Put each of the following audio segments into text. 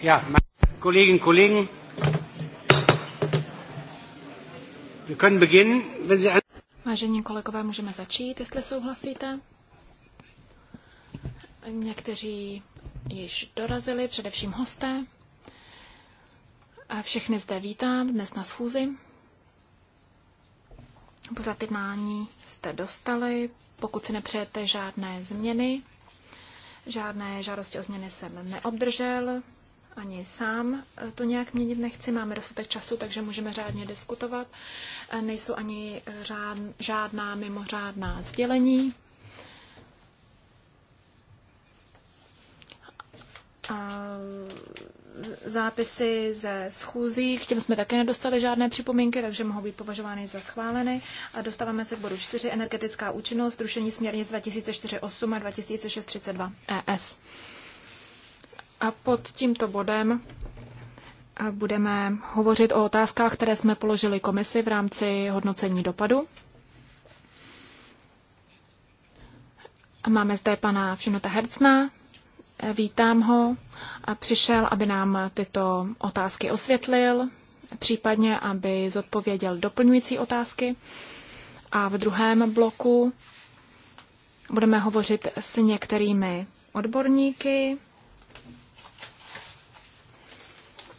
Ja, Kolleginnen, Kollegen, wir können beginnen, wenn Sie Vážení kolegové, můžeme začít, jestli souhlasíte. Někteří již dorazili, především hosté. A všechny zde vítám dnes na schůzi. Pořad jednání jste dostali. Pokud si nepřejete žádné změny, žádné žádosti o změny jsem neobdržel ani sám eh, to nějak měnit nechci, máme dostatek času, takže můžeme řádně diskutovat. Eh, nejsou ani eh, řád, žádná mimořádná sdělení. A zápisy ze schůzí, k těm jsme také nedostali žádné připomínky, takže mohou být považovány za schváleny. A dostáváme se k bodu 4, energetická účinnost, rušení směrnic 2048 a 2632 ES. A pod tímto bodem eh, budeme hovořit o otázkách, které jsme položili komisi v rámci hodnocení dopadu. Máme zde pana Všinota Hercna. Eh, vítám ho. A přišel, aby nám tyto otázky osvětlil, případně aby zodpověděl doplňující otázky. A v druhém bloku budeme hovořit s některými odborníky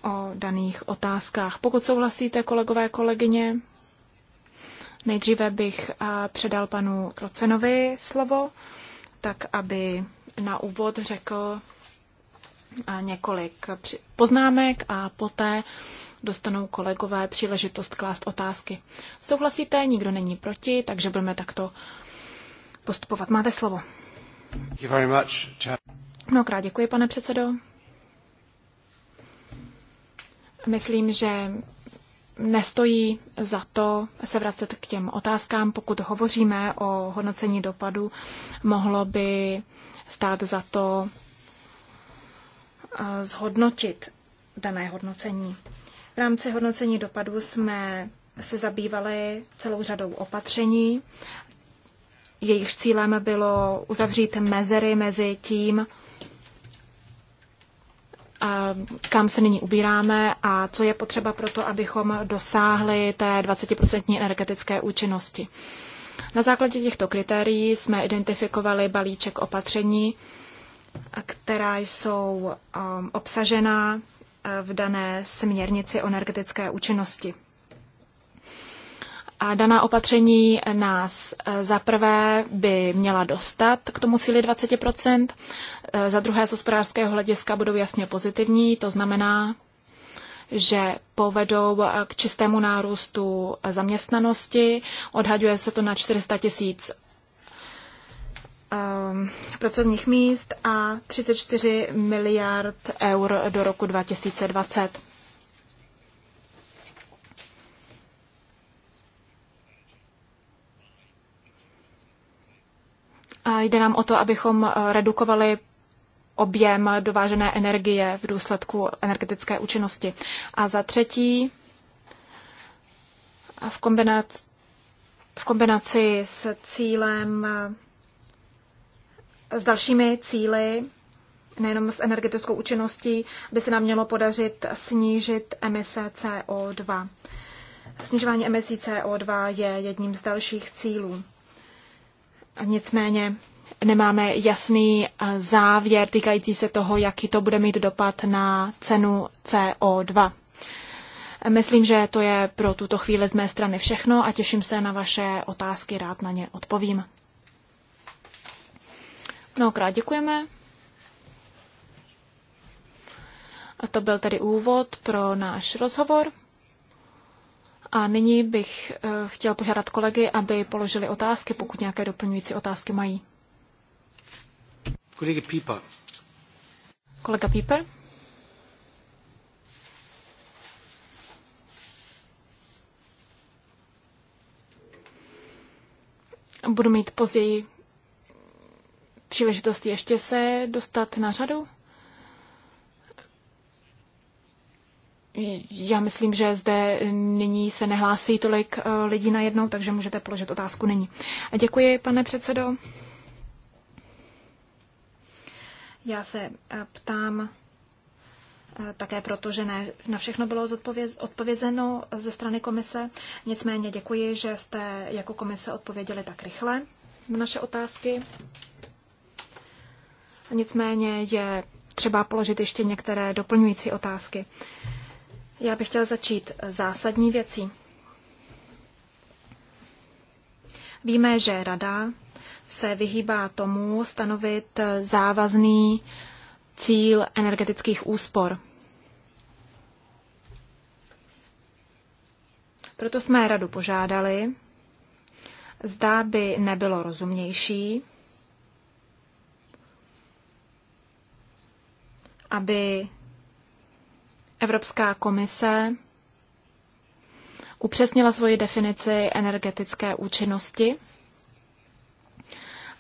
o daných otázkách. Pokud souhlasíte, kolegové, kolegyně, nejdříve bych předal panu Krocenovi slovo, tak aby na úvod řekl několik poznámek a poté dostanou kolegové příležitost klást otázky. Souhlasíte, nikdo není proti, takže budeme takto postupovat. Máte slovo. Mnohokrát děkuji, pane předsedo. Myslím, že nestojí za to se vracet k těm otázkám. Pokud hovoříme o hodnocení dopadu, mohlo by stát za to eh, zhodnotit dané hodnocení. V rámci hodnocení dopadu jsme se zabývali celou řadou opatření. Jejich cílem bylo uzavřít mezery mezi tím, kam se nyní ubíráme a co je potřeba pro to, abychom dosáhli té 20% energetické účinnosti. Na základě těchto kritérií jsme identifikovali balíček opatření, která jsou um, obsažená eh, v dané směrnici o energetické účinnosti. A daná opatření nás eh, za prvé by měla dostat k tomu cíli 20%, Eh, za druhé z hospodářského hlediska budou jasně pozitivní, to znamená, že povedou eh, k čistému nárůstu eh, zaměstnanosti. Odhaduje se to na 400 tisíc ehm, pracovních míst a 34 miliard eur do roku 2020. Jde nám o to, abychom redukovali objem dovážené energie v důsledku energetické účinnosti. A za třetí, v kombinaci, v kombinaci s cílem, s dalšími cíly, nejenom s energetickou účinností, by se nám mělo podařit snížit emise CO2. Snižování emisí CO2 je jedním z dalších cílů. Nicméně nemáme jasný eh, závěr týkající se toho, jaký to bude mít dopad na cenu CO2. Myslím, že to je pro tuto chvíli z mé strany všechno a těším se na vaše otázky, rád na ně odpovím. Mnohokrát děkujeme. A to byl tedy úvod pro náš rozhovor. A nyní bych eh, chtěl požádat kolegy, aby položili otázky, pokud nějaké doplňující otázky mají. Kolega Pieper. Kolega Pieper. Budu mít později příležitost ještě se dostat na řadu. Já myslím, že zde nyní se nehlásí tolik eh, lidí najednou, takže můžete položit otázku nyní. Děkuji, pane předsedo. Já se eh, ptám eh, také proto, že ne, na všechno bylo zodpověz, odpovězeno ze strany komise. Nicméně děkuji, že jste jako komise odpověděli tak rychle na naše otázky. Nicméně je třeba položit ještě některé doplňující otázky. Já bych chtěla začít zásadní věcí. Víme, že Rada se vyhýbá tomu stanovit závazný cíl energetických úspor. Proto jsme radu požádali, zdá by nebylo rozumnější, aby Evropská komise upřesnila svoji definici energetické účinnosti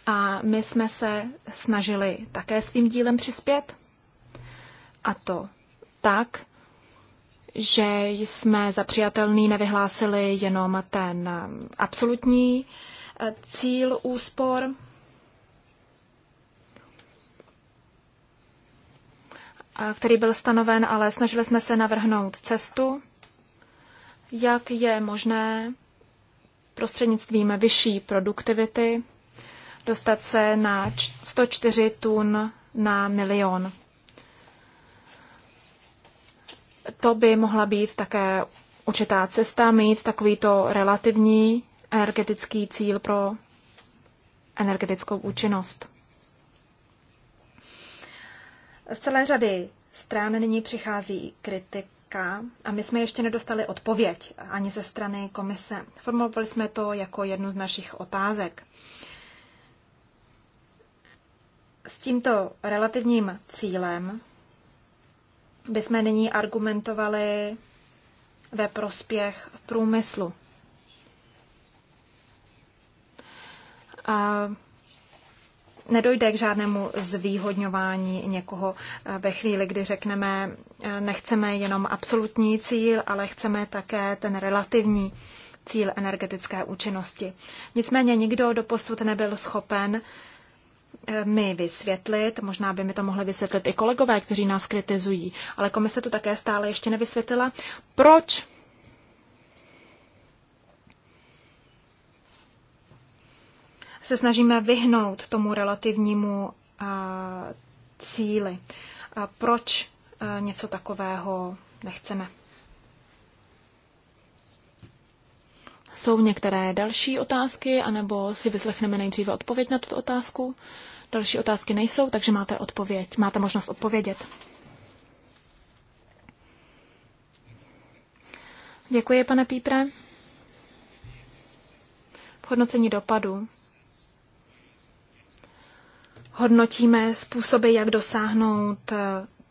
a my jsme se snažili také svým dílem přispět. A to tak, že jsme za přijatelný nevyhlásili jenom ten um, absolutní eh, cíl úspor, který byl stanoven, ale snažili jsme se navrhnout cestu, jak je možné prostřednictvím vyšší produktivity dostat se na 104 tun na milion. To by mohla být také určitá cesta mít takovýto relativní energetický cíl pro energetickou účinnost. Z celé řady stran nyní přichází kritika a my jsme ještě nedostali odpověď ani ze strany komise. Formulovali jsme to jako jednu z našich otázek s tímto relativním cílem bychom nyní argumentovali ve prospěch průmyslu. A nedojde k žádnému zvýhodňování někoho ve chvíli, kdy řekneme, nechceme jenom absolutní cíl, ale chceme také ten relativní cíl energetické účinnosti. Nicméně nikdo doposud nebyl schopen mi vysvětlit, možná by mi to mohli vysvětlit i kolegové, kteří nás kritizují, ale komise to také stále ještě nevysvětlila, proč se snažíme vyhnout tomu relativnímu cíli. A proč něco takového nechceme? Jsou některé další otázky, anebo si vyslechneme nejdříve odpověď na tuto otázku? Další otázky nejsou, takže máte odpověď. Máte možnost odpovědět. Děkuji, pane Pípre. V hodnocení dopadu hodnotíme způsoby, jak dosáhnout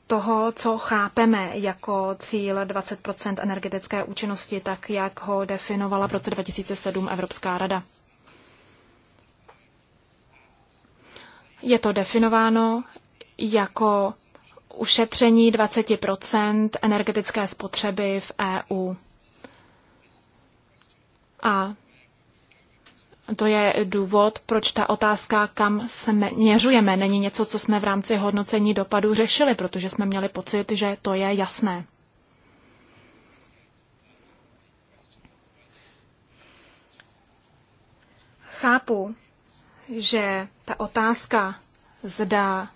toho, co chápeme jako cíl 20 energetické účinnosti, tak jak ho definovala v roce 2007 Evropská rada. Je to definováno jako ušetření 20 energetické spotřeby v EU. A to je důvod, proč ta otázka, kam směřujeme, není něco, co jsme v rámci hodnocení dopadů řešili, protože jsme měli pocit, že to je jasné. Chápu, že ta otázka, zda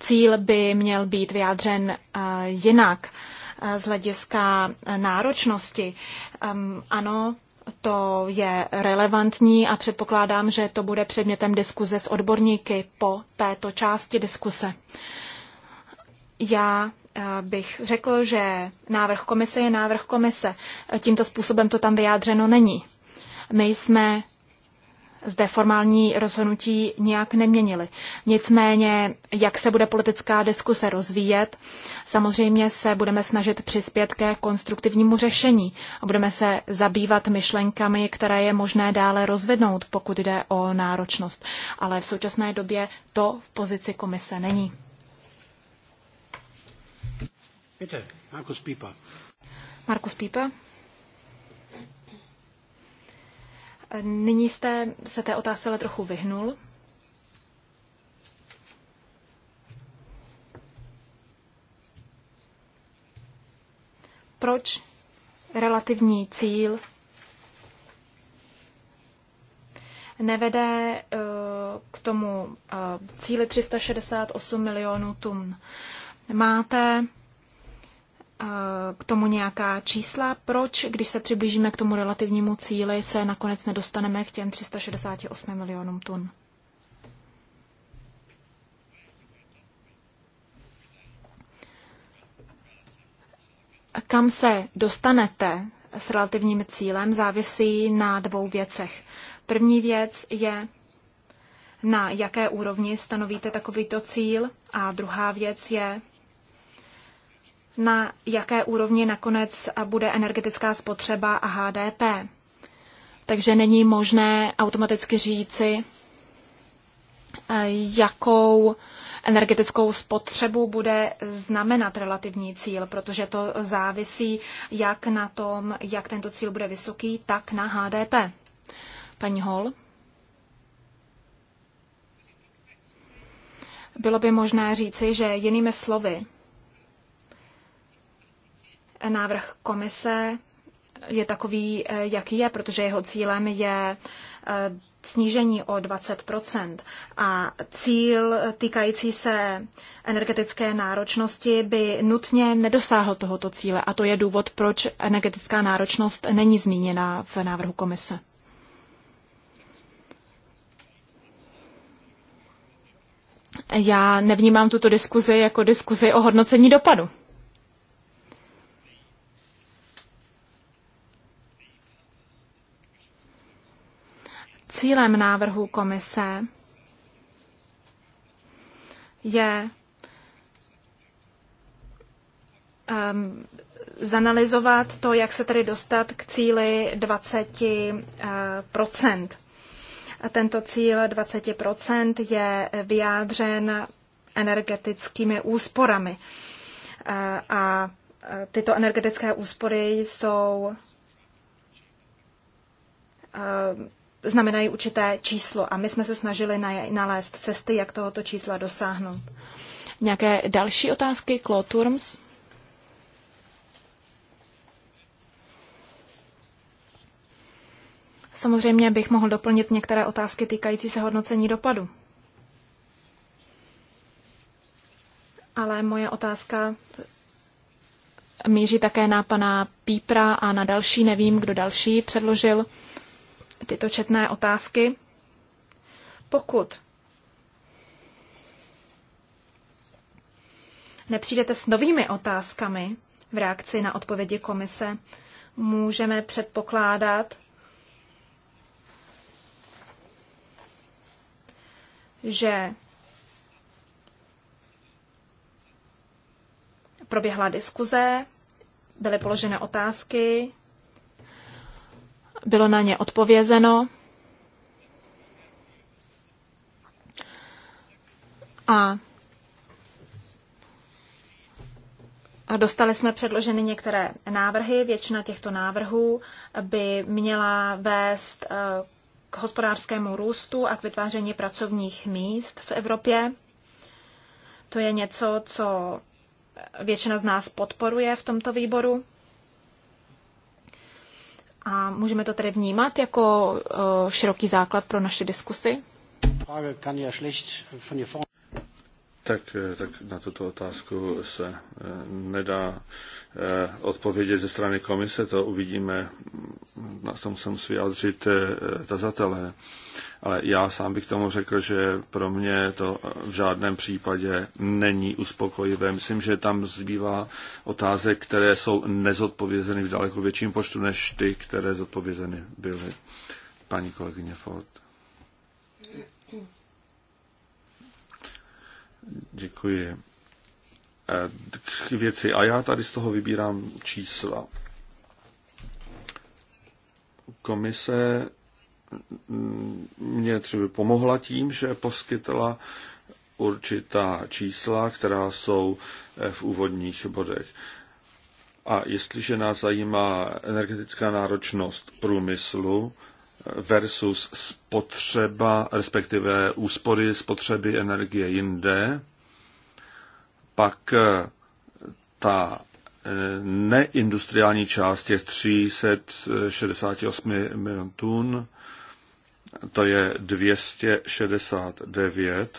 cíl by měl být vyjádřen eh, jinak eh, z hlediska náročnosti, ehm, ano, to je relevantní a předpokládám, že to bude předmětem diskuze s odborníky po této části diskuse. Já eh, bych řekl, že návrh komise je návrh komise. Tímto způsobem to tam vyjádřeno není. My jsme zde formální rozhodnutí nějak neměnili. Nicméně, jak se bude politická diskuse rozvíjet, samozřejmě se budeme snažit přispět ke konstruktivnímu řešení a budeme se zabývat myšlenkami, které je možné dále rozvednout, pokud jde o náročnost. Ale v současné době to v pozici komise není. Bitte, Markus Pípa. Markus Pípa. Nyní jste se té otázce ale trochu vyhnul. Proč relativní cíl nevede eh, k tomu eh, cíli 368 milionů tun? Máte Eh, k tomu nějaká čísla, proč, když se přiblížíme k tomu relativnímu cíli, se nakonec nedostaneme k těm 368 milionům tun. Kam se dostanete s relativním cílem, závisí na dvou věcech. První věc je, na jaké úrovni stanovíte takovýto cíl, a druhá věc je, na jaké úrovni nakonec bude energetická spotřeba a HDP. Takže není možné automaticky říci, eh, jakou energetickou spotřebu bude znamenat relativní cíl, protože to závisí jak na tom, jak tento cíl bude vysoký, tak na HDP. Paní Hol? Bylo by možné říci, že jinými slovy, návrh komise je takový, eh, jaký je, protože jeho cílem je eh, snížení o 20 A cíl týkající se energetické náročnosti by nutně nedosáhl tohoto cíle. A to je důvod, proč energetická náročnost není zmíněna v návrhu komise. Já nevnímám tuto diskuzi jako diskuzi o hodnocení dopadu. cílem návrhu komise je um, zanalizovat to, jak se tedy dostat k cíli 20 eh, A Tento cíl 20 je vyjádřen energetickými úsporami. Eh, a eh, tyto energetické úspory jsou znamenají určité číslo a my jsme se snažili nalézt cesty, jak tohoto čísla dosáhnout. Nějaké další otázky, Kloturms? Samozřejmě bych mohl doplnit některé otázky týkající se hodnocení dopadu. Ale moje otázka míří také na pana Pípra a na další, nevím, kdo další předložil tyto četné otázky. Pokud nepřijdete s novými otázkami v reakci na odpovědi komise, můžeme předpokládat, že proběhla diskuze, byly položeny otázky, bylo na ně odpovězeno. A Dostali jsme předloženy některé návrhy. Většina těchto návrhů by měla vést eh, k hospodářskému růstu a k vytváření pracovních míst v Evropě. To je něco, co většina z nás podporuje v tomto výboru. A můžeme to tedy vnímat jako eh, široký základ pro naše diskusy? Tak, eh, tak na tuto otázku se eh, nedá eh, odpovědět ze strany komise, to uvidíme, na tom se musí vyjádřit tazatelé. Ale já sám bych tomu řekl, že pro mě to v žádném případě není uspokojivé. Myslím, že tam zbývá otázek, které jsou nezodpovězeny v daleko větším počtu než ty, které zodpovězeny byly. Paní kolegyně Ford. Děkuji. Eh, k věci. A já tady z toho vybírám čísla. Komise mm, mě třeba pomohla tím, že poskytla určitá čísla, která jsou eh, v úvodních bodech. A jestliže nás zajímá energetická náročnost průmyslu, versus spotřeba, respektive úspory spotřeby energie jinde, pak eh, ta eh, neindustriální část těch 368 milion tun, to je 269,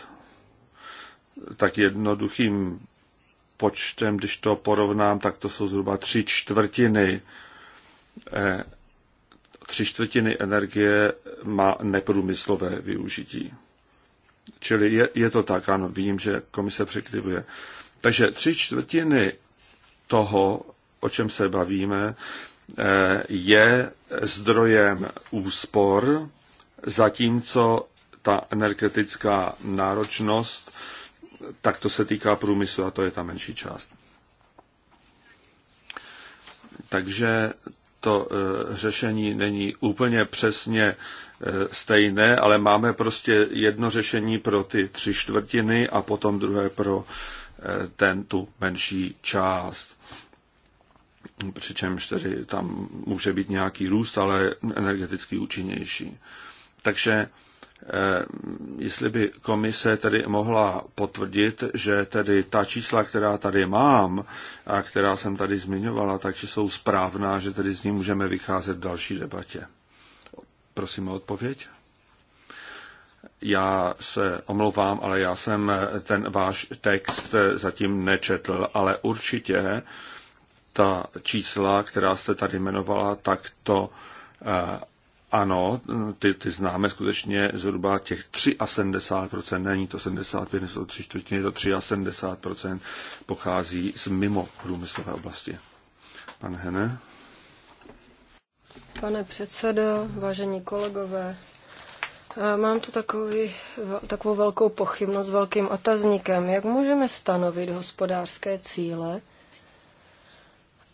tak jednoduchým počtem, když to porovnám, tak to jsou zhruba tři čtvrtiny eh, tři čtvrtiny energie má neprůmyslové využití. Čili je, je to tak, ano, vím, že komise překlivuje. Takže tři čtvrtiny toho, o čem se bavíme, eh, je zdrojem úspor, zatímco ta energetická náročnost, tak to se týká průmyslu a to je ta menší část. Takže to e, řešení není úplně přesně e, stejné, ale máme prostě jedno řešení pro ty tři čtvrtiny a potom druhé pro e, ten tu menší část. Přičemž tedy tam může být nějaký růst, ale energeticky účinnější. Takže Eh, jestli by komise tedy mohla potvrdit, že tedy ta čísla, která tady mám a která jsem tady zmiňovala, takže jsou správná, že tedy z ní můžeme vycházet v další debatě. Prosím o odpověď. Já se omlouvám, ale já jsem ten váš text zatím nečetl, ale určitě ta čísla, která jste tady jmenovala, tak to eh, ano, ty, ty známe skutečně zhruba těch 73%, není to 75, nejsou tři čtvrtiny, to 73% pochází z mimo průmyslové oblasti. Pan Hene. Pane předsedo, vážení kolegové, Mám tu takový, takovou velkou pochybnost s velkým otazníkem. Jak můžeme stanovit hospodářské cíle,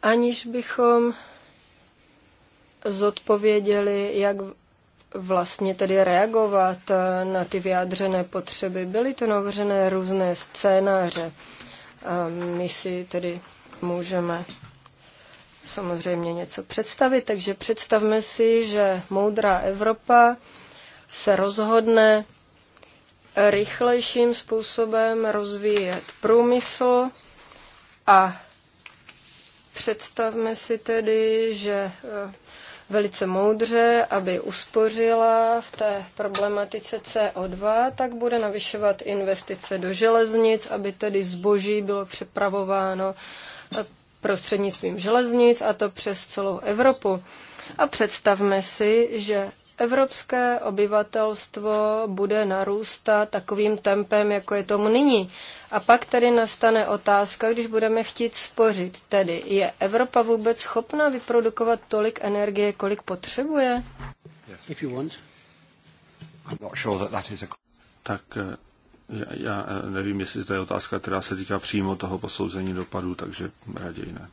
aniž bychom zodpověděli, jak vlastně tedy reagovat na ty vyjádřené potřeby. Byly to navržené různé scénáře. A my si tedy můžeme samozřejmě něco představit, takže představme si, že moudrá Evropa se rozhodne rychlejším způsobem rozvíjet průmysl a představme si tedy, že velice moudře, aby uspořila v té problematice CO2, tak bude navyšovat investice do železnic, aby tedy zboží bylo přepravováno eh, prostřednictvím železnic a to přes celou Evropu. A představme si, že Evropské obyvatelstvo bude narůstat takovým tempem, jako je tomu nyní. A pak tedy nastane otázka, když budeme chtít spořit, tedy je Evropa vůbec schopna vyprodukovat tolik energie, kolik potřebuje? Tak eh, já, já eh, nevím, jestli to je otázka, která se týká přímo toho posouzení dopadů, takže raději ne.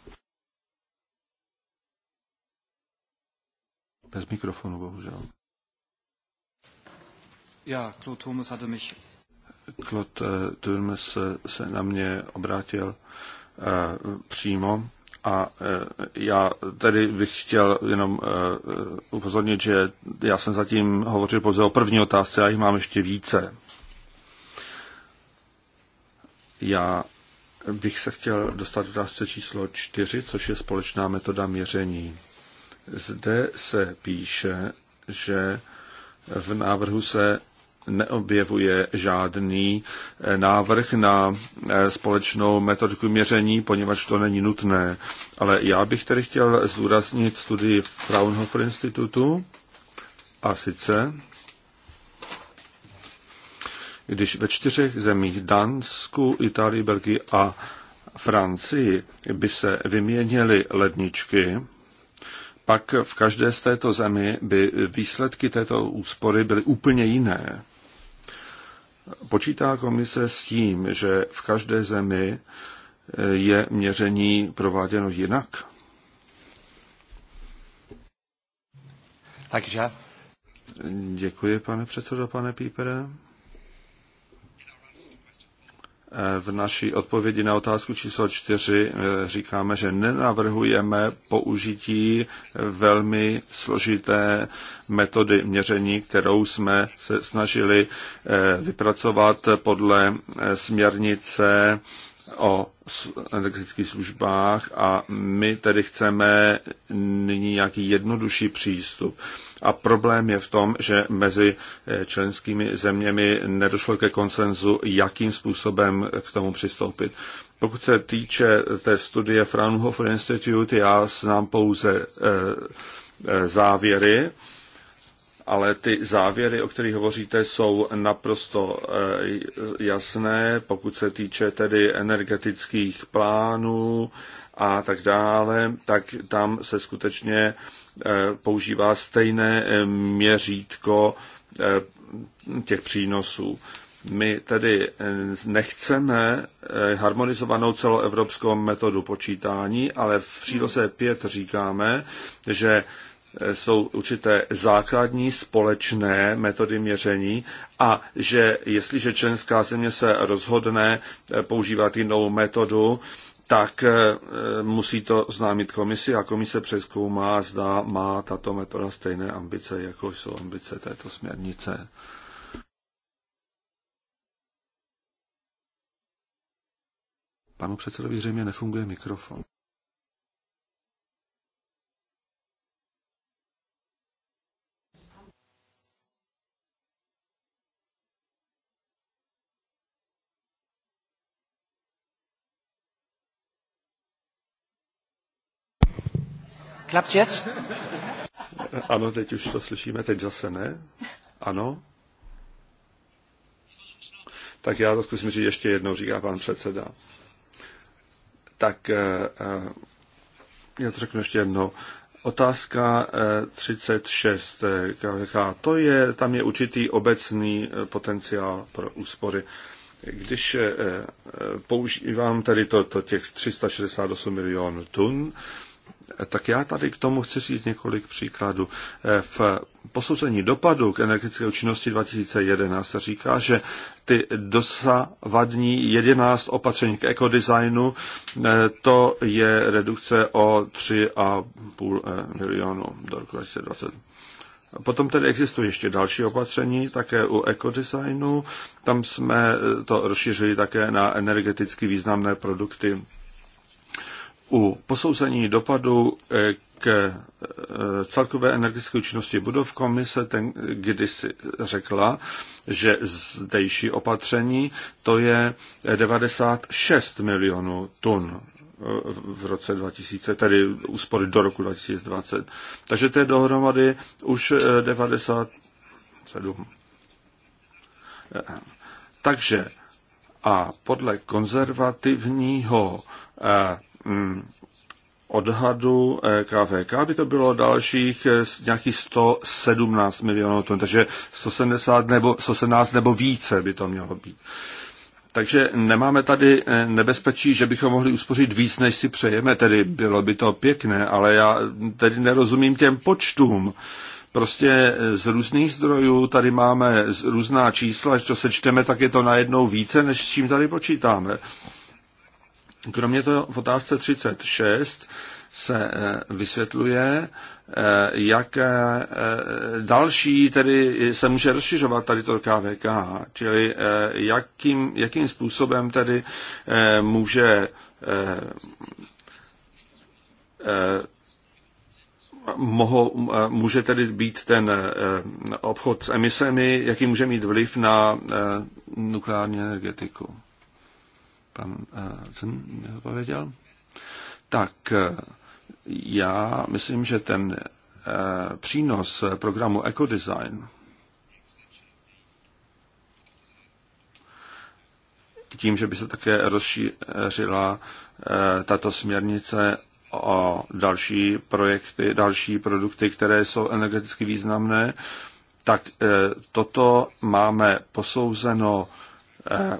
Bez mikrofonu, bohužel. Já, Claude Thomas hatte mich. Claude eh, Thomas eh, se na mě obrátil eh, přímo. A já tedy bych chtěl jenom upozornit, že já jsem zatím hovořil pouze o první otázce, já jich mám ještě více. Já bych se chtěl dostat k otázce číslo čtyři, což je společná metoda měření. Zde se píše, že v návrhu se neobjevuje žádný eh, návrh na eh, společnou metodiku měření, poněvadž to není nutné. Ale já bych tedy chtěl zdůraznit studii Fraunhofer institutu a sice když ve čtyřech zemích Dánsku, Itálii, Belgii a Francii by se vyměnily ledničky, pak v každé z této zemi by výsledky této úspory byly úplně jiné. Počítá komise s tím, že v každé zemi eh, je měření prováděno jinak? Takže. Děkuji, pane předsedo, pane Pípere. Eh, v naší odpovědi na otázku číslo čtyři eh, říkáme, že nenavrhujeme použití velmi složité metody měření, kterou jsme se snažili eh, vypracovat podle směrnice o energetických službách a my tedy chceme nyní nějaký jednodušší přístup. A problém je v tom, že mezi eh, členskými zeměmi nedošlo ke konsenzu, jakým způsobem k tomu přistoupit. Pokud se týče eh, té studie Fraunhofer Institute, já znám pouze eh, závěry, ale ty závěry, o kterých hovoříte, jsou naprosto jasné, pokud se týče tedy energetických plánů a tak dále, tak tam se skutečně Eh, používá stejné eh, měřítko eh, těch přínosů. My tedy nechceme harmonizovanou celoevropskou metodu počítání, ale v příloze 5 říkáme, že jsou určité základní společné metody měření a že jestliže členská země se rozhodne používat jinou metodu, tak eh, eh, musí to známit komisi a komise přeskoumá, zda má tato metoda stejné ambice, jako jsou ambice této směrnice. Panu předsedovi zřejmě nefunguje mikrofon. Klapt jetzt? Ano, teď už to slyšíme, teď zase ne. Ano. Tak já to zkusím říct ještě jednou, říká pan předseda. Tak eh, eh, já to řeknu ještě jednou. Otázka 36. Eh, to je, tam je určitý obecný potenciál pro úspory. Když používám tady to, to těch 368 milionů tun, tak já tady k tomu chci říct několik příkladů. V posouzení dopadu k energetické účinnosti 2011 se říká, že ty dosavadní 11 opatření k ekodesignu, eh, to je redukce o 3,5 eh, milionu do roku 2020. Potom tedy existují ještě další opatření, také u ekodesignu. Tam jsme eh, to rozšířili také na energeticky významné produkty. U posouzení dopadu eh, k eh, celkové energetické účinnosti budov komise ten kdysi řekla, že zdejší opatření to je 96 milionů tun eh, v roce 2000, tedy úspory do roku 2020. Takže to je dohromady už 97. Takže a podle konzervativního Mm, odhadu KVK eh, by to bylo dalších eh, nějakých 117 milionů tun, takže 170 nebo 117 nebo více by to mělo být. Takže nemáme tady eh, nebezpečí, že bychom mohli uspořit víc, než si přejeme, tedy bylo by to pěkné, ale já tedy nerozumím těm počtům. Prostě z různých zdrojů tady máme různá čísla, až to sečteme, tak je to najednou více, než s čím tady počítáme. Kromě toho v otázce 36 se eh, vysvětluje, eh, jak eh, další tedy se může rozšiřovat tady to KVK, čili jakým, jakým způsobem tedy může mohou, může tedy být ten obchod s emisemi, jaký může mít vliv na nukleární energetiku pan Cen eh, odpověděl. Tak eh, já myslím, že ten eh, přínos programu Ecodesign tím, že by se také rozšířila tato směrnice o další projekty, další produkty, které jsou energeticky významné, tak toto máme posouzeno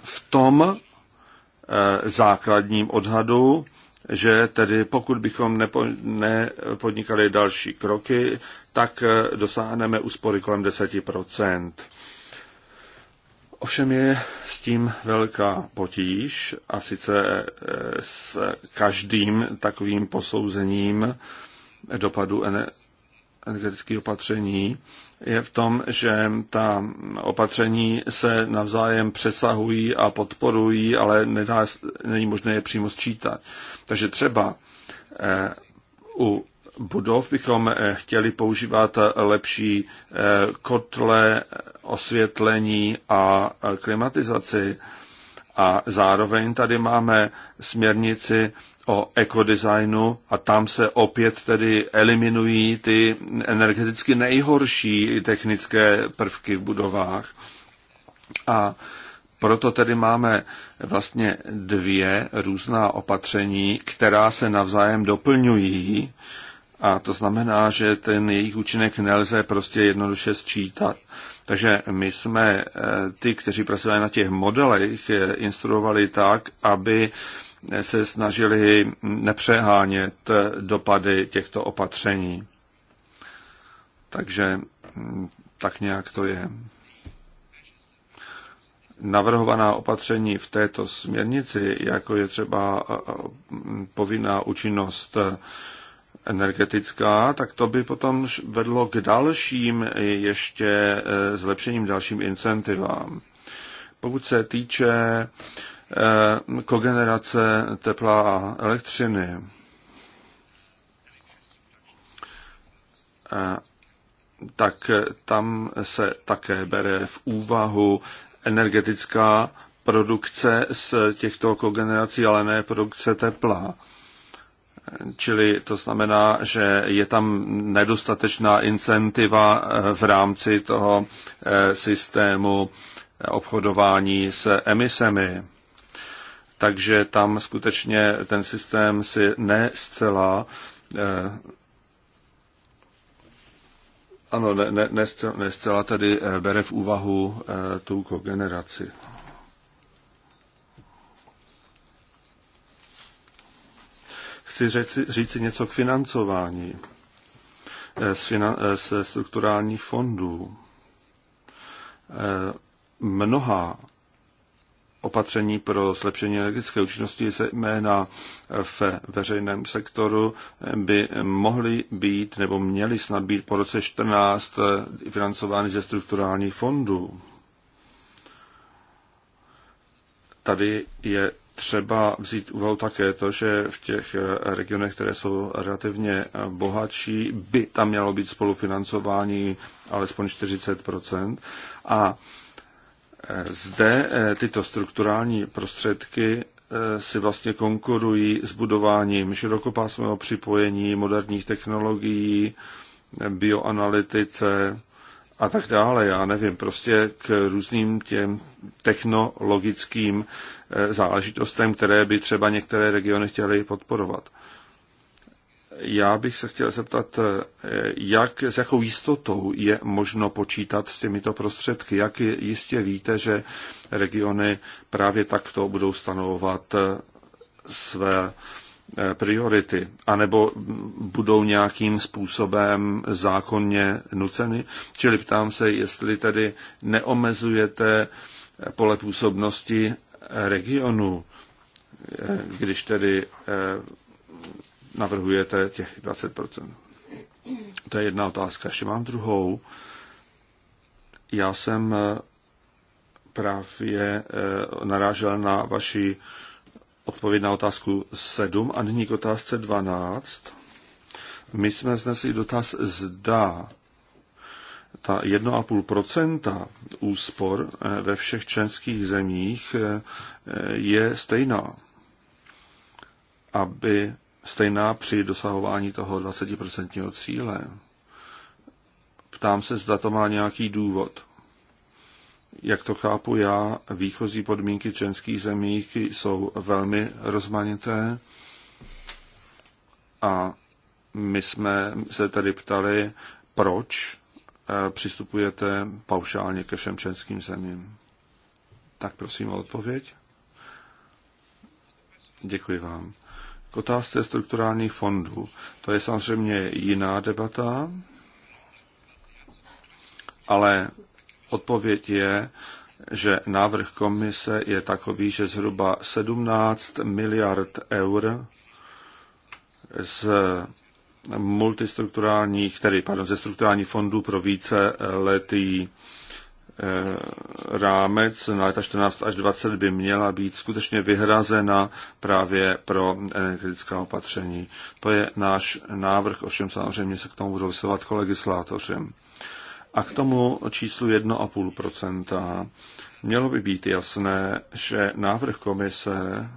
v tom, Eh, základním odhadu, že tedy pokud bychom nepo, nepodnikali další kroky, tak eh, dosáhneme úspory kolem 10%. Ovšem je s tím velká potíž a sice eh, s každým takovým posouzením dopadu energetických opatření je v tom, že ta opatření se navzájem přesahují a podporují, ale nedá, není možné je přímo sčítat. Takže třeba eh, u budov bychom eh, chtěli používat lepší eh, kotle, osvětlení a klimatizaci. A zároveň tady máme směrnici o ekodesignu a tam se opět tedy eliminují ty energeticky nejhorší technické prvky v budovách. A proto tedy máme vlastně dvě různá opatření, která se navzájem doplňují a to znamená, že ten jejich účinek nelze prostě jednoduše sčítat. Takže my jsme eh, ty, kteří pracovali na těch modelech, eh, instruovali tak, aby se snažili nepřehánět dopady těchto opatření. Takže hm, tak nějak to je. Navrhovaná opatření v této směrnici, jako je třeba hm, povinná účinnost energetická, tak to by potom vedlo k dalším ještě e, zlepšením, dalším incentivám. Pokud se týče Eh, kogenerace tepla a elektřiny. Eh, tak tam se také bere v úvahu energetická produkce z těchto kogenerací, ale ne produkce tepla. Eh, čili to znamená, že je tam nedostatečná incentiva v rámci toho systému obchodování s emisemi takže tam skutečně ten systém si ne zcela eh, ano, ne, ne, ne, zcela, ne zcela tedy eh, bere v úvahu eh, tu kogeneraci. Chci říci, říci něco k financování z, finan, z strukturálních fondů. Mnoha opatření pro zlepšení energetické účinnosti, zejména v veřejném sektoru, by mohly být nebo měly snad být po roce 14 eh, financovány ze strukturálních fondů. Tady je třeba vzít úvahu také to, že v těch eh, regionech, které jsou relativně eh, bohatší, by tam mělo být spolufinancování alespoň 40 a zde eh, tyto strukturální prostředky eh, si vlastně konkurují s budováním širokopásmového připojení, moderních technologií, bioanalytice a tak dále. Já nevím, prostě k různým těm technologickým eh, záležitostem, které by třeba některé regiony chtěly podporovat. Já bych se chtěl zeptat, eh, jak, s jakou jistotou je možno počítat s těmito prostředky? Jak jistě víte, že regiony právě takto budou stanovovat eh, své eh, priority, nebo budou nějakým způsobem zákonně nuceny. Čili ptám se, jestli tedy neomezujete pole působnosti regionu, když tedy navrhujete těch 20%. To je jedna otázka. Ještě mám druhou. Já jsem eh, právě eh, narážel na vaši odpověď na otázku 7 a nyní k otázce 12. My jsme znesli dotaz zda ta 1,5 úspor eh, ve všech členských zemích je stejná, aby stejná při dosahování toho 20% cíle. Ptám se, zda to má nějaký důvod. Jak to chápu já, výchozí podmínky členských zemí jsou velmi rozmanité a my jsme se tady ptali, proč eh, přistupujete paušálně ke všem členským zemím. Tak prosím o odpověď. Děkuji vám otázce strukturálních fondů. To je samozřejmě jiná debata, ale odpověď je, že návrh komise je takový, že zhruba 17 miliard eur z multistrukturálních, tedy pardon, ze strukturálních fondů pro více letý Eh, rámec na leta 14 až 20 by měla být skutečně vyhrazena právě pro energetická opatření. To je náš návrh, ovšem samozřejmě se k tomu budou vysovat kolegislátoři. A k tomu číslu 1,5%. Mělo by být jasné, že návrh komise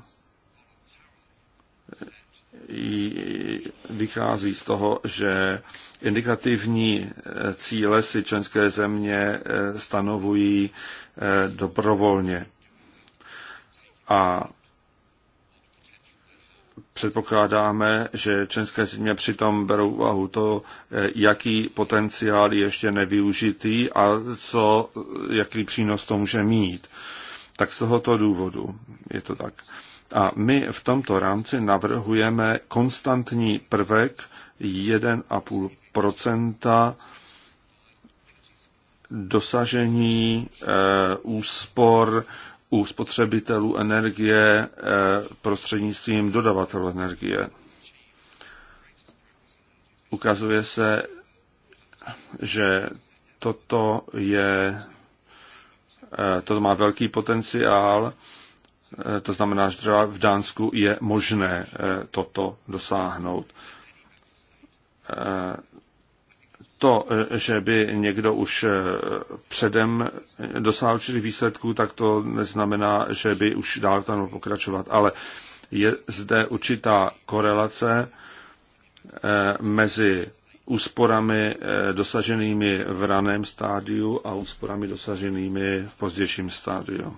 vychází z toho, že indikativní eh, cíle si členské země eh, stanovují eh, dobrovolně. A předpokládáme, že členské země přitom berou úvahu to, jaký potenciál je ještě nevyužitý a co, jaký přínos to může mít. Tak z tohoto důvodu je to tak. A my v tomto rámci navrhujeme konstantní prvek 1,5 dosažení eh, úspor u spotřebitelů energie eh, prostřednictvím dodavatelů energie. Ukazuje se, že toto je, eh, toto má velký potenciál Eh, to znamená, že třeba v Dánsku je možné eh, toto dosáhnout. Eh, to, že by někdo už předem dosáhl určitých výsledků, tak to neznamená, že by už dál tam pokračovat, ale je zde určitá korelace mezi úsporami dosaženými v raném stádiu a úsporami dosaženými v pozdějším stádiu.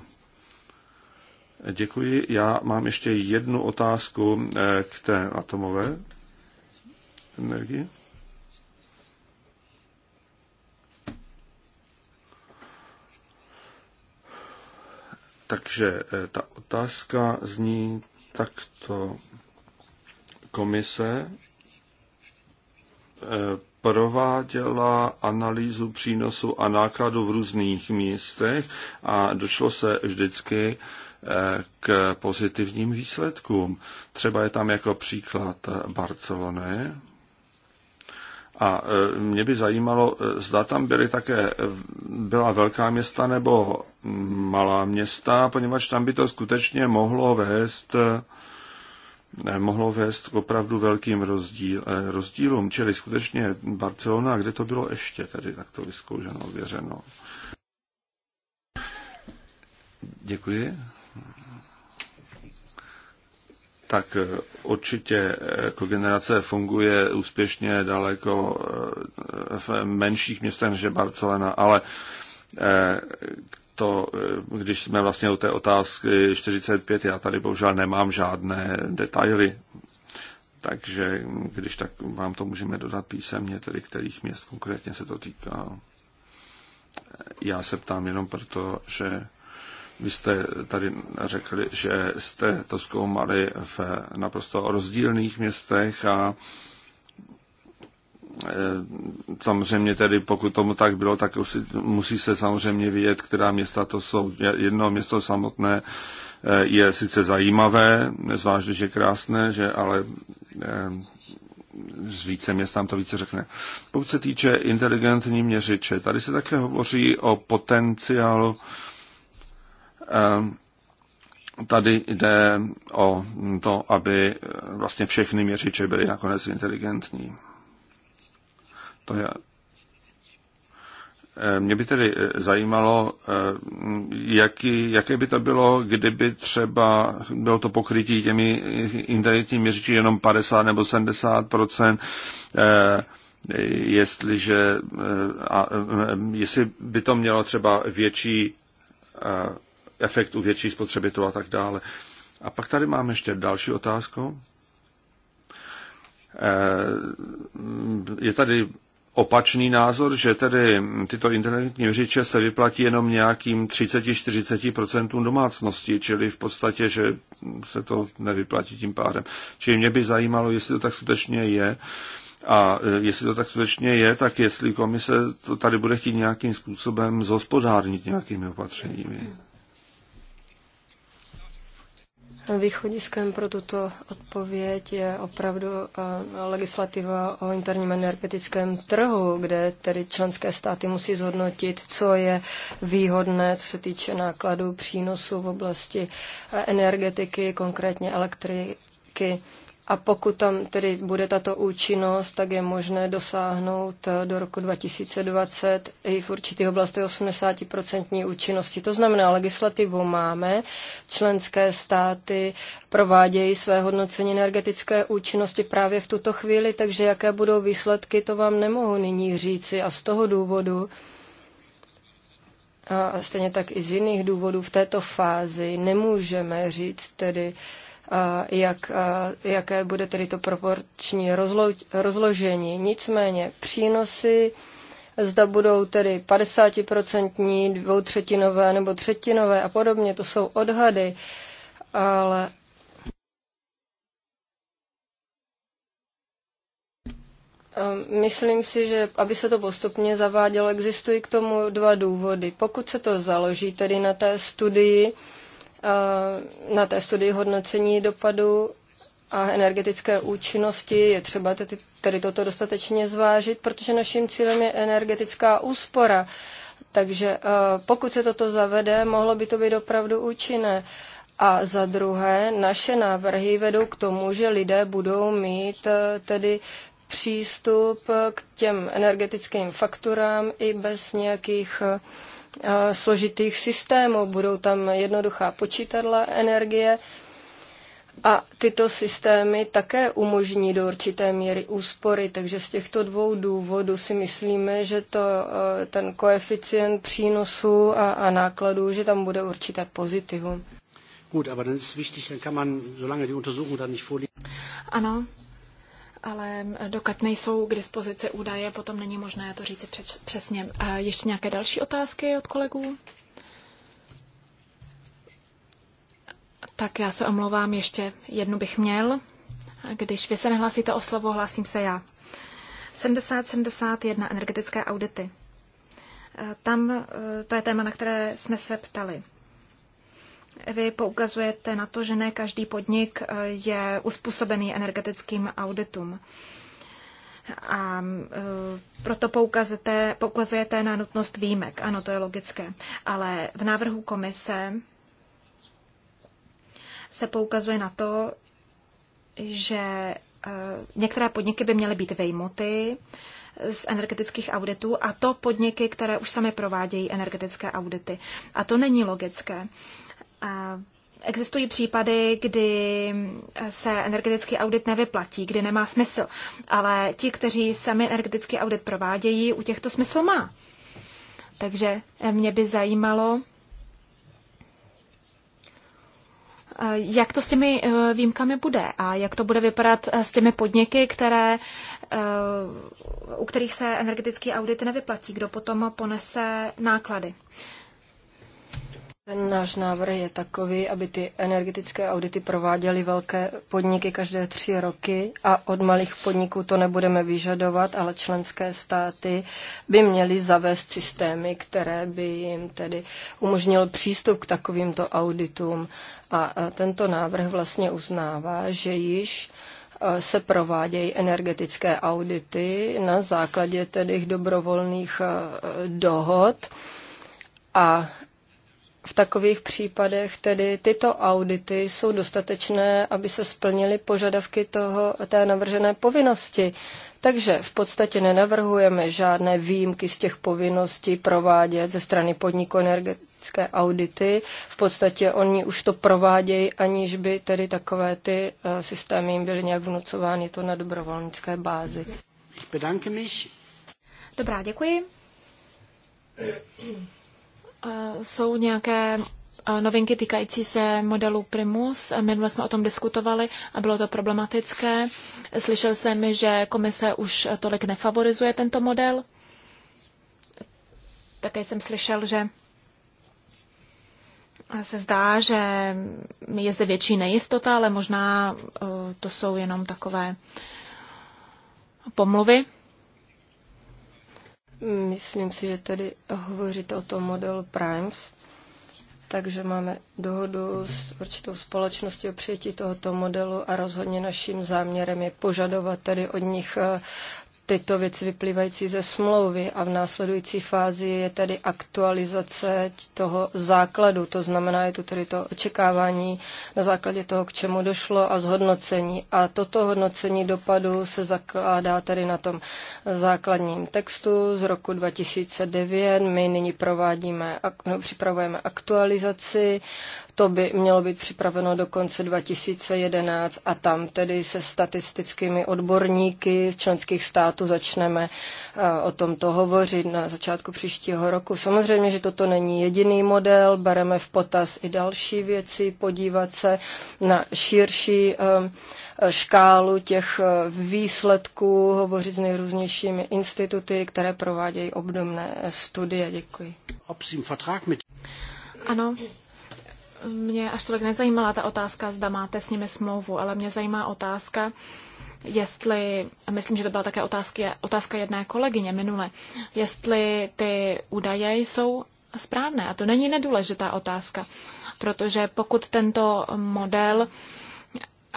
Děkuji. Já mám ještě jednu otázku eh, k té atomové energii. Takže eh, ta otázka zní takto. Komise eh, prováděla analýzu přínosu a nákladu v různých místech a došlo se vždycky k pozitivním výsledkům. Třeba je tam jako příklad Barcelony. A e, mě by zajímalo, e, zda tam byly také, e, byla velká města nebo malá města, poněvadž tam by to skutečně mohlo vést ne, mohlo vést k opravdu velkým rozdíl, rozdílům, čili skutečně Barcelona, kde to bylo ještě tedy takto vyzkoušeno, věřeno. Děkuji tak eh, určitě eh, kogenerace jako funguje úspěšně daleko eh, v menších městech než je Barcelona, ale to, když jsme vlastně u té otázky 45, já tady bohužel nemám žádné detaily, takže když tak vám to můžeme dodat písemně, tedy kterých měst konkrétně se to týká. Já se ptám jenom proto, že vy jste tady řekli, že jste to zkoumali v naprosto rozdílných městech a eh, samozřejmě tedy, pokud tomu tak bylo, tak musí se samozřejmě vědět, která města to jsou. Jedno město samotné eh, je sice zajímavé, zvlášť, že krásné, že ale eh, z více měst tam to více řekne. Pokud se týče inteligentní měřiče, tady se také hovoří o potenciálu Eh, tady jde o to, aby eh, vlastně všechny měřiče byly nakonec inteligentní. To je eh, mě by tedy zajímalo, jaký, jaké by to bylo, kdyby třeba bylo to pokrytí těmi inteligentními měřiči jenom 50 nebo 70 jestliže, a, jestli by to mělo třeba větší efektu větší spotřebitu a tak dále. A pak tady máme ještě další otázku. Eh, je tady opačný názor, že tedy tyto internetní měřiče se vyplatí jenom nějakým 30-40% domácnosti, čili v podstatě, že se to nevyplatí tím pádem. Čili mě by zajímalo, jestli to tak skutečně je. A eh, jestli to tak skutečně je, tak jestli komise to tady bude chtít nějakým způsobem zospodárnit nějakými opatřeními. Východiskem pro tuto odpověď je opravdu eh, legislativa o interním energetickém trhu, kde tedy členské státy musí zhodnotit, co je výhodné, co se týče nákladů, přínosů v oblasti eh, energetiky, konkrétně elektriky a pokud tam tedy bude tato účinnost, tak je možné dosáhnout eh, do roku 2020 i v určitých oblastech 80% účinnosti. To znamená, legislativu máme, členské státy provádějí své hodnocení energetické účinnosti právě v tuto chvíli, takže jaké budou výsledky, to vám nemohu nyní říci. A z toho důvodu a stejně tak i z jiných důvodů v této fázi nemůžeme říct tedy, jak, jaké bude tedy to proporční rozlo, rozložení. Nicméně přínosy, zda budou tedy 50%, dvoutřetinové nebo třetinové a podobně, to jsou odhady, ale Myslím si, že aby se to postupně zavádělo, existují k tomu dva důvody. Pokud se to založí tedy na té studii, Eh, na té studii hodnocení dopadu a energetické účinnosti je třeba tedy, tedy toto dostatečně zvážit, protože naším cílem je energetická úspora. Takže eh, pokud se toto zavede, mohlo by to být opravdu účinné. A za druhé, naše návrhy vedou k tomu, že lidé budou mít eh, tedy přístup k těm energetickým fakturám i bez nějakých uh, Eh, složitých systémů. Budou tam jednoduchá počítadla energie a tyto systémy také umožní do určité míry úspory. Takže z těchto dvou důvodů si myslíme, že to, eh, ten koeficient přínosu a, a nákladů, že tam bude určité pozitivum. Gut, aber dann ist wichtig, dann kann man, solange die Untersuchung dann nicht vorliegt. Ano, ale dokud nejsou k dispozici údaje, potom není možné to říci přesně. Ještě nějaké další otázky od kolegů? Tak já se omlouvám, ještě jednu bych měl. Když vy se nehlásíte o slovo, hlásím se já. 7071 energetické audity. E, tam e, to je téma, na které jsme se ptali. Vy poukazujete na to, že ne každý podnik eh, je uspůsobený energetickým auditům. A eh, proto poukazujete, poukazujete na nutnost výjimek. Ano, to je logické. Ale v návrhu komise se poukazuje na to, že eh, některé podniky by měly být vejmuty z energetických auditů a to podniky, které už sami provádějí energetické audity. A to není logické. Existují případy, kdy se energetický audit nevyplatí, kdy nemá smysl, ale ti, kteří sami energetický audit provádějí, u těchto smysl má. Takže mě by zajímalo, eh, jak to s těmi eh, výjimkami bude a jak to bude vypadat eh, s těmi podniky, které, u kterých se energetický audit nevyplatí, kdo potom ponese náklady. Náš návrh je takový, aby ty energetické audity prováděly velké podniky každé tři roky a od malých podniků to nebudeme vyžadovat, ale členské státy by měly zavést systémy, které by jim tedy umožnil přístup k takovýmto auditům. A tento návrh vlastně uznává, že již se provádějí energetické audity na základě tedy dobrovolných dohod a v takových případech tedy tyto audity jsou dostatečné, aby se splnily požadavky toho, té navržené povinnosti. Takže v podstatě nenavrhujeme žádné výjimky z těch povinností provádět ze strany podniku energetické audity. V podstatě oni už to provádějí, aniž by tedy takové ty eh, systémy jim byly nějak vnucovány to na dobrovolnické bázi. Dobrá, děkuji jsou nějaké novinky týkající se modelu Primus. Minule jsme o tom diskutovali a bylo to problematické. Slyšel jsem, že komise už tolik nefavorizuje tento model. Také jsem slyšel, že se zdá, že je zde větší nejistota, ale možná e, to jsou jenom takové pomluvy. Myslím si, že tady hovoříte o tom modelu Primes, takže máme dohodu s určitou společností o přijetí tohoto modelu a rozhodně naším záměrem je požadovat tedy od nich eh, tyto věci vyplývající ze smlouvy a v následující fázi je tedy aktualizace toho základu, to znamená, je tu tedy to očekávání na základě toho, k čemu došlo a zhodnocení. A toto hodnocení dopadu se zakládá tedy na tom základním textu z roku 2009. My nyní provádíme, no, připravujeme aktualizaci to by mělo být připraveno do konce 2011 a tam tedy se statistickými odborníky z členských států začneme eh, o tomto hovořit na začátku příštího roku. Samozřejmě, že toto není jediný model, bereme v potaz i další věci, podívat se na širší eh, škálu těch eh, výsledků, hovořit s nejrůznějšími instituty, které provádějí obdobné studie. Děkuji. Ano, mě až tolik nezajímala ta otázka, zda máte s nimi smlouvu, ale mě zajímá otázka, jestli, myslím, že to byla také otázka, otázka jedné kolegyně minule, jestli ty údaje jsou správné. A to není nedůležitá otázka, protože pokud tento model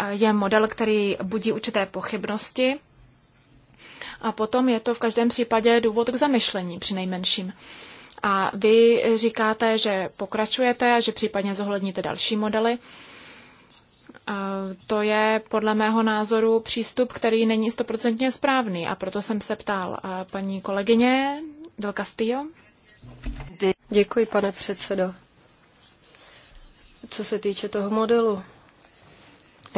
je model, který budí určité pochybnosti, a potom je to v každém případě důvod k zamyšlení při nejmenším. A vy říkáte, že pokračujete, a že případně zohledníte další modely. To je podle mého názoru přístup, který není stoprocentně správný a proto jsem se ptal paní kolegyně Del Castillo. Děkuji, pane předsedo. Co se týče toho modelu,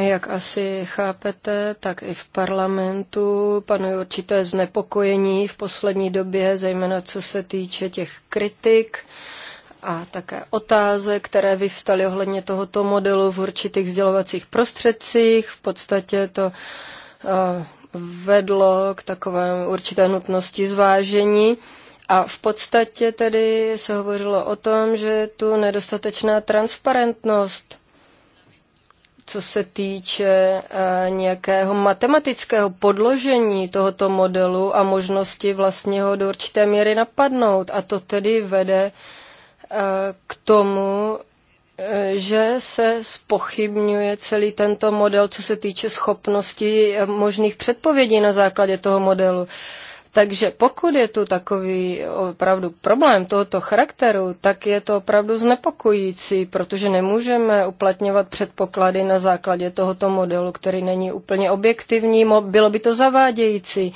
jak asi chápete, tak i v parlamentu panuje určité znepokojení v poslední době, zejména co se týče těch kritik a také otázek, které vyvstaly ohledně tohoto modelu v určitých sdělovacích prostředcích. V podstatě to eh, vedlo k takové určité nutnosti zvážení. A v podstatě tedy se hovořilo o tom, že tu nedostatečná transparentnost co se týče eh, nějakého matematického podložení tohoto modelu a možnosti vlastně ho do určité míry napadnout. A to tedy vede eh, k tomu, eh, že se spochybňuje celý tento model, co se týče schopnosti možných předpovědí na základě toho modelu. Takže pokud je tu takový opravdu problém tohoto charakteru, tak je to opravdu znepokojící, protože nemůžeme uplatňovat předpoklady na základě tohoto modelu, který není úplně objektivní, bylo by to zavádějící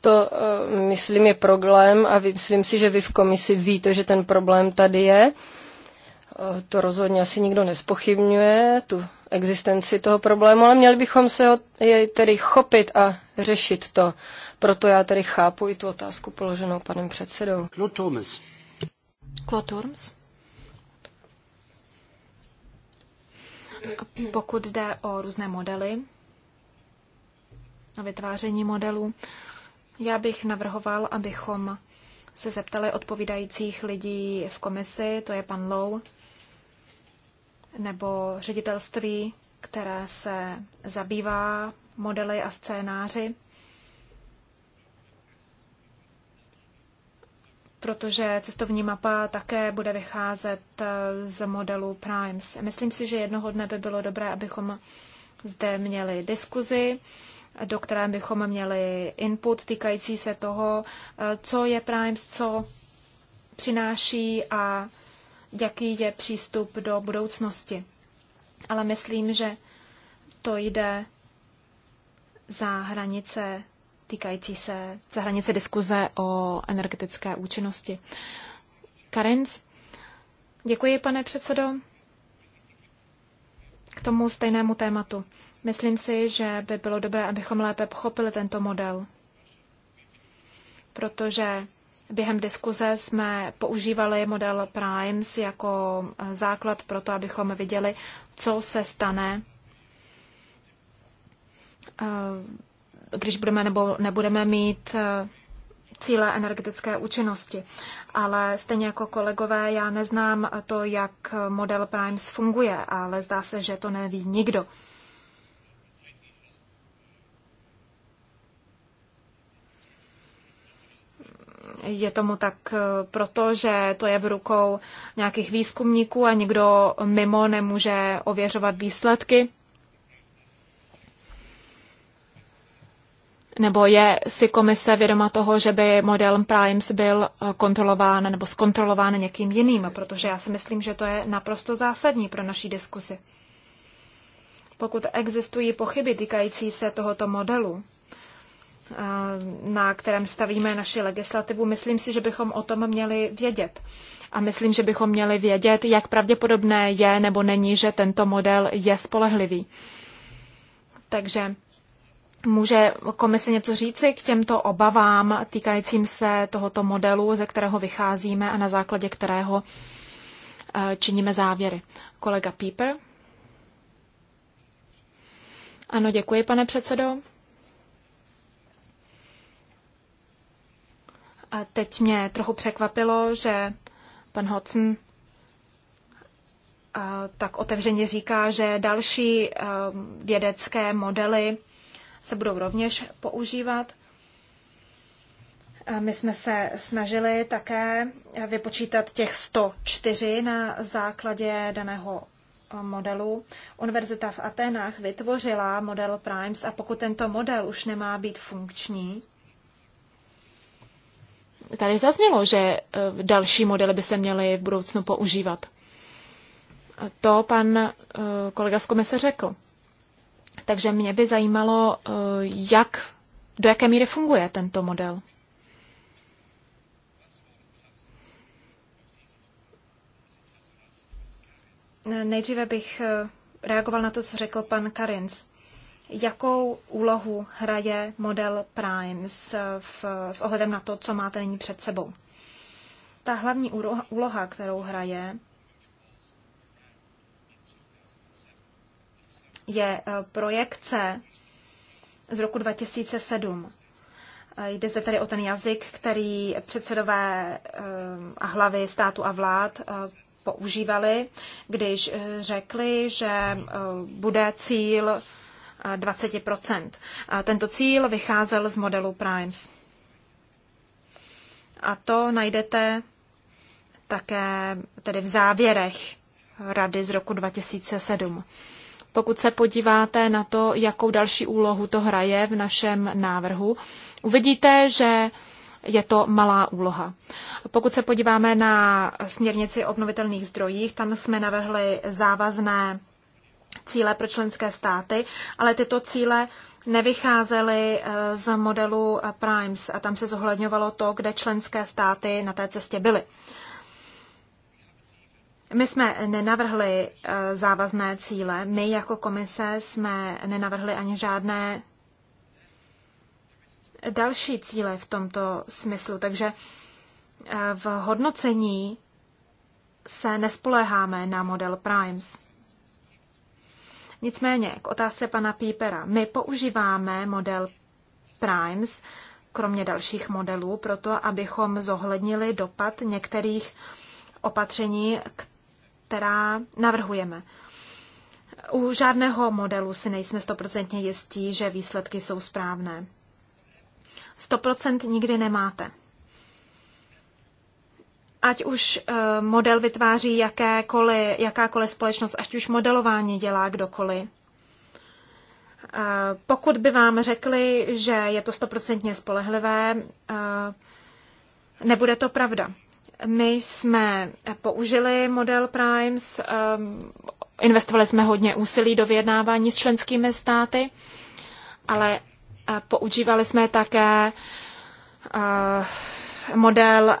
to, eh, myslím, je problém a myslím si, že vy v komisi víte, že ten problém tady je. Eh, to rozhodně asi nikdo nespochybňuje, tu existenci toho problému, ale měli bychom se ho, jej tedy chopit a řešit to. Proto já tady chápu i tu otázku položenou panem předsedou. Claude Thomas. Claude Thomas. Pokud jde o různé modely, na vytváření modelů, já bych navrhoval, abychom se zeptali odpovídajících lidí v komisi, to je pan Lou, nebo ředitelství, které se zabývá modely a scénáři. protože cestovní mapa také bude vycházet eh, z modelu Primes. Myslím si, že jednoho dne by bylo dobré, abychom zde měli diskuzi, do které bychom měli input týkající se toho, eh, co je Primes, co přináší a jaký je přístup do budoucnosti. Ale myslím, že to jde za hranice týkající se zahranice diskuze o energetické účinnosti. Karenc, děkuji, pane předsedo. K tomu stejnému tématu. Myslím si, že by bylo dobré, abychom lépe pochopili tento model, protože během diskuze jsme používali model Primes jako základ pro to, abychom viděli, co se stane eh, když budeme nebo nebudeme mít eh, cíle energetické účinnosti. Ale stejně jako kolegové, já neznám to, jak model Primes funguje, ale zdá se, že to neví nikdo. Je tomu tak eh, proto, že to je v rukou nějakých výzkumníků a nikdo mimo nemůže ověřovat výsledky. nebo je si komise vědoma toho, že by model Primes byl eh, kontrolován nebo zkontrolován někým jiným, protože já si myslím, že to je naprosto zásadní pro naší diskusi. Pokud existují pochyby týkající se tohoto modelu, eh, na kterém stavíme naši legislativu, myslím si, že bychom o tom měli vědět. A myslím, že bychom měli vědět, jak pravděpodobné je nebo není, že tento model je spolehlivý. Takže Může komise něco říci k těmto obavám týkajícím se tohoto modelu, ze kterého vycházíme a na základě kterého eh, činíme závěry? Kolega Píper? Ano, děkuji, pane předsedo. A teď mě trochu překvapilo, že pan Hodson eh, tak otevřeně říká, že další eh, vědecké modely se budou rovněž používat. My jsme se snažili také vypočítat těch 104 na základě daného eh, modelu. Univerzita v Atenách vytvořila model Primes a pokud tento model už nemá být funkční, Tady zaznělo, že eh, další modely by se měly v budoucnu používat. To pan eh, kolega z komise řekl. Takže mě by zajímalo, eh, jak, do jaké míry funguje tento model. Nejdříve bych eh, reagoval na to, co řekl pan Karins. Jakou úlohu hraje model Primes v, s ohledem na to, co máte nyní před sebou? Ta hlavní úloha, kterou hraje, je eh, projekce z roku 2007. Eh, jde zde tedy o ten jazyk, který předsedové eh, a hlavy státu a vlád používali, když řekli, že bude cíl 20 Tento cíl vycházel z modelu Primes. A to najdete také tedy v závěrech rady z roku 2007. Pokud se podíváte na to, jakou další úlohu to hraje v našem návrhu, uvidíte, že je to malá úloha. Pokud se podíváme na směrnici obnovitelných zdrojích, tam jsme navrhli závazné cíle pro členské státy, ale tyto cíle nevycházely eh, z modelu eh, Primes a tam se zohledňovalo to, kde členské státy na té cestě byly. My jsme nenavrhli eh, závazné cíle. My jako komise jsme nenavrhli ani žádné další cíle v tomto smyslu. Takže eh, v hodnocení se nespoléháme na model Primes. Nicméně k otázce pana Pípera. My používáme model Primes, kromě dalších modelů, proto abychom zohlednili dopad některých opatření, která navrhujeme. U žádného modelu si nejsme stoprocentně jistí, že výsledky jsou správné. 100% nikdy nemáte. Ať už eh, model vytváří jakékoliv, jakákoliv společnost, ať už modelování dělá kdokoliv, eh, pokud by vám řekli, že je to stoprocentně spolehlivé, eh, nebude to pravda. My jsme použili model Primes, ehm, investovali jsme hodně úsilí do vyjednávání s členskými státy, ale eh, používali jsme také eh, model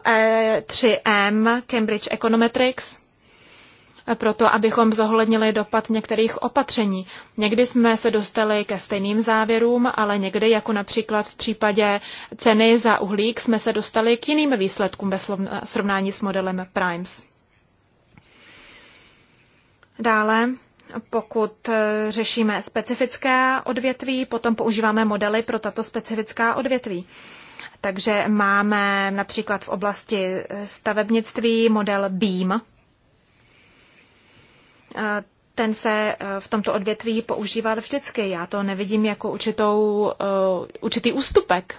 3M e Cambridge Econometrics proto abychom zohlednili dopad některých opatření. Někdy jsme se dostali ke stejným závěrům, ale někdy, jako například v případě ceny za uhlík, jsme se dostali k jiným výsledkům ve srovnání s modelem Primes. Dále, pokud eh, řešíme specifická odvětví, potom používáme modely pro tato specifická odvětví. Takže máme například v oblasti eh, stavebnictví model BEAM, Eh, ten se eh, v tomto odvětví používal vždycky. Já to nevidím jako určitou, eh, určitý ústupek.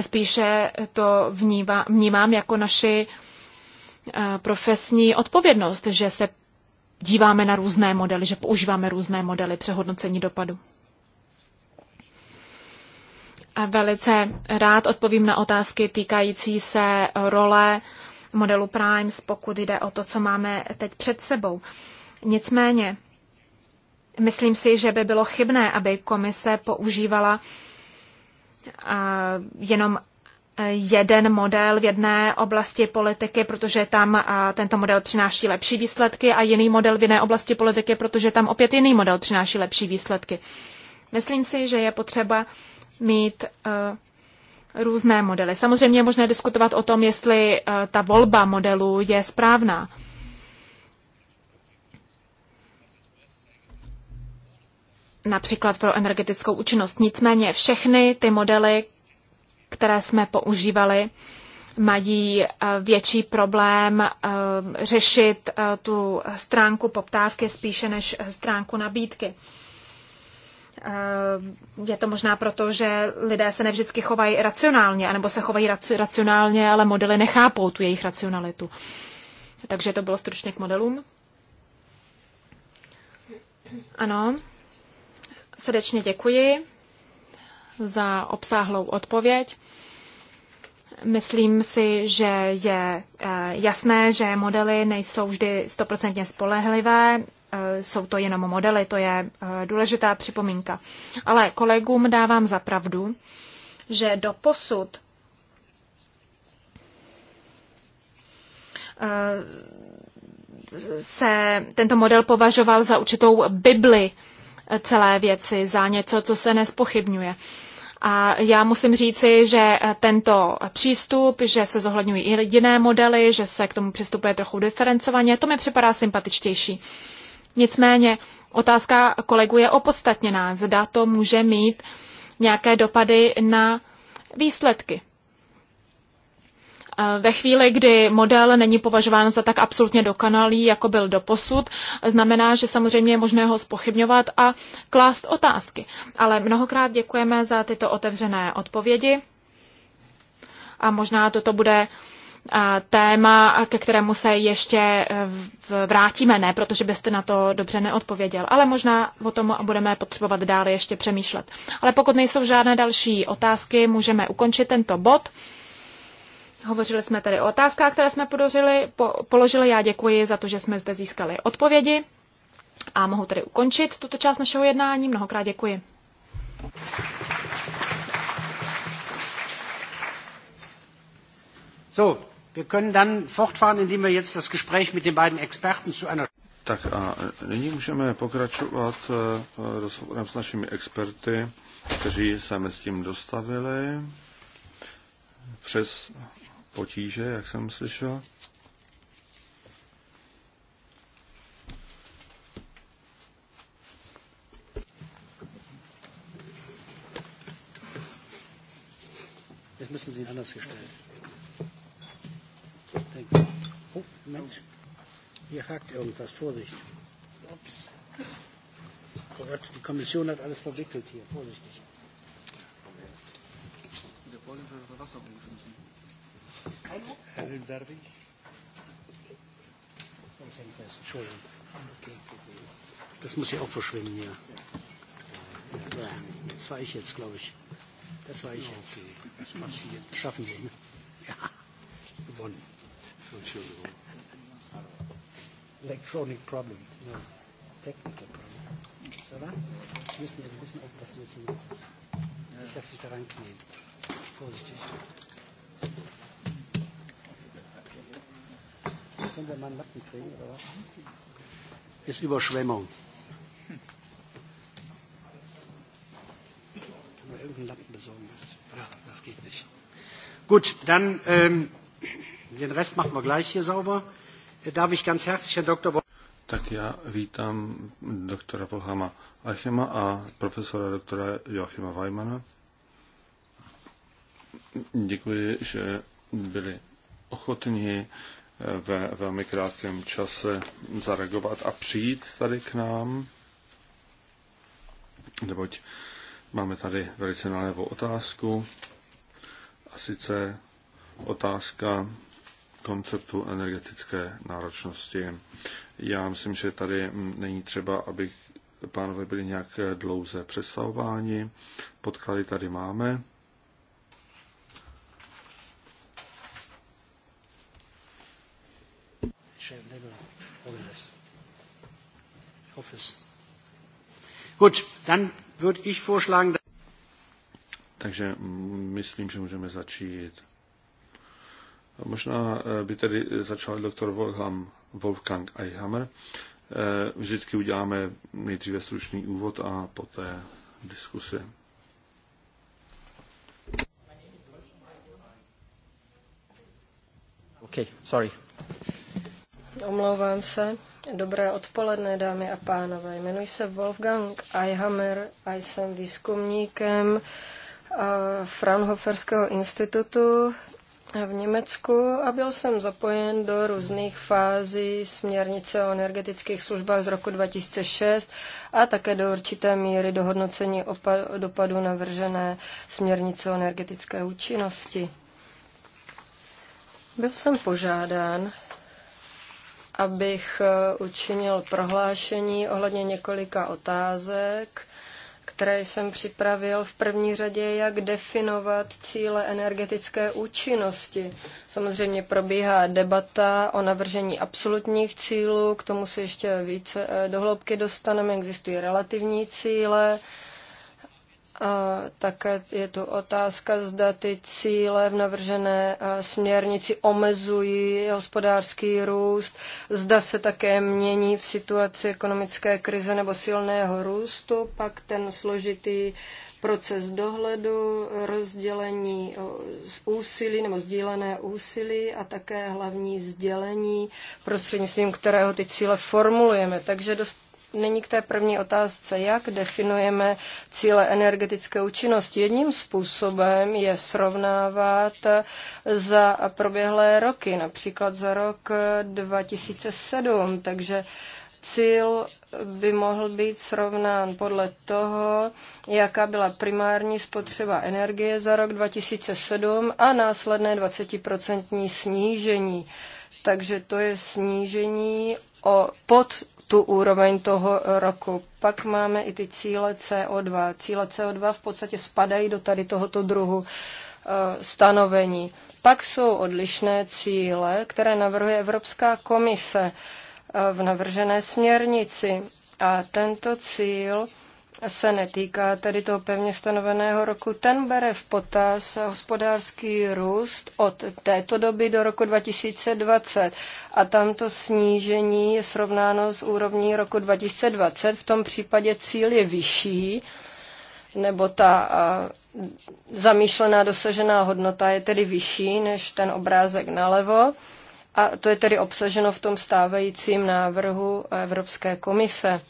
Spíše to vnímám jako naši profesní odpovědnost, že se díváme na různé modely, že používáme různé modely přehodnocení dopadu. A velice rád odpovím na otázky týkající se role modelu Primes, pokud jde o to, co máme teď před sebou. Nicméně, myslím si, že by bylo chybné, aby komise používala jenom jeden model v jedné oblasti politiky, protože tam tento model přináší lepší výsledky a jiný model v jiné oblasti politiky, protože tam opět jiný model přináší lepší výsledky. Myslím si, že je potřeba mít různé modely. Samozřejmě je možné diskutovat o tom, jestli ta volba modelů je správná. například pro energetickou účinnost. Nicméně všechny ty modely, které jsme používali, mají eh, větší problém eh, řešit eh, tu stránku poptávky spíše než stránku nabídky. Je to možná proto, že lidé se nevždycky chovají racionálně, anebo se chovají racionálně, ale modely nechápou tu jejich racionalitu. Takže to bylo stručně k modelům. Ano. Srdečně děkuji za obsáhlou odpověď. Myslím si, že je eh, jasné, že modely nejsou vždy stoprocentně spolehlivé, eh, jsou to jenom modely, to je eh, důležitá připomínka. Ale kolegům dávám za pravdu, že do posud se tento model považoval za určitou Bibli celé věci, za něco, co se nespochybňuje. A já musím říci, že tento přístup, že se zohledňují i jiné modely, že se k tomu přistupuje trochu diferencovaně, to mi připadá sympatičtější. Nicméně otázka kolegu je opodstatněná. Zda to může mít nějaké dopady na výsledky. Eh, ve chvíli, kdy model není považován za tak absolutně dokonalý, jako byl doposud, znamená, že samozřejmě je možné ho spochybňovat a klást otázky. Ale mnohokrát děkujeme za tyto otevřené odpovědi a možná toto bude eh, téma, ke kterému se ještě eh, vrátíme, ne, protože byste na to dobře neodpověděl, ale možná o tom budeme potřebovat dále ještě přemýšlet. Ale pokud nejsou žádné další otázky, můžeme ukončit tento bod. Hovořili jsme tady o otázkách, které jsme podořili, po, položili. Já děkuji za to, že jsme zde získali odpovědi a mohu tedy ukončit tuto část našeho jednání. Mnohokrát děkuji. So, wir können dann fortfahren, indem wir jetzt das Gespräch mit den beiden Experten zu einer tak a nyní můžeme pokračovat eh, rozhovorem s našimi experty, kteří se mezi tím dostavili přes potíže, jak jsem slyšel. Jetzt müssen Sie ihn anders gestellt. Thanks. Oh, Mensch. Hier hakt irgendwas. Vorsicht. Ups. Oh Gott, die Kommission hat alles verwickelt hier. Vorsichtig. Der Vorsitzende hat das Wasser umgeschmissen. Entschuldigung. Das muss ja auch verschwinden, ja. Das war ich jetzt, glaube ich. Das war ich jetzt. Das passiert. Schaffen Sie. ne? Ja, gewonnen. Entschuldigung. Electronic problem. No. Technical problem. Oder? Sie müssen ja ein bisschen aufpassen, was hier jetzt ist. Ich lasse sich da reinknien. Vorsichtig. Lappen kriegen oder was? Ist Überschwemmung. Kann man irgendeinen Lappen besorgen? das geht nicht. Gut, dann ähm, den Rest machen wir gleich hier sauber. Äh, darf ich ganz herzlich Herrn Dr. Tak já vítám doktora Volhama Achema a profesora doktora Joachima Weimana. Děkuji, že byli ochotní ve velmi krátkém čase zareagovat a přijít tady k nám, neboť máme tady velice nalévou otázku, a sice otázka konceptu energetické náročnosti. Já myslím, že tady není třeba, abych pánové byli nějak dlouze představováni. Podklady tady máme. Office. Gut, dann würde ich vorschlagen, takže myslím, že můžeme začít. možná eh, by tedy začal doktor Wolfgang, Wolfgang Eichhammer. Eh, vždycky uděláme nejdříve stručný úvod a poté diskusi. Okay, sorry. Omlouvám se. Dobré odpoledne, dámy a pánové. Jmenuji se Wolfgang Eihammer a jsem výzkumníkem eh, Fraunhoferského institutu v Německu a byl jsem zapojen do různých fází směrnice o energetických službách z roku 2006 a také do určité míry do hodnocení dopadu navržené směrnice o energetické účinnosti. Byl jsem požádán abych eh, učinil prohlášení ohledně několika otázek, které jsem připravil. V první řadě, jak definovat cíle energetické účinnosti. Samozřejmě probíhá debata o navržení absolutních cílů, k tomu se ještě více eh, dohloubky dostaneme. Existují relativní cíle, a také je tu otázka, zda ty cíle v navržené směrnici omezují hospodářský růst, zda se také mění v situaci ekonomické krize nebo silného růstu, pak ten složitý proces dohledu, rozdělení z úsilí nebo sdílené úsilí a také hlavní sdělení, prostřednictvím kterého ty cíle formulujeme. Takže dost Nyní k té první otázce, jak definujeme cíle energetické účinnosti. Jedním způsobem je srovnávat za proběhlé roky, například za rok 2007, takže cíl by mohl být srovnán podle toho, jaká byla primární spotřeba energie za rok 2007 a následné 20% snížení. Takže to je snížení o, pod tu úroveň toho roku. Pak máme i ty cíle CO2. Cíle CO2 v podstatě spadají do tady tohoto druhu e, stanovení. Pak jsou odlišné cíle, které navrhuje Evropská komise e, v navržené směrnici. A tento cíl se netýká tedy toho pevně stanoveného roku. Ten bere v potaz hospodářský růst od této doby do roku 2020 a tamto snížení je srovnáno s úrovní roku 2020. V tom případě cíl je vyšší, nebo ta zamýšlená dosažená hodnota je tedy vyšší než ten obrázek nalevo. A to je tedy obsaženo v tom stávajícím návrhu Evropské komise.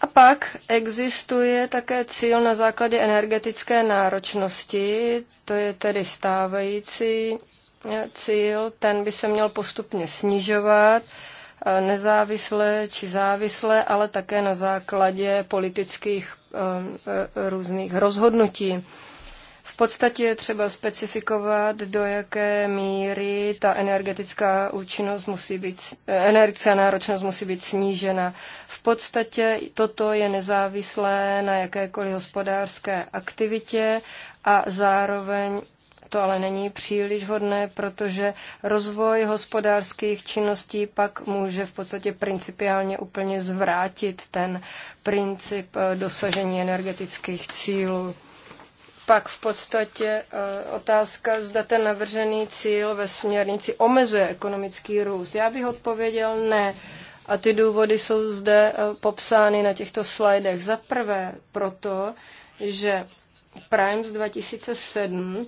A pak existuje také cíl na základě energetické náročnosti, to je tedy stávající eh, cíl, ten by se měl postupně snižovat eh, nezávisle či závisle, ale také na základě politických eh, různých rozhodnutí. V podstatě je třeba specifikovat, do jaké míry ta energetická účinnost musí být, energetická náročnost musí být snížena. V podstatě toto je nezávislé na jakékoliv hospodářské aktivitě a zároveň to ale není příliš hodné, protože rozvoj hospodářských činností pak může v podstatě principiálně úplně zvrátit ten princip dosažení energetických cílů pak v podstatě eh, otázka, zda ten navržený cíl ve směrnici omezuje ekonomický růst. Já bych odpověděl ne. A ty důvody jsou zde eh, popsány na těchto slajdech. Za prvé proto, že Primes 2007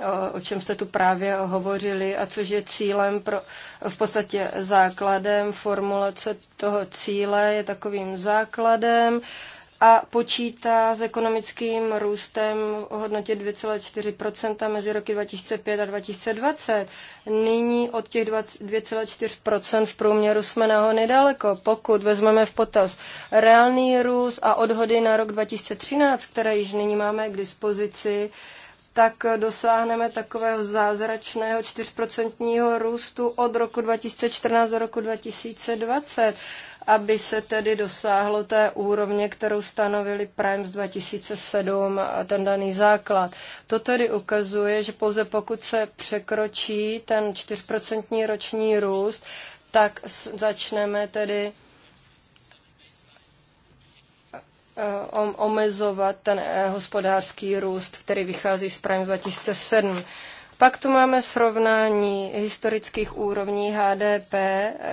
eh, o čem jste tu právě hovořili a což je cílem pro, v podstatě základem formulace toho cíle je takovým základem a počítá s ekonomickým růstem o hodnotě 2,4 mezi roky 2005 a 2020. Nyní od těch 2,4 v průměru jsme naho nedaleko, pokud vezmeme v potaz reálný růst a odhody na rok 2013, které již nyní máme k dispozici, tak dosáhneme takového zázračného 4% růstu od roku 2014 do roku 2020 aby se tedy dosáhlo té úrovně, kterou stanovili z 2007 a ten daný základ. To tedy ukazuje, že pouze pokud se překročí ten 4% roční růst, tak začneme tedy eh, omezovat ten eh, hospodářský růst, který vychází z Prime 2007. Pak tu máme srovnání historických úrovní HDP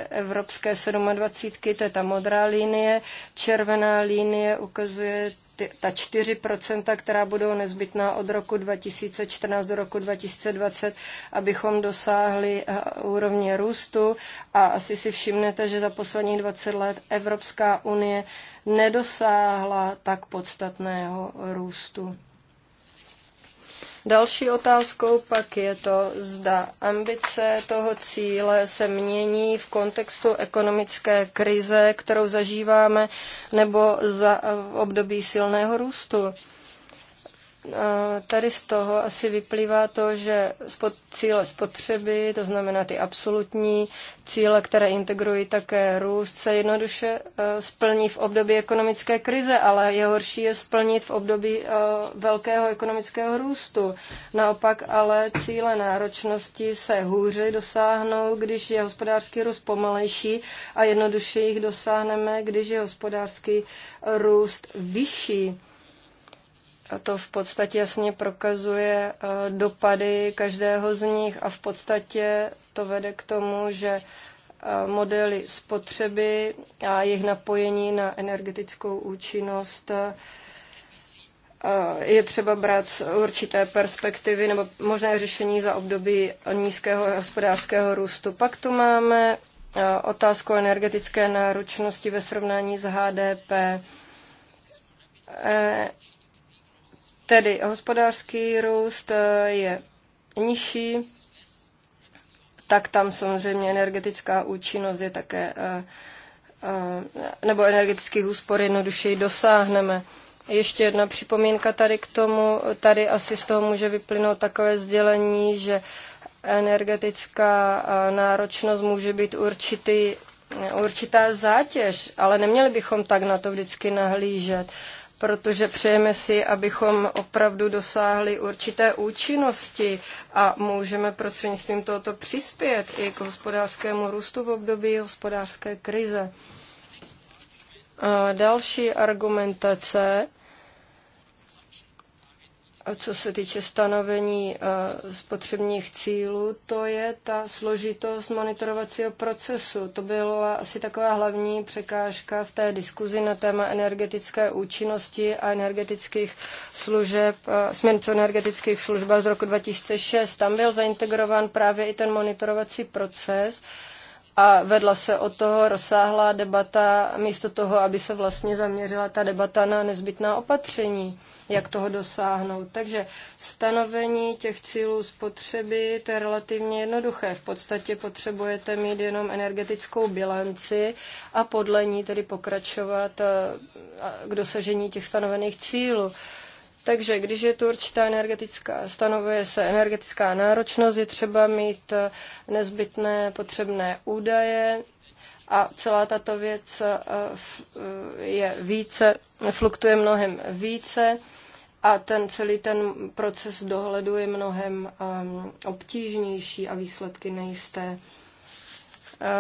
Evropské 27, to je ta modrá linie. Červená linie ukazuje ta 4%, která budou nezbytná od roku 2014 do roku 2020, abychom dosáhli eh, úrovně růstu. A asi si všimnete, že za posledních 20 let Evropská unie nedosáhla tak podstatného růstu. Další otázkou pak je to, zda ambice toho cíle se mění v kontextu ekonomické krize, kterou zažíváme, nebo za období silného růstu. Eh, tady z toho asi vyplývá to, že spod, cíle spotřeby, to znamená ty absolutní cíle, které integrují také růst, se jednoduše eh, splní v období ekonomické krize, ale je horší je splnit v období eh, velkého ekonomického růstu. Naopak ale cíle náročnosti se hůře dosáhnou, když je hospodářský růst pomalejší a jednoduše jich dosáhneme, když je hospodářský růst vyšší to v podstatě jasně prokazuje eh, dopady každého z nich a v podstatě to vede k tomu, že eh, modely spotřeby a jejich napojení na energetickou účinnost eh, je třeba brát z určité perspektivy nebo možné řešení za období nízkého hospodářského růstu. Pak tu máme otázku energetické náročnosti ve srovnání s HDP Tedy hospodářský růst eh, je nižší, tak tam samozřejmě energetická účinnost je také, eh, eh, nebo energetický úspor jednodušeji dosáhneme. Ještě jedna připomínka tady k tomu, tady asi z toho může vyplynout takové sdělení, že energetická náročnost může být určitý, určitá zátěž, ale neměli bychom tak na to vždycky nahlížet protože přejeme si, abychom opravdu dosáhli určité účinnosti a můžeme prostřednictvím tohoto přispět i k hospodářskému růstu v období hospodářské krize. další argumentace a co se týče stanovení eh, spotřebních cílů, to je ta složitost monitorovacího procesu. To byla asi taková hlavní překážka v té diskuzi na téma energetické účinnosti a energetických služeb, eh, směrnice o energetických službách z roku 2006. Tam byl zaintegrován právě i ten monitorovací proces a vedla se od toho rozsáhlá debata, místo toho, aby se vlastně zaměřila ta debata na nezbytná opatření, jak toho dosáhnout. Takže stanovení těch cílů spotřeby, to je relativně jednoduché. V podstatě potřebujete mít jenom energetickou bilanci a podle ní tedy pokračovat eh, k dosažení těch stanovených cílů. Takže když je tu určitá energetická, stanovuje se energetická náročnost, je třeba mít eh, nezbytné potřebné údaje a celá tato věc eh, eh, je více, fluktuje mnohem více a ten celý ten proces dohledu je mnohem obtížnější a výsledky nejisté.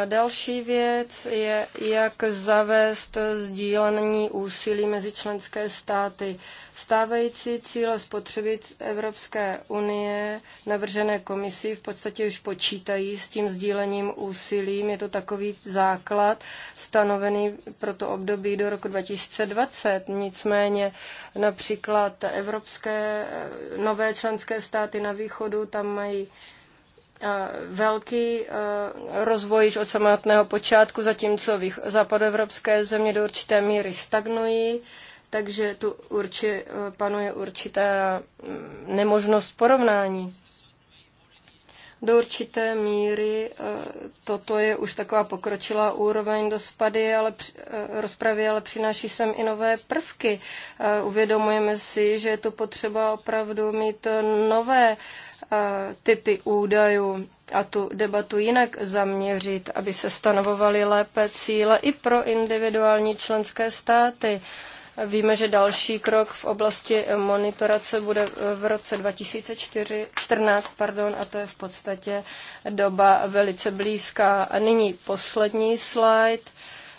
Další věc je, jak zavést sdílení úsilí mezi členské státy. Stávající cíle spotřeby Evropské unie navržené komisí v podstatě už počítají s tím sdílením úsilím. Je to takový základ stanovený pro to období do roku 2020. Nicméně například evropské nové členské státy na východu tam mají Eh, velký eh, rozvoj již od samotného počátku, zatímco západoevropské země do určité míry stagnují, takže tu urči, eh, panuje určitá mm, nemožnost porovnání. Do určité míry toto je už taková pokročilá úroveň do spady, ale rozpravy, ale přináší sem i nové prvky. Uvědomujeme si, že je tu potřeba opravdu mít nové uh, typy údajů a tu debatu jinak zaměřit, aby se stanovovaly lépe cíle i pro individuální členské státy. Víme, že další krok v oblasti monitorace bude v roce 2014, pardon, a to je v podstatě doba velice blízká. A nyní poslední slide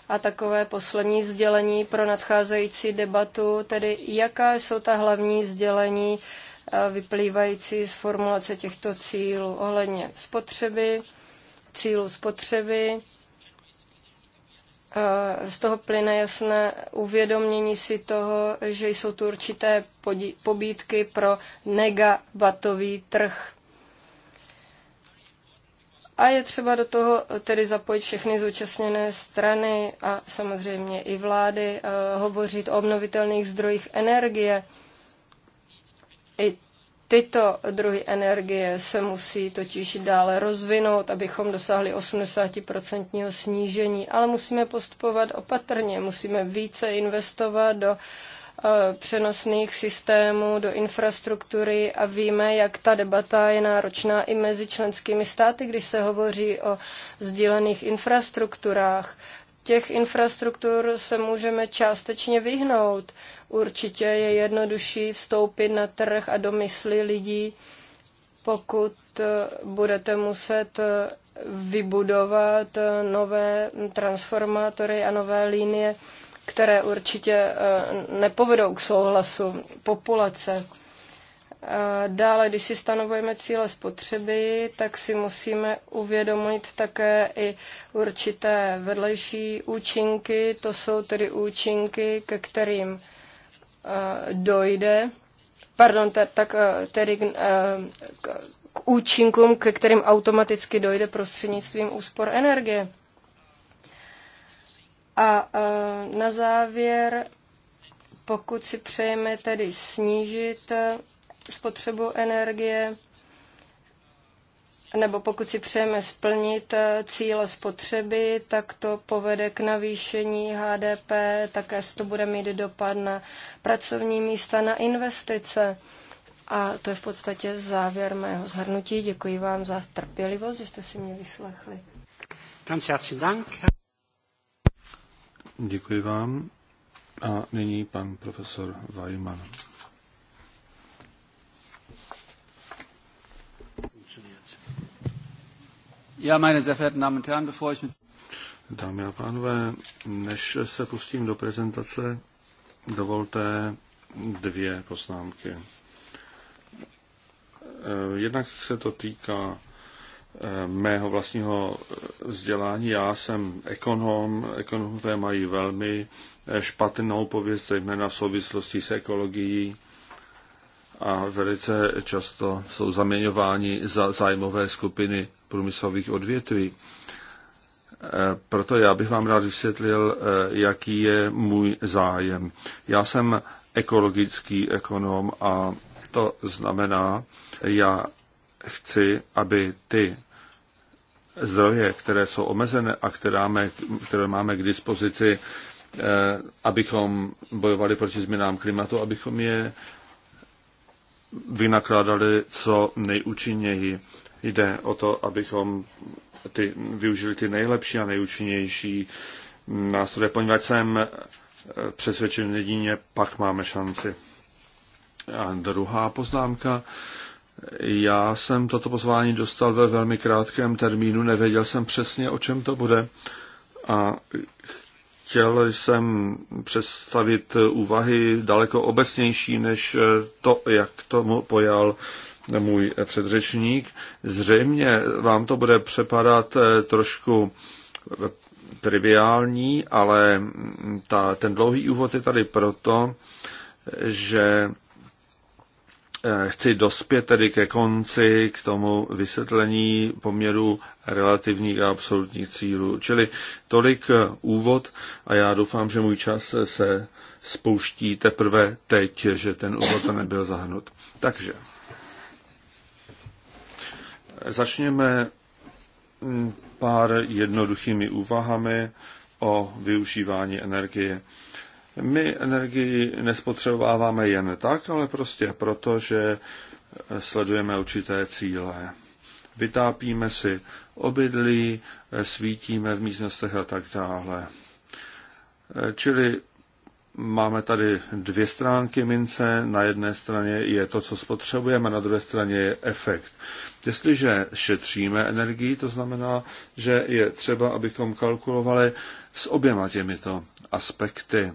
a takové poslední sdělení pro nadcházející debatu, tedy jaká jsou ta hlavní sdělení vyplývající z formulace těchto cílů ohledně spotřeby, cílu spotřeby. Z toho plyne jasné uvědomění si toho, že jsou tu určité pobídky pro negabatový trh. A je třeba do toho tedy zapojit všechny zúčastněné strany a samozřejmě i vlády, hovořit o obnovitelných zdrojích energie. I tyto druhy energie se musí totiž dále rozvinout, abychom dosáhli 80% snížení, ale musíme postupovat opatrně, musíme více investovat do eh, přenosných systémů do infrastruktury a víme, jak ta debata je náročná i mezi členskými státy, když se hovoří o sdílených infrastrukturách těch infrastruktur se můžeme částečně vyhnout. Určitě je jednodušší vstoupit na trh a do mysli lidí, pokud eh, budete muset eh, vybudovat eh, nové transformátory a nové linie, které určitě nepovedou k souhlasu populace. Eh, dále, když si stanovujeme cíle spotřeby, tak si musíme uvědomit také i určité vedlejší účinky. To jsou tedy účinky, ke kterým eh, dojde, pardon, tak eh, tedy k účinkům, ke kterým automaticky dojde prostřednictvím úspor energie. A na závěr, pokud si přejeme tedy snížit spotřebu energie, nebo pokud si přejeme splnit eh, cíle spotřeby, tak to povede k navýšení HDP, také to bude mít dopad na pracovní místa, na investice. A to je v podstatě závěr mého zhrnutí. Děkuji vám za trpělivost, že jste si mě vyslechli. Děkuji vám. A nyní pan profesor Weimann. meine sehr verehrten Damen und Herren, bevor ich mit... Dámy a pánové, než se pustím do prezentace, dovolte dvě poznámky. Eh, jednak se to týká eh, mého vlastního eh, vzdělání. Já jsem ekonom, ekonomové mají velmi špatnou pověst, zejména v souvislosti s ekologií a velice často jsou zaměňováni za zájmové skupiny průmyslových odvětví. E, proto já bych vám rád vysvětlil, e, jaký je můj zájem. Já jsem ekologický ekonom a to znamená, já chci, aby ty zdroje, které jsou omezené a které máme, které máme k dispozici, e, abychom bojovali proti změnám klimatu, abychom je vynakládali co nejúčinněji. Jde o to, abychom ty, využili ty nejlepší a nejúčinnější nástroje, poněvadž jsem eh, přesvědčen jedině, pak máme šanci. A druhá poznámka. Já jsem toto pozvání dostal ve velmi krátkém termínu, nevěděl jsem přesně, o čem to bude. A chtěl jsem představit úvahy daleko obecnější než eh, to, jak tomu pojal můj předřečník. Zřejmě vám to bude přepadat eh, trošku eh, triviální, ale mm, ta, ten dlouhý úvod je tady proto, že eh, chci dospět tedy ke konci, k tomu vysvětlení poměru relativních a absolutních cílů. Čili tolik úvod a já doufám, že můj čas se spouští teprve teď, že ten úvod nebyl zahrnut. Takže. Začněme mm, pár jednoduchými úvahami o využívání energie. My energii nespotřebováváme jen tak, ale prostě proto, že sledujeme určité cíle. Vytápíme si obydlí, svítíme v místnostech a tak dále. Čili Máme tady dvě stránky mince. Na jedné straně je to, co spotřebujeme, na druhé straně je efekt. Jestliže šetříme energii, to znamená, že je třeba, abychom kalkulovali s oběma těmito aspekty.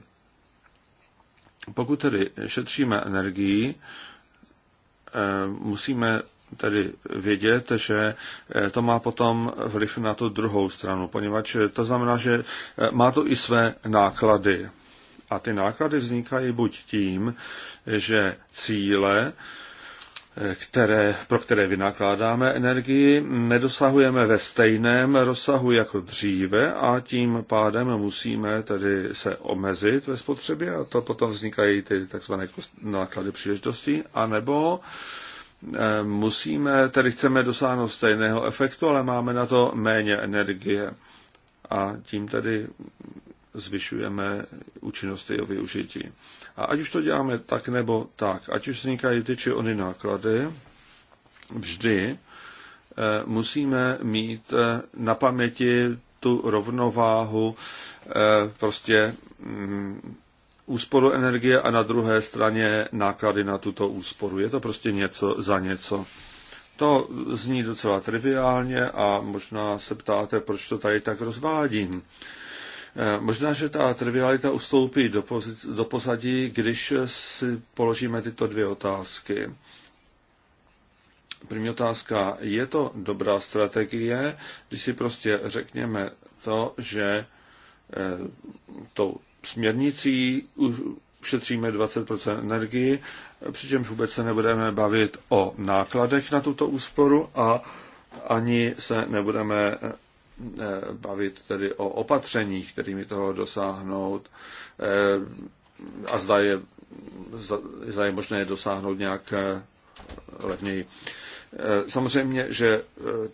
Pokud tedy šetříme energii, eh, musíme tedy vědět, že eh, to má potom vliv na tu druhou stranu, poněvadž to znamená, že eh, má to i své náklady. A ty náklady vznikají buď tím, že cíle, eh, které, pro které vynakládáme energii, nedosahujeme ve stejném rozsahu jako dříve a tím pádem musíme tedy se omezit ve spotřebě a to potom vznikají ty tzv. náklady příležitosti, anebo eh, musíme, tedy chceme dosáhnout stejného efektu, ale máme na to méně energie a tím tedy zvyšujeme účinnost jeho využití. A ať už to děláme tak nebo tak, ať už vznikají ty či ony náklady, vždy eh, musíme mít eh, na paměti tu rovnováhu eh, prostě mm, úsporu energie a na druhé straně náklady na tuto úsporu. Je to prostě něco za něco. To zní docela triviálně a možná se ptáte, proč to tady tak rozvádím. Eh, možná, že ta trivialita ustoupí do, pozic, do pozadí, když si položíme tyto dvě otázky. První otázka, je to dobrá strategie, když si prostě řekněme to, že eh, tou směrnicí ušetříme 20% energii, přičemž vůbec se nebudeme bavit o nákladech na tuto úsporu a ani se nebudeme eh, Eh, bavit tedy o opatřeních, kterými toho dosáhnout eh, a zda je, zda je možné dosáhnout nějak eh, levněji. Samozřejmě, že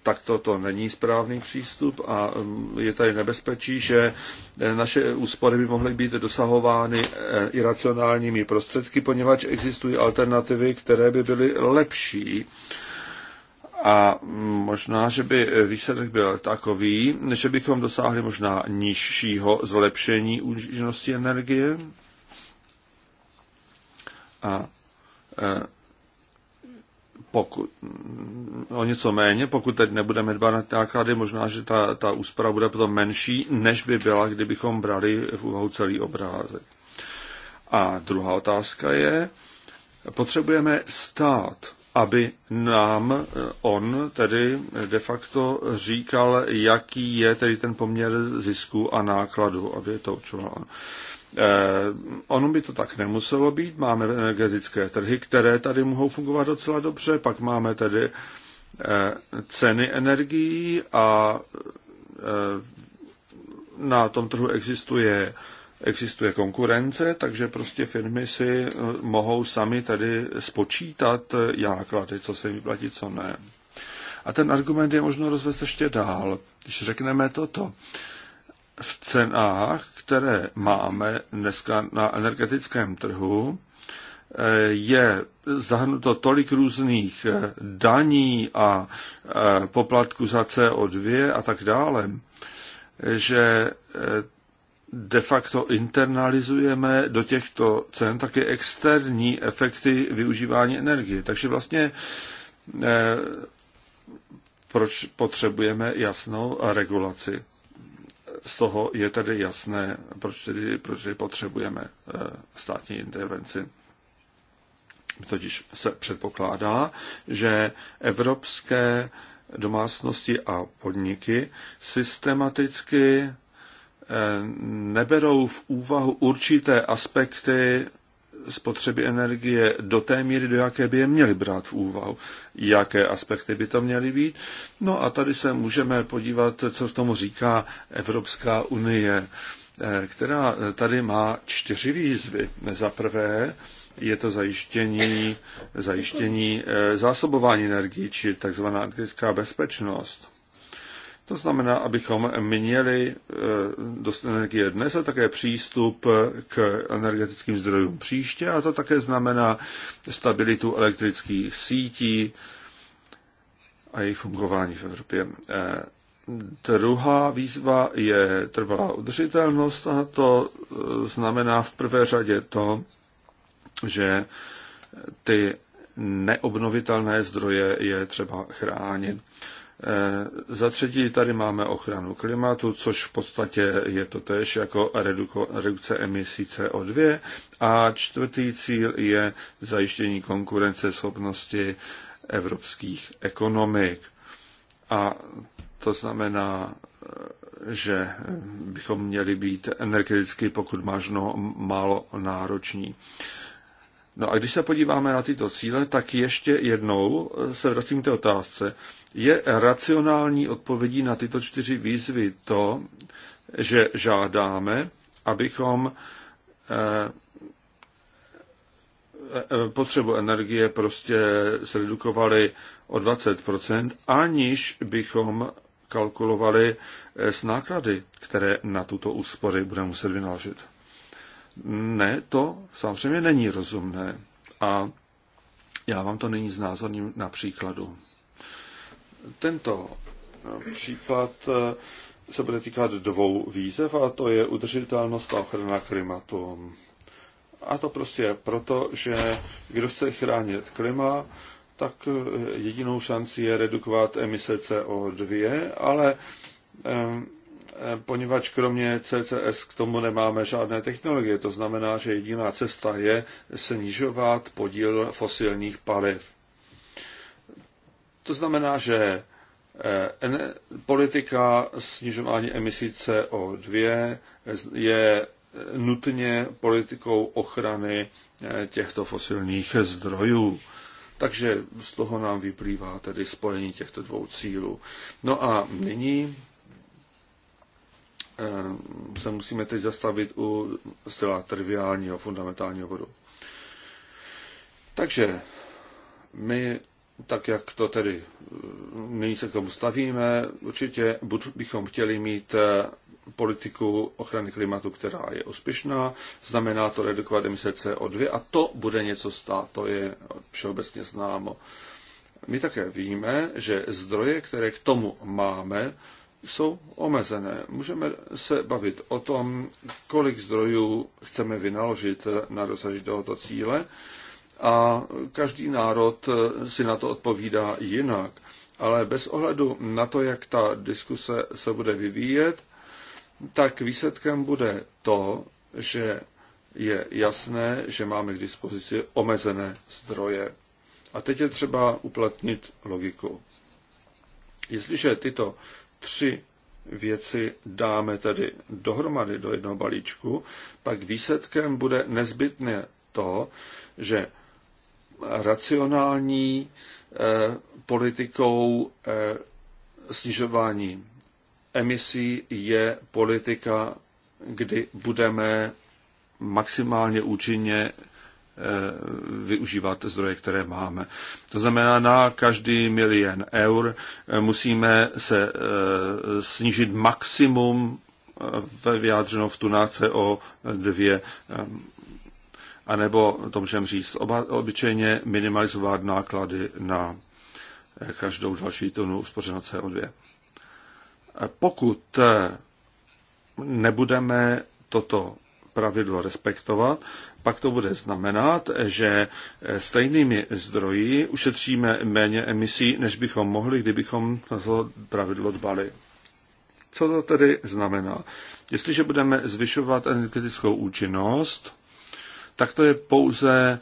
takto to není správný přístup a mm, je tady nebezpečí, že naše úspory by mohly být dosahovány iracionálními prostředky, poněvadž existují alternativy, které by byly lepší a možná, že by výsledek byl takový, že bychom dosáhli možná nižšího zlepšení účinnosti energie. A e, pokud, o něco méně, pokud teď nebudeme dbát na náklady, možná, že ta, ta úspora bude potom menší, než by byla, kdybychom brali v úvahu celý obrázek. A druhá otázka je, potřebujeme stát aby nám eh, on tedy de facto říkal, jaký je tedy ten poměr zisku a nákladu, aby to určoval on. Eh, ono by to tak nemuselo být. Máme energetické trhy, které tady mohou fungovat docela dobře, pak máme tedy eh, ceny energií a eh, na tom trhu existuje eh, existuje konkurence, takže prostě firmy si eh, mohou sami tady spočítat náklady, eh, co se vyplatí, co ne. A ten argument je možno rozvést ještě dál. Když řekneme toto, v cenách, které máme dneska na energetickém trhu, eh, je zahrnuto tolik různých daní a poplatku za CO2 a tak dále, že de facto internalizujeme do těchto cen také externí efekty využívání energie. Takže vlastně eh, proč potřebujeme jasnou regulaci? Z toho je tedy jasné, proč tedy, proč tedy potřebujeme eh, státní intervenci. Totiž se předpokládá, že evropské domácnosti a podniky systematicky neberou v úvahu určité aspekty spotřeby energie do té míry, do jaké by je měli brát v úvahu, jaké aspekty by to měly být. No a tady se můžeme podívat, co z tomu říká Evropská unie, eh, která tady má čtyři výzvy. Za prvé je to zajištění, zajištění eh, zásobování energií, či takzvaná energetická bezpečnost. To znamená, abychom měli eh, dost energie dnes a také přístup k energetickým zdrojům příště a to také znamená stabilitu elektrických sítí a jejich fungování v Evropě. Eh, druhá výzva je trvalá udržitelnost a to eh, znamená v prvé řadě to, že ty neobnovitelné zdroje je třeba chránit. Eh, za třetí tady máme ochranu klimatu, což v podstatě je to tež jako redukce emisí CO2. A čtvrtý cíl je zajištění konkurenceschopnosti evropských ekonomik. A to znamená, eh, že bychom měli být energeticky, pokud možno, málo nároční. No a když se podíváme na tyto cíle, tak ještě jednou se vracím k té otázce je racionální odpovědí na tyto čtyři výzvy to, že žádáme, abychom eh, eh, potřebu energie prostě zredukovali o 20%, aniž bychom kalkulovali eh, s náklady, které na tuto úspory budeme muset vynaložit. Ne, to samozřejmě není rozumné. A já vám to nyní znázorním na příkladu. Tento eh, příklad eh, se bude týkat dvou výzev, a to je udržitelnost a ochrana klimatu. A to prostě proto, že kdo chce chránit klima, tak eh, jedinou šancí je redukovat emise CO2, ale poněvadž kromě CCS k tomu nemáme žádné technologie. To znamená, že jediná cesta je snižovat podíl fosilních paliv. To znamená, že eh, politika snižování emisí CO2 je eh, nutně politikou ochrany eh, těchto fosilních zdrojů. Takže z toho nám vyplývá tedy spojení těchto dvou cílů. No a nyní se musíme teď zastavit u zcela triviálního, fundamentálního bodu. Takže my tak jak to tedy eh, nyní se k tomu stavíme, určitě buď bychom chtěli mít eh, politiku ochrany klimatu, která je úspěšná, znamená to redukovat emise CO2 a to bude něco stát, to je všeobecně známo. My také víme, že zdroje, které k tomu máme, jsou omezené. Můžeme se bavit o tom, kolik zdrojů chceme vynaložit eh, na dosažení tohoto cíle, a každý národ eh, si na to odpovídá jinak. Ale bez ohledu na to, jak ta diskuse se bude vyvíjet, tak výsledkem bude to, že je jasné, že máme k dispozici omezené zdroje. A teď je třeba uplatnit logiku. Jestliže tyto tři věci dáme tedy dohromady do jednoho balíčku, pak výsledkem bude nezbytně to, že racionální eh, politikou eh, snižování emisí je politika, kdy budeme maximálně účinně eh, využívat zdroje, které máme. To znamená, na každý milion eur musíme se snížit maximum vyjádřeno v tunáce o dvě anebo to můžeme říct oba, obyčejně minimalizovat náklady na eh, každou další tunu uspořeno CO2. Eh, pokud eh, nebudeme toto pravidlo respektovat, pak to bude znamenat, že stejnými zdroji ušetříme méně emisí, než bychom mohli, kdybychom toto to pravidlo dbali. Co to tedy znamená? Jestliže budeme zvyšovat energetickou účinnost, tak to je pouze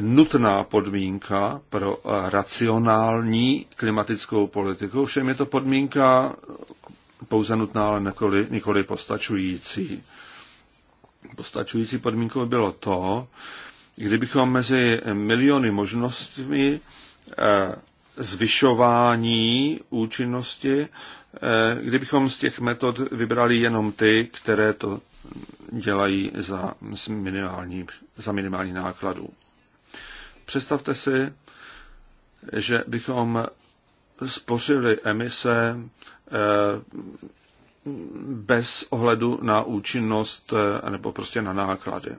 nutná podmínka pro racionální klimatickou politiku. Všem je to podmínka pouze nutná, ale nikoli, nikoli postačující. Postačující podmínkou bylo to, kdybychom mezi miliony možnostmi eh, zvyšování účinnosti, eh, kdybychom z těch metod vybrali jenom ty, které to dělají za minimální, za minimální nákladů. Představte si, že bychom spořili emise eh, bez ohledu na účinnost eh, nebo prostě na náklady.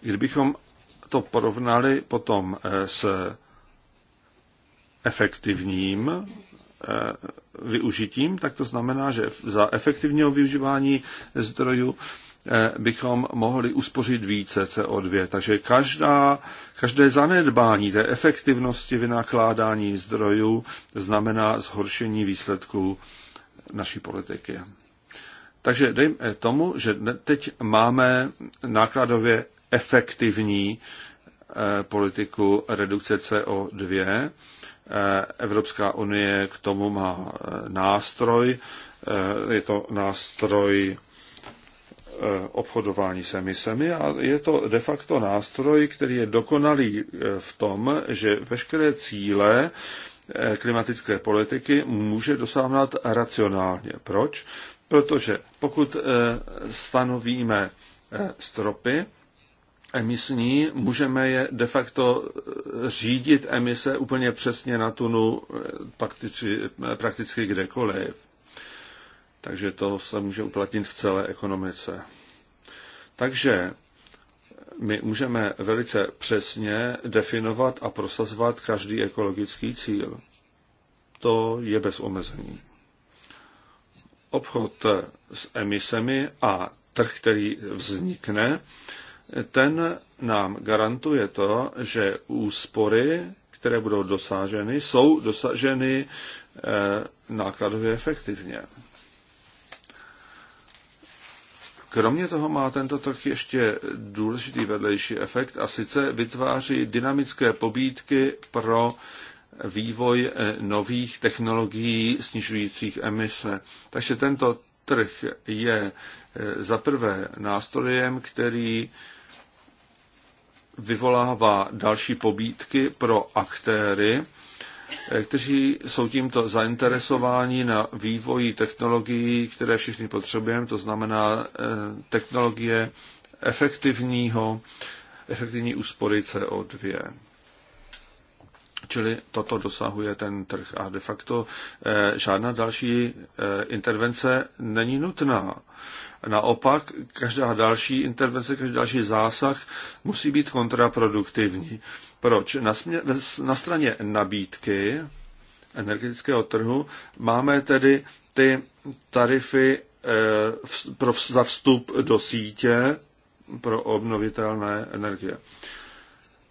Kdybychom to porovnali potom eh, s efektivním Eh, využitím, tak to znamená, že za efektivního využívání zdrojů eh, bychom mohli uspořit více CO2. Takže každá, každé zanedbání té efektivnosti vynakládání zdrojů znamená zhoršení výsledků naší politiky. Takže dejme eh, tomu, že teď máme nákladově efektivní politiku redukce CO2 Eh, Evropská unie k tomu má eh, nástroj. Eh, je to nástroj obchodování s emisemi a je to de facto nástroj, který je dokonalý v tom, že veškeré cíle klimatické politiky může dosáhnout racionálně. Proč? Protože pokud stanovíme stropy, emisní, můžeme je de facto eh, řídit emise úplně přesně na tunu eh, prakticky, prakticky kdekoliv. Takže to se může uplatnit v celé ekonomice. Takže eh, my můžeme velice přesně definovat a prosazovat každý ekologický cíl. To je bez omezení. Obchod s emisemi a trh, který vznikne, ten nám garantuje to, že úspory, které budou dosaženy, jsou dosaženy eh, nákladově efektivně. Kromě toho má tento trh ještě důležitý vedlejší efekt a sice vytváří dynamické pobídky pro vývoj eh, nových technologií snižujících emise. Takže tento trh je e, zaprvé nástrojem, který vyvolává další pobídky pro aktéry, e, kteří jsou tímto zainteresováni na vývoji technologií, které všichni potřebujeme, to znamená e, technologie efektivního, efektivní úspory CO2. Čili toto dosahuje ten trh a de facto eh, žádná další eh, intervence není nutná. Naopak, každá další intervence, každý další zásah musí být kontraproduktivní. Proč? Na, smě, na straně nabídky energetického trhu máme tedy ty tarify eh, pro, za vstup do sítě pro obnovitelné energie.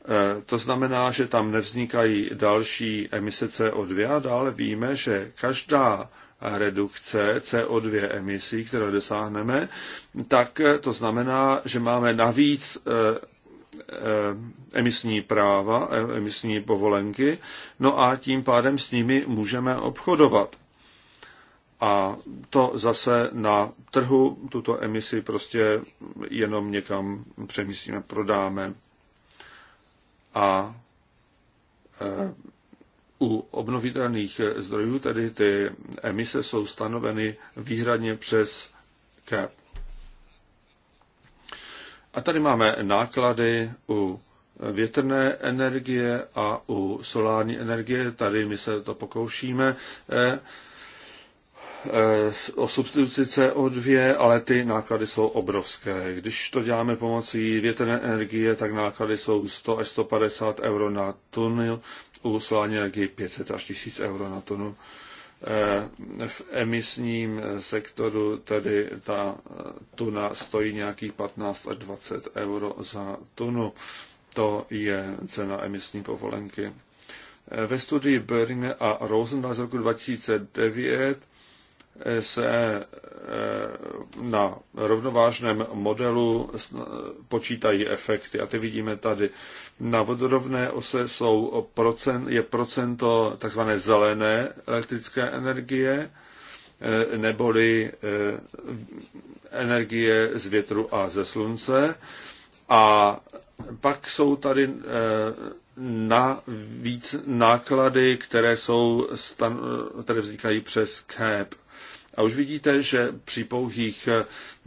E, to znamená, že tam nevznikají další emise CO2 a dále víme, že každá redukce CO2 emisí, které dosáhneme, tak e, to znamená, že máme navíc e, emisní práva, emisní povolenky, no a tím pádem s nimi můžeme obchodovat. A to zase na trhu tuto emisi prostě jenom někam přemístíme, prodáme a e, u obnovitelných zdrojů tedy ty emise jsou stanoveny výhradně přes CAP. A tady máme náklady u větrné energie a u solární energie. Tady my se to pokoušíme e, Eh, o substituci CO2, ale ty náklady jsou obrovské. Když to děláme pomocí větrné energie, tak náklady jsou 100 až 150 euro na tunu, u solární energie 500 až 1000 euro na tunu. Eh, v emisním sektoru tedy ta eh, tuna stojí nějakých 15 až 20 euro za tunu. To je cena emisní povolenky. Ve studii Bering a Rosendahl z roku 2009 se e, na rovnovážném modelu e, počítají efekty. A ty vidíme tady. Na vodorovné ose jsou procent, je procento tzv. zelené elektrické energie, e, neboli energie z větru a ze slunce. A pak jsou tady na víc náklady, které, jsou, které vznikají přes CAP. A už vidíte, že při pouhých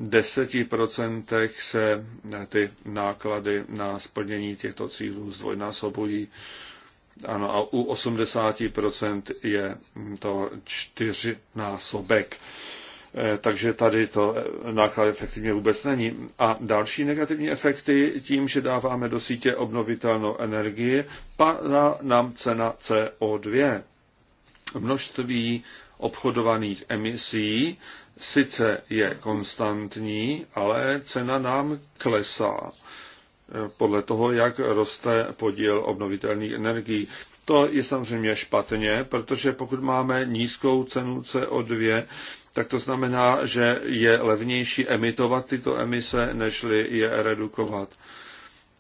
10% eh, se eh, ty náklady na splnění těchto cílů zdvojnásobují. Ano, a u 80% je hm, to čtyřnásobek. Eh, takže tady to náklad efektivně vůbec není. A další negativní efekty tím, že dáváme do sítě obnovitelnou energii, padá nám cena CO2. Množství obchodovaných emisí sice je konstantní, ale cena nám klesá eh, podle toho, jak roste podíl obnovitelných energií. To je samozřejmě špatně, protože pokud máme nízkou cenu CO2, tak to znamená, že je levnější emitovat tyto emise, nežli je redukovat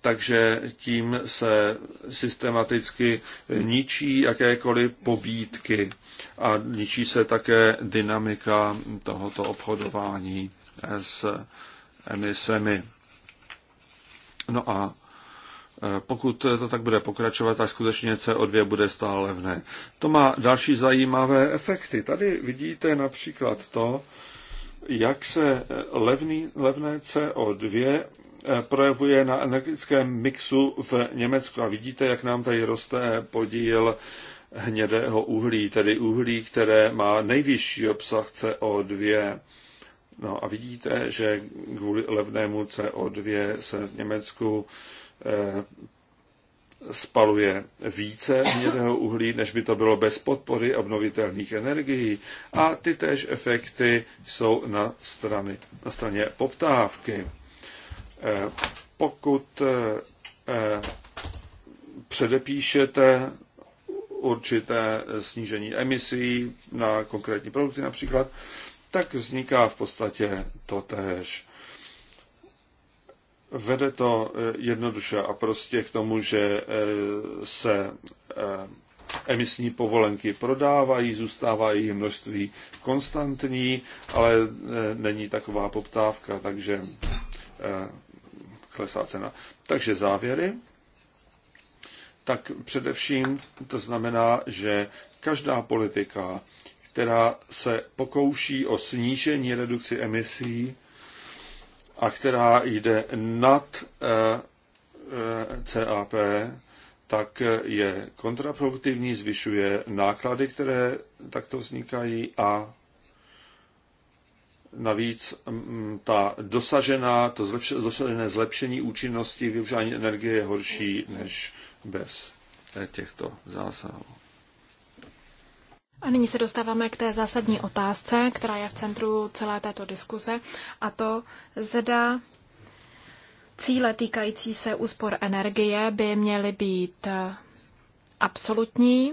takže tím se systematicky ničí jakékoliv pobídky a ničí se také dynamika tohoto obchodování s emisemi. No a e, pokud to tak bude pokračovat, tak skutečně CO2 bude stále levné. To má další zajímavé efekty. Tady vidíte například to, jak se levný, levné CO2 Eh, projevuje na energetickém mixu v Německu. A vidíte, jak nám tady roste podíl hnědého uhlí, tedy uhlí, které má nejvyšší obsah CO2. No a vidíte, že kvůli levnému CO2 se v Německu eh, spaluje více hnědého uhlí, než by to bylo bez podpory obnovitelných energií. A ty též efekty jsou na, strany, na straně poptávky. Eh, pokud eh, eh, předepíšete určité snížení emisí na konkrétní produkty například, tak vzniká v podstatě to též. Vede to jednoduše a prostě k tomu, že se emisní povolenky prodávají, zůstává jejich množství konstantní, ale není taková poptávka, takže klesá cena. Takže závěry. Tak především to znamená, že každá politika, která se pokouší o snížení redukci emisí a která jde nad eh, eh, CAP, tak je kontraproduktivní, zvyšuje náklady, které takto vznikají a Navíc mm, ta dosažená, to zlepš, dosažené zlepšení účinnosti využívání energie je horší než bez eh, těchto zásahů. A nyní se dostáváme k té zásadní otázce, která je v centru celé této diskuze, a to zda cíle týkající se úspor energie by měly být eh, absolutní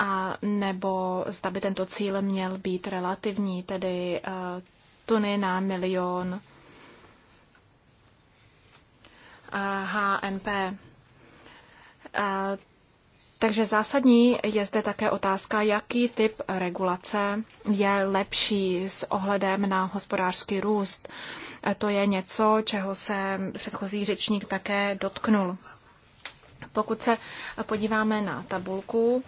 a nebo zda by tento cíl měl být relativní, tedy eh, tuny na milion HNP. Eh, eh, takže zásadní je zde také otázka, jaký typ regulace je lepší s ohledem na hospodářský růst. To je něco, čeho se předchozí řečník také dotknul. Pokud se podíváme na tabulku,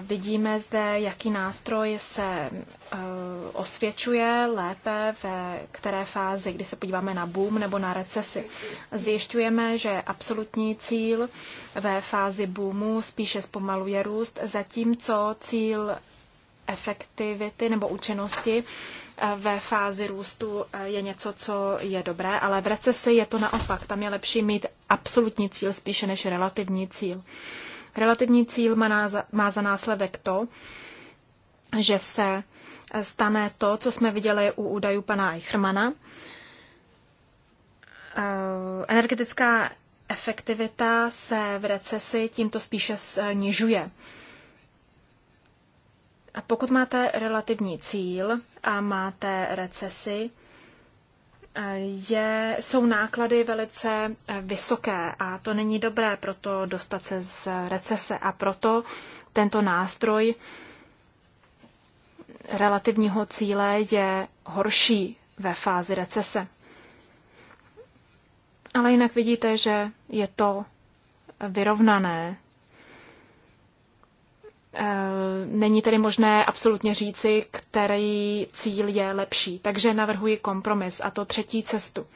Vidíme zde, jaký nástroj se eh, osvědčuje lépe, ve které fázi, kdy se podíváme na boom nebo na recesi. Zjišťujeme, že absolutní cíl ve fázi boomu spíše zpomaluje růst, zatímco cíl efektivity nebo účinnosti eh, ve fázi růstu eh, je něco, co je dobré, ale v recesi je to naopak. Tam je lepší mít absolutní cíl spíše než relativní cíl. Relativní cíl má za následek to, že se stane to, co jsme viděli u údajů pana Eichmana. Eh, energetická efektivita se v recesi tímto spíše snižuje. A pokud máte relativní cíl a máte recesi, je, jsou náklady velice eh, vysoké a to není dobré proto dostat se z recese a proto tento nástroj relativního cíle je horší ve fázi recese. Ale jinak vidíte, že je to vyrovnané Eh, není tedy možné absolutně říci, který cíl je lepší. Takže navrhuji kompromis a to třetí cestu.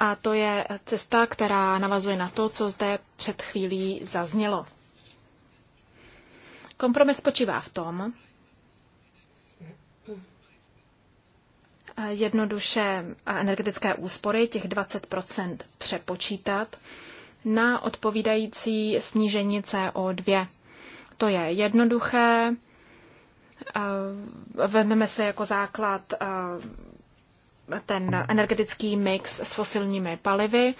A to je cesta, která navazuje na to, co zde před chvílí zaznělo. Kompromis spočívá v tom, eh, jednoduše energetické úspory, těch 20 přepočítat na odpovídající snížení CO2 to je jednoduché. Eh, vezmeme se jako základ eh, ten energetický mix s fosilními palivy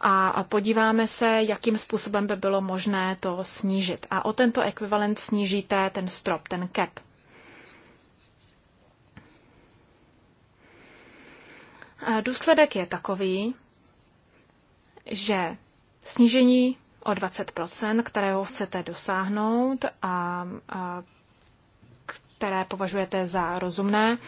a podíváme se, jakým způsobem by bylo možné to snížit. A o tento ekvivalent snížíte ten strop, ten cap. Eh, důsledek je takový, že snížení o 20 kterého chcete dosáhnout a, a které považujete za rozumné.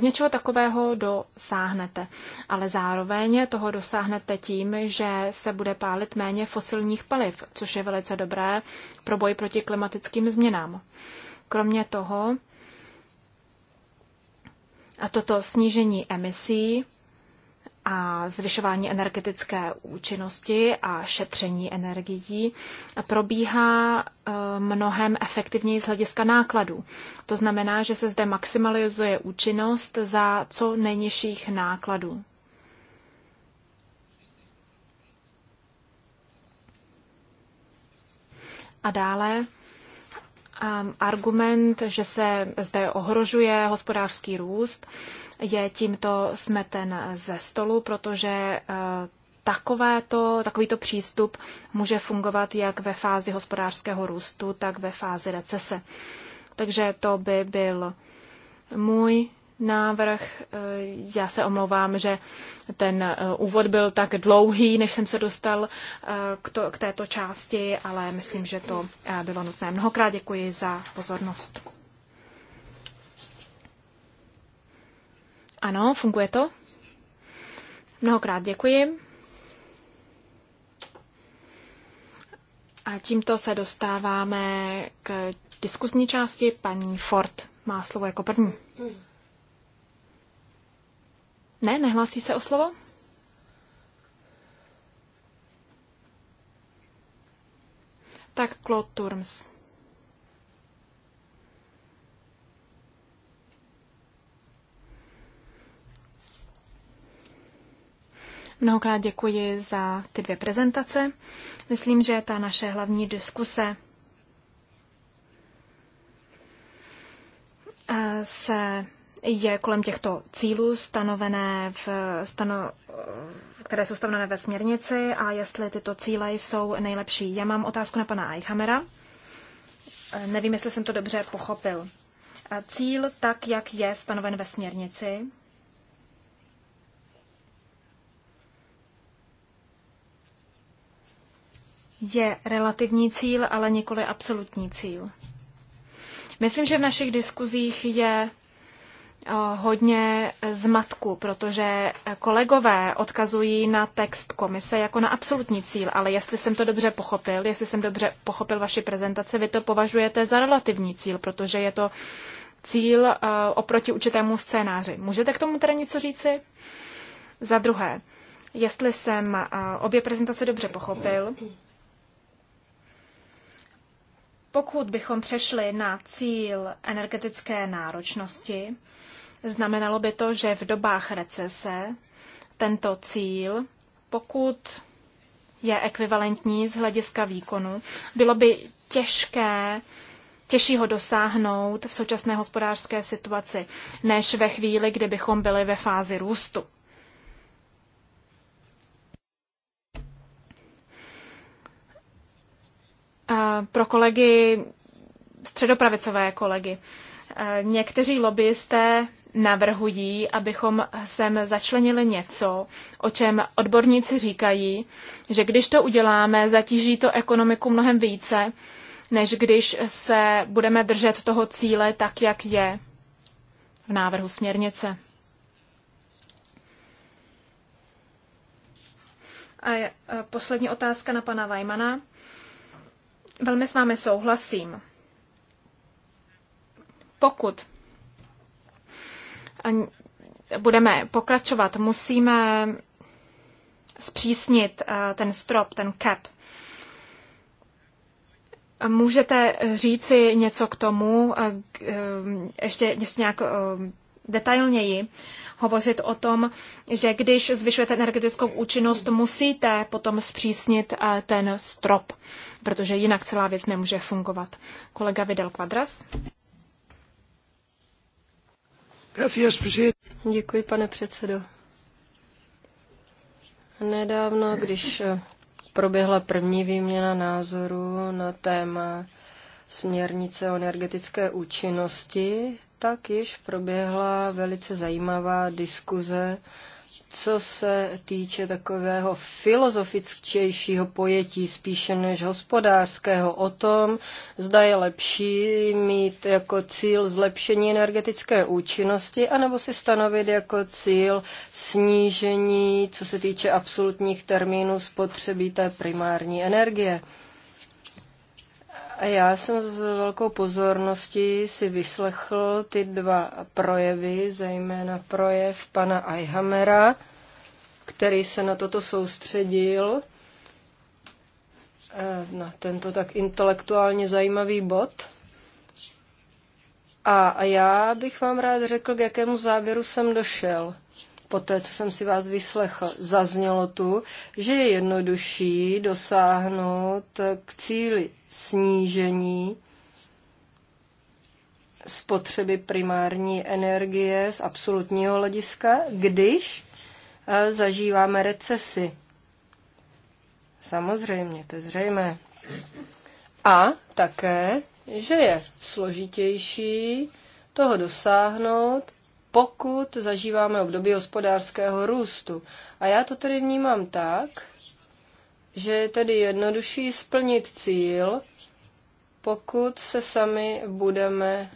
Něčeho takového dosáhnete, ale zároveň toho dosáhnete tím, že se bude pálit méně fosilních paliv, což je velice dobré pro boj proti klimatickým změnám. Kromě toho, a toto snížení emisí a zvyšování energetické účinnosti a šetření energií probíhá eh, mnohem efektivněji z hlediska nákladů. To znamená, že se zde maximalizuje účinnost za co nejnižších nákladů. A dále eh, argument, že se zde ohrožuje hospodářský růst, je tímto smeten eh, ze stolu, protože eh, takovéto, takovýto přístup může fungovat jak ve fázi hospodářského růstu, tak ve fázi recese. Takže to by byl můj návrh. Eh, já se omlouvám, že ten úvod byl tak dlouhý, než jsem se dostal k, to, k této části, ale myslím, že to bylo nutné. Mnohokrát děkuji za pozornost. Ano, funguje to. Mnohokrát děkuji. A tímto se dostáváme k diskuzní části. Paní Ford má slovo jako první. Ne, nehlásí se o slovo? Tak Claude Turms. Mnohokrát děkuji za ty dvě prezentace. Myslím, že ta naše hlavní diskuse eh, se je kolem těchto cílů stanovené v stano, eh, které jsou stanovené ve směrnici a jestli tyto cíle jsou nejlepší. Já mám otázku na pana Eichhamera. Eh, nevím, jestli jsem to dobře pochopil. Cíl, tak jak je stanoven ve směrnici, je relativní cíl, ale nikoli absolutní cíl. Myslím, že v našich diskuzích je eh, hodně zmatku, protože kolegové odkazují na text komise jako na absolutní cíl, ale jestli jsem to dobře pochopil, jestli jsem dobře pochopil vaši prezentaci, vy to považujete za relativní cíl, protože je to cíl eh, oproti určitému scénáři. Můžete k tomu teda něco říci? Za druhé, jestli jsem eh, obě prezentace dobře pochopil, pokud bychom přešli na cíl energetické náročnosti, znamenalo by to, že v dobách recese tento cíl, pokud je ekvivalentní z hlediska výkonu, bylo by těžké těžší ho dosáhnout v současné hospodářské situaci, než ve chvíli, kdy bychom byli ve fázi růstu. pro kolegy, středopravicové kolegy. E, někteří lobbyisté navrhují, abychom sem začlenili něco, o čem odborníci říkají, že když to uděláme, zatíží to ekonomiku mnohem více, než když se budeme držet toho cíle tak, jak je v návrhu směrnice. A e, poslední otázka na pana Vajmana. Velmi s vámi souhlasím. Pokud budeme pokračovat, musíme zpřísnit eh, ten strop, ten cap. Můžete říci něco k tomu, eh, eh, ještě, něco? nějak detailněji hovořit o tom, že když zvyšujete energetickou účinnost, musíte potom zpřísnit eh, ten strop, protože jinak celá věc nemůže fungovat. Kolega Vidal Quadras. Děkuji, pane předsedo. Nedávno, když proběhla první výměna názorů na téma směrnice o energetické účinnosti, tak již proběhla velice zajímavá diskuze, co se týče takového filozofičtějšího pojetí spíše než hospodářského o tom, zda je lepší mít jako cíl zlepšení energetické účinnosti, anebo si stanovit jako cíl snížení, co se týče absolutních termínů spotřeby té primární energie. Já jsem s velkou pozorností si vyslechl ty dva projevy, zejména projev pana Eihamera, který se na toto soustředil, eh, na tento tak intelektuálně zajímavý bod. A já bych vám rád řekl, k jakému závěru jsem došel po té, co jsem si vás vyslechl, zaznělo tu, že je jednodušší dosáhnout k cíli snížení spotřeby primární energie z absolutního hlediska, když eh, zažíváme recesi. Samozřejmě, to je zřejmé. A také, že je složitější toho dosáhnout, pokud zažíváme období hospodářského růstu. A já to tedy vnímám tak, že je tedy jednodušší splnit cíl, pokud se sami budeme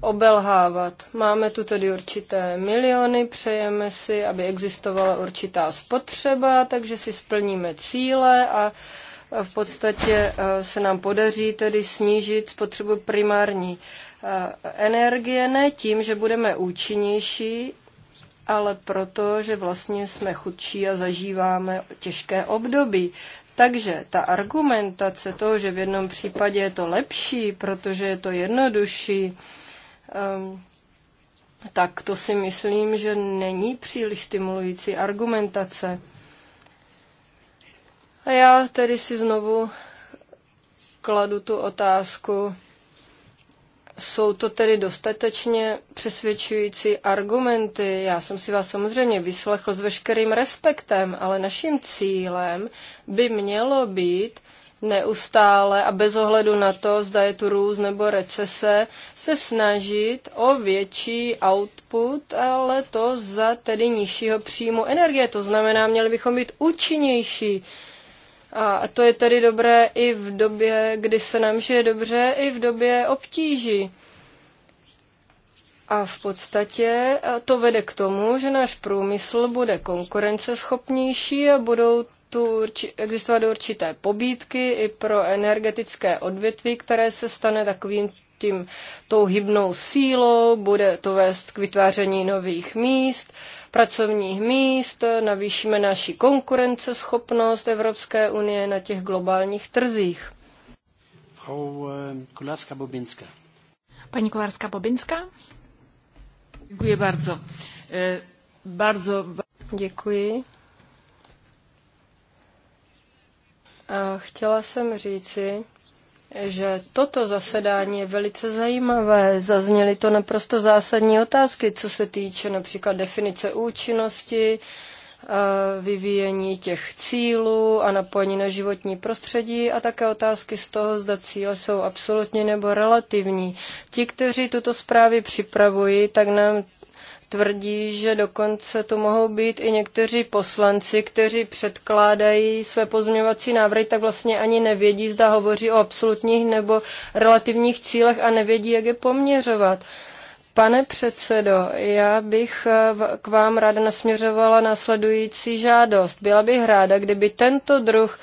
obelhávat. Máme tu tedy určité miliony, přejeme si, aby existovala určitá spotřeba, takže si splníme cíle a v podstatě e, se nám podaří tedy snížit spotřebu primární e, energie ne tím, že budeme účinnější, ale proto, že vlastně jsme chudší a zažíváme těžké období. Takže ta argumentace toho, že v jednom případě je to lepší, protože je to jednodušší, ehm, tak to si myslím, že není příliš stimulující argumentace. A já tedy si znovu kladu tu otázku, jsou to tedy dostatečně přesvědčující argumenty. Já jsem si vás samozřejmě vyslechl s veškerým respektem, ale naším cílem by mělo být neustále a bez ohledu na to, zda je tu růz nebo recese, se snažit o větší output, ale to za tedy nižšího příjmu energie. To znamená, měli bychom být účinnější a to je tedy dobré i v době, kdy se nám žije dobře, i v době obtíží. A v podstatě to vede k tomu, že náš průmysl bude konkurenceschopnější a budou tu existovat určité pobídky i pro energetické odvětví, které se stane takovým tím tou hybnou sílou, bude to vést k vytváření nových míst, pracovních míst, navýšíme naši konkurenceschopnost Evropské unie na těch globálních trzích. Frau eh, Kolarska-Bobinská. Pani Kolarska-Bobinská. Děkuji bardzo. Eh, bardzo. Děkuji. A chtěla jsem říci, že toto zasedání je velice zajímavé. Zazněly to naprosto zásadní otázky, co se týče například definice účinnosti, eh, vyvíjení těch cílů a napojení na životní prostředí a také otázky z toho, zda cíle jsou absolutní nebo relativní. Ti, kteří tuto zprávy připravují, tak nám tvrdí, že dokonce to mohou být i někteří poslanci, kteří předkládají své pozměňovací návrhy, tak vlastně ani nevědí, zda hovoří o absolutních nebo relativních cílech a nevědí, jak je poměřovat. Pane předsedo, já bych eh, k vám ráda nasměřovala následující žádost. Byla bych ráda, kdyby tento druh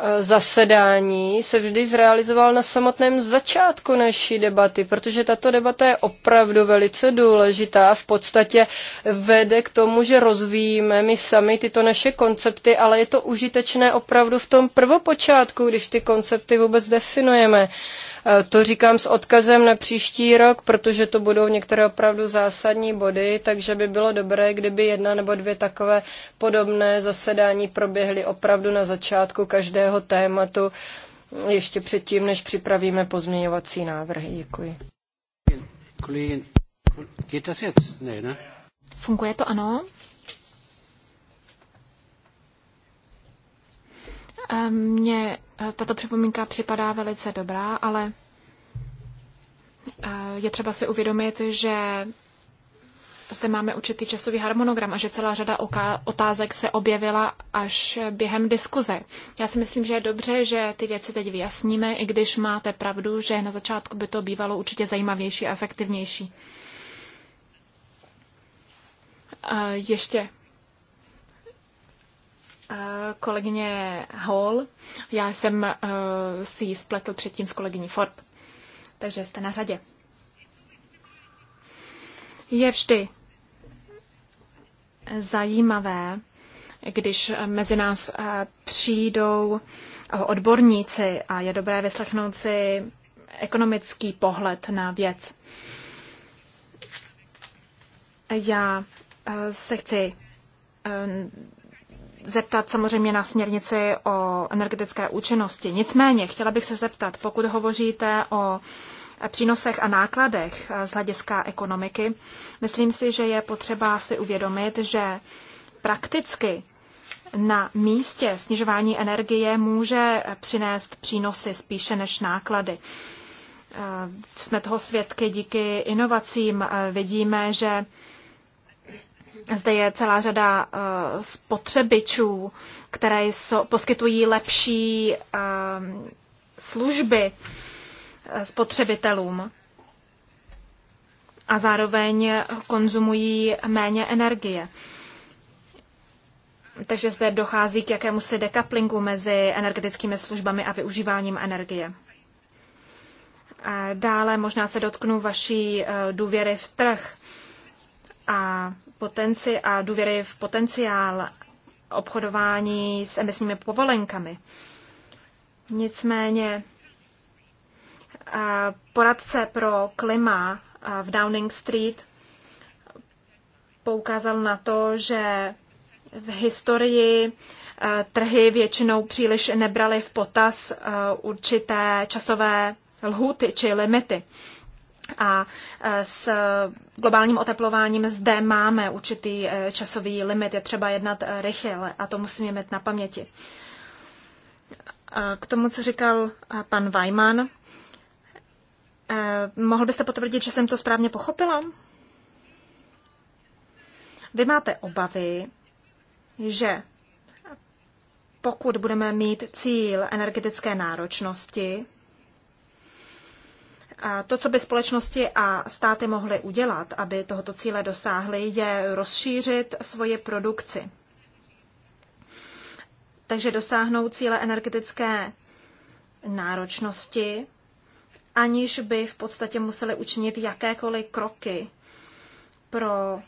Eh, zasedání se vždy zrealizoval na samotném začátku naší debaty, protože tato debata je opravdu velice důležitá. V podstatě vede k tomu, že rozvíjíme my sami tyto naše koncepty, ale je to užitečné opravdu v tom prvopočátku, když ty koncepty vůbec definujeme. Eh, to říkám s odkazem na příští rok, protože to budou některé opravdu zásadní body, takže by bylo dobré, kdyby jedna nebo dvě takové podobné zasedání proběhly opravdu na začátku každého tématu, ještě předtím, než připravíme pozměňovací návrhy. Děkuji. Ne, ne? Funguje to ano? Ehm, mně eh, tato připomínka připadá velice dobrá, ale eh, je třeba si uvědomit, že zde máme určitý časový harmonogram a že celá řada otázek se objevila až během diskuze. Já si myslím, že je dobře, že ty věci teď vyjasníme, i když máte pravdu, že na začátku by to bývalo určitě zajímavější a efektivnější. Eh, ještě Eh, kolegyně Hall. Já jsem eh, si ji spletl předtím s kolegyní Ford. Takže jste na řadě. Je vždy zajímavé, když mezi nás eh, přijdou odborníci a je dobré vyslechnout si ekonomický pohled na věc. Já se chci zeptat samozřejmě na směrnici o energetické účinnosti. Nicméně, chtěla bych se zeptat, pokud hovoříte o přínosech a nákladech eh, z hlediska ekonomiky, myslím si, že je potřeba si uvědomit, že prakticky na místě snižování energie může přinést přínosy spíše než náklady. Eh, jsme toho svědky díky inovacím. Eh, vidíme, že zde je celá řada uh, spotřebičů, které jsou, poskytují lepší uh, služby eh, spotřebitelům a zároveň konzumují méně energie. Takže zde dochází k jakému si dekaplingu mezi energetickými službami a využíváním energie. A dále možná se dotknu vaší důvěry v trh a potenci a důvěry v potenciál obchodování s emisními povolenkami. Nicméně poradce pro klima v Downing Street poukázal na to, že v historii trhy většinou příliš nebraly v potaz určité časové lhuty či limity a e, s globálním oteplováním zde máme určitý e, časový limit, je třeba jednat e, rychle a to musíme mít na paměti. K tomu, co říkal pan Weiman, mohl byste potvrdit, že jsem to správně pochopila? Vy máte obavy, že pokud budeme mít cíl energetické náročnosti, to, co by společnosti a státy mohly udělat, aby tohoto cíle dosáhly, je rozšířit svoji produkci. Takže dosáhnou cíle energetické náročnosti, aniž by v podstatě museli učinit jakékoliv kroky pro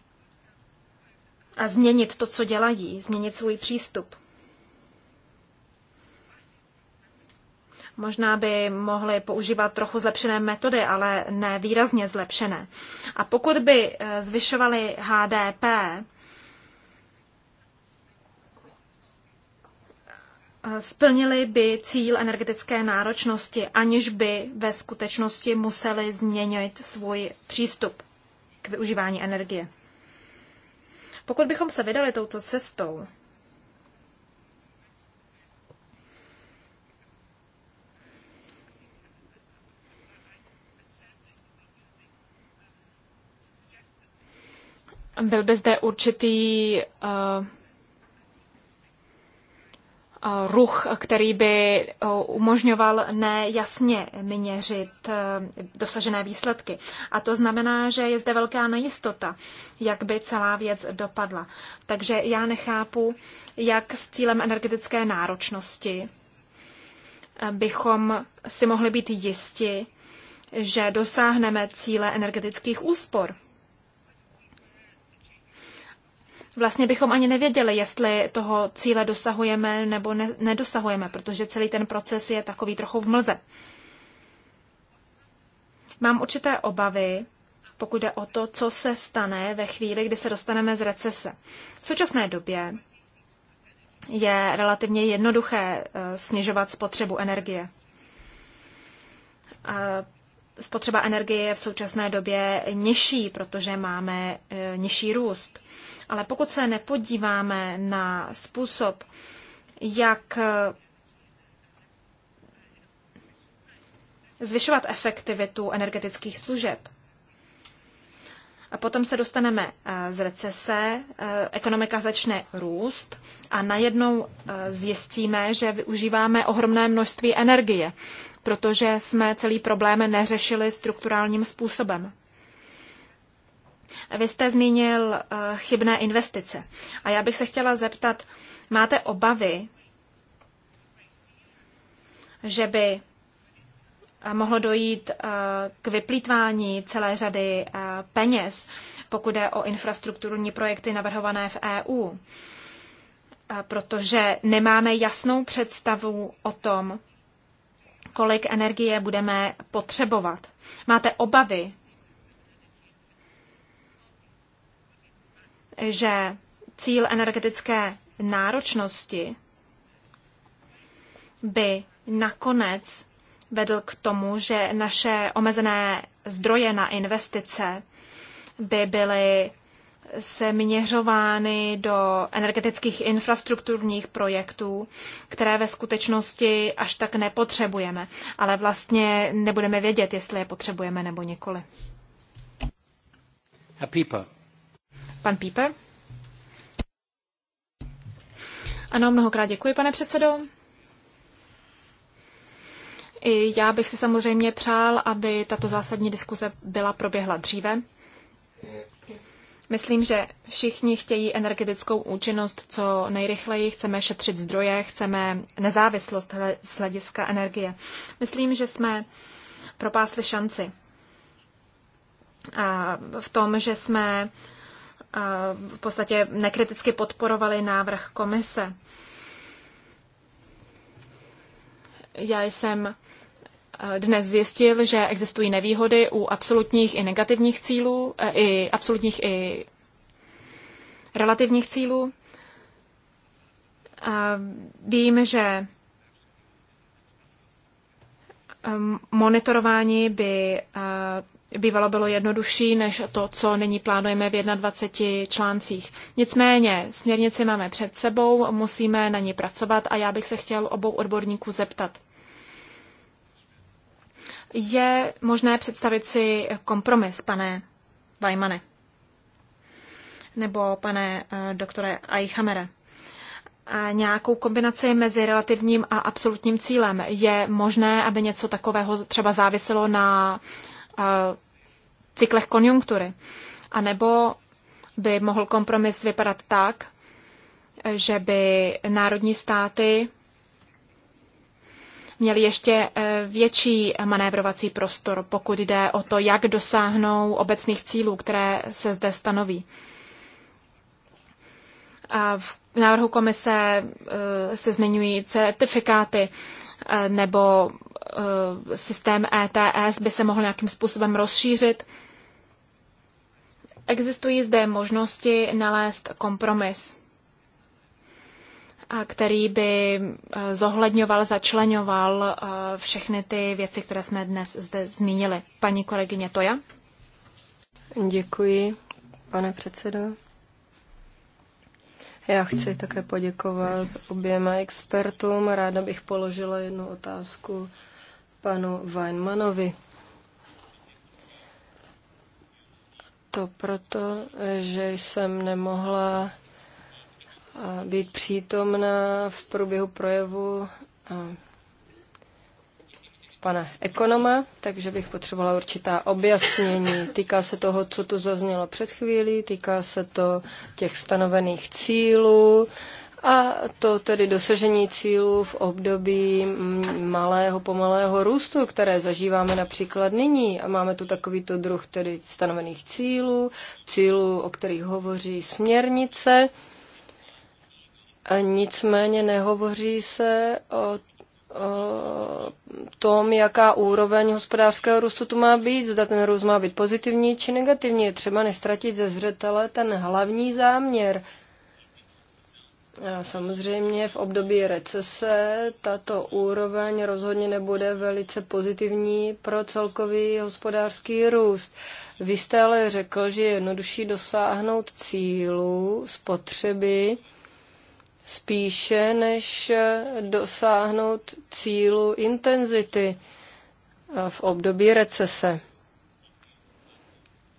a změnit to, co dělají, změnit svůj přístup. Možná by mohli používat trochu zlepšené metody, ale ne výrazně zlepšené. A pokud by eh, zvyšovali HDP, eh, splnili by cíl energetické náročnosti, aniž by ve skutečnosti museli změnit svůj přístup k využívání energie. Pokud bychom se vydali touto cestou, byl by zde určitý uh, ruch, který by eh, umožňoval nejasně měřit dosažené výsledky. A to znamená, že je zde velká nejistota, jak by celá věc dopadla. Takže já nechápu, jak s cílem energetické náročnosti bychom si mohli být jisti, že dosáhneme cíle energetických úspor vlastně bychom ani nevěděli, jestli toho cíle dosahujeme nebo ne, nedosahujeme, protože celý ten proces je takový trochu v mlze. Mám určité obavy, pokud jde o to, co se stane ve chvíli, kdy se dostaneme z recese. V současné době je relativně jednoduché eh, snižovat spotřebu energie. A spotřeba energie je v současné době nižší, protože máme eh, nižší růst. Ale pokud se nepodíváme na způsob, jak eh, zvyšovat efektivitu energetických služeb, a potom se dostaneme eh, z recese, eh, ekonomika začne růst a najednou zjistíme, že využíváme ohromné množství energie, protože jsme celý problém neřešili strukturálním způsobem. Vy jste zmínil eh, chybné investice. A já bych se chtěla zeptat, máte obavy, že by eh, mohlo dojít eh, k vyplýtvání celé řady peněz, pokud jde o infrastrukturní projekty navrhované v EU, protože nemáme jasnou představu o tom, kolik energie budeme potřebovat. Máte obavy, že cíl energetické náročnosti by nakonec vedl k tomu, že naše omezené zdroje na investice by byly se měřovány do energetických infrastrukturních projektů, které ve skutečnosti až tak nepotřebujeme, ale vlastně nebudeme vědět, jestli je potřebujeme nebo nikoli. A Pípa. Pan Píper? Ano, mnohokrát děkuji, pane předsedo. I já bych si samozřejmě přál, aby tato zásadní diskuze byla proběhla dříve. Myslím, že všichni chtějí energetickou účinnost co nejrychleji, chceme šetřit zdroje, chceme nezávislost z hlediska energie. Myslím, že jsme propásli šanci v tom, že jsme v podstatě nekriticky podporovali návrh komise. Já jsem eh, dnes zjistil, že existují nevýhody u absolutních i negativních cílů, eh, i absolutních i relativních cílů. Vím, že eh, monitorování by bývalo bylo jednodušší než to, co nyní plánujeme v 21 článcích. Nicméně směrnici máme před sebou, musíme na ní pracovat a já bych se chtěl obou odborníků zeptat. Je možné představit si kompromis, pane Weimane? Nebo pane eh, doktore Eichamere? A nějakou kombinaci mezi relativním a absolutním cílem. Je možné, aby něco takového třeba záviselo na cyklech konjunktury. A nebo by mohl kompromis vypadat tak, že by národní státy měly ještě e, větší manévrovací prostor, pokud jde o to, jak dosáhnou obecných cílů, které se zde stanoví. A v návrhu komise e, se zmiňují certifikáty e, nebo Eh, systém ETS by se mohl nějakým způsobem rozšířit. Existují zde možnosti nalézt kompromis, eh, který by eh, zohledňoval, začlenoval všechny ty věci, které jsme dnes zde zmínili. Paní kolegyně Toja. Děkuji, pane předsedo. Já chci také poděkovat oběma expertům. Ráda bych položila jednu otázku panu Weinmanovi. To proto, že jsem nemohla být přítomna v průběhu projevu pana ekonoma, takže bych potřebovala určitá objasnění. Týká se toho, co tu zaznělo před chvílí, týká se to těch stanovených cílů, a to tedy dosažení cílů v období malého, pomalého růstu, které zažíváme například nyní. A máme tu takovýto druh tedy stanovených cílů, cílů, o kterých hovoří směrnice. A nicméně nehovoří se o tom, jaká úroveň hospodářského růstu tu má být, zda ten růst má být pozitivní či negativní. Je třeba nestratit ze zřetele ten hlavní záměr, Samozřejmě v období recese tato úroveň rozhodně nebude velice pozitivní pro celkový hospodářský růst. Vy jste ale řekl, že je jednodušší dosáhnout cílu spotřeby spíše než dosáhnout cílu intenzity v období recese.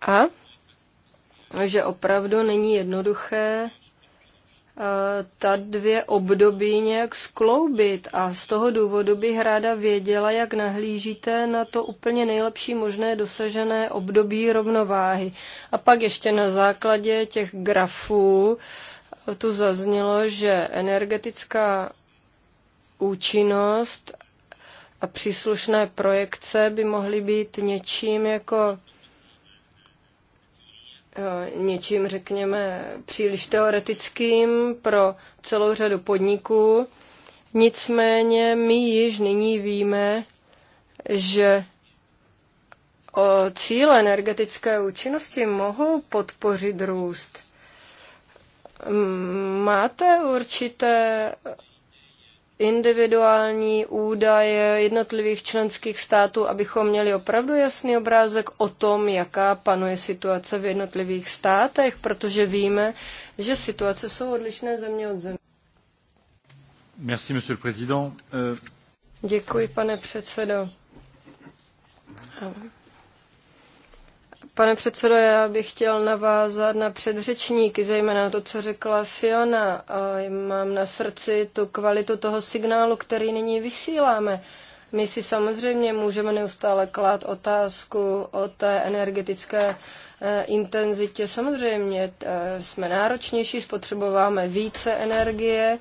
A že opravdu není jednoduché Eh, ta dvě období nějak skloubit a z toho důvodu bych ráda věděla, jak nahlížíte na to úplně nejlepší možné dosažené období rovnováhy. A pak ještě na základě těch grafů eh, tu zaznělo, že energetická účinnost a příslušné projekce by mohly být něčím jako Eh, něčím, řekněme, příliš teoretickým pro celou řadu podniků. Nicméně my již nyní víme, že o cíle energetické účinnosti mohou podpořit růst. Máte určité individuální údaje jednotlivých členských států, abychom měli opravdu jasný obrázek o tom, jaká panuje situace v jednotlivých státech, protože víme, že situace jsou odlišné země od země. Merci, monsieur le président. Euh, Děkuji, pane předsedo. Pane předsedo, já bych chtěl navázat na předřečníky, zejména to, co řekla Fiona. A mám na srdci tu kvalitu toho signálu, který nyní vysíláme. My si samozřejmě můžeme neustále klát otázku o té energetické e, intenzitě. Samozřejmě e, jsme náročnější, spotřebováme více energie,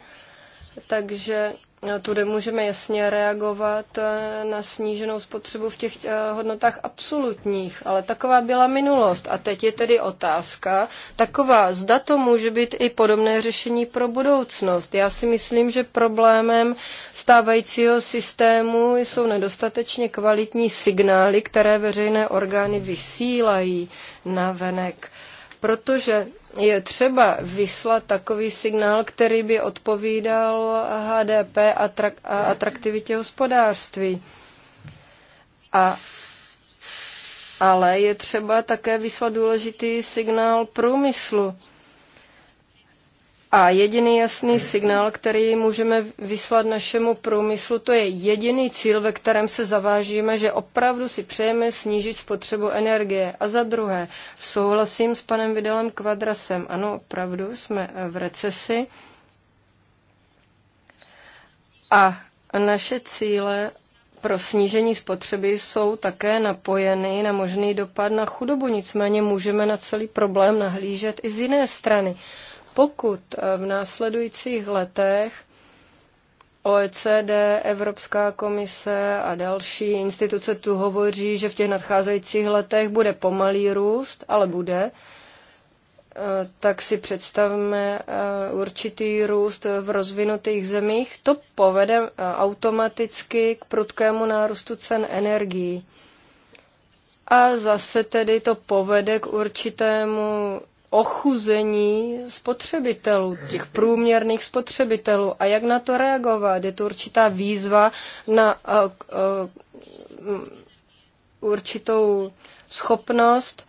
takže Tudy můžeme jasně reagovat eh, na sníženou spotřebu v těch eh, hodnotách absolutních, ale taková byla minulost. A teď je tedy otázka, taková zda to může být i podobné řešení pro budoucnost. Já si myslím, že problémem stávajícího systému jsou nedostatečně kvalitní signály, které veřejné orgány vysílají na venek protože je třeba vyslat takový signál, který by odpovídal HDP a atraktivitě hospodářství. A, ale je třeba také vyslat důležitý signál průmyslu. A jediný jasný signál, který můžeme vyslat našemu průmyslu, to je jediný cíl, ve kterém se zavážíme, že opravdu si přejeme snížit spotřebu energie. A za druhé, souhlasím s panem Vidalem Kvadrasem. Ano, opravdu jsme v recesi. A naše cíle pro snížení spotřeby jsou také napojeny na možný dopad na chudobu, nicméně můžeme na celý problém nahlížet i z jiné strany pokud eh, v následujících letech OECD, Evropská komise a další instituce tu hovoří, že v těch nadcházejících letech bude pomalý růst, ale bude, eh, tak si představme eh, určitý růst v rozvinutých zemích. To povede automaticky k prudkému nárůstu cen energií. A zase tedy to povede k určitému ochuzení spotřebitelů, těch průměrných spotřebitelů a jak na to reagovat. Je to určitá výzva na eh, eh, mm, určitou schopnost,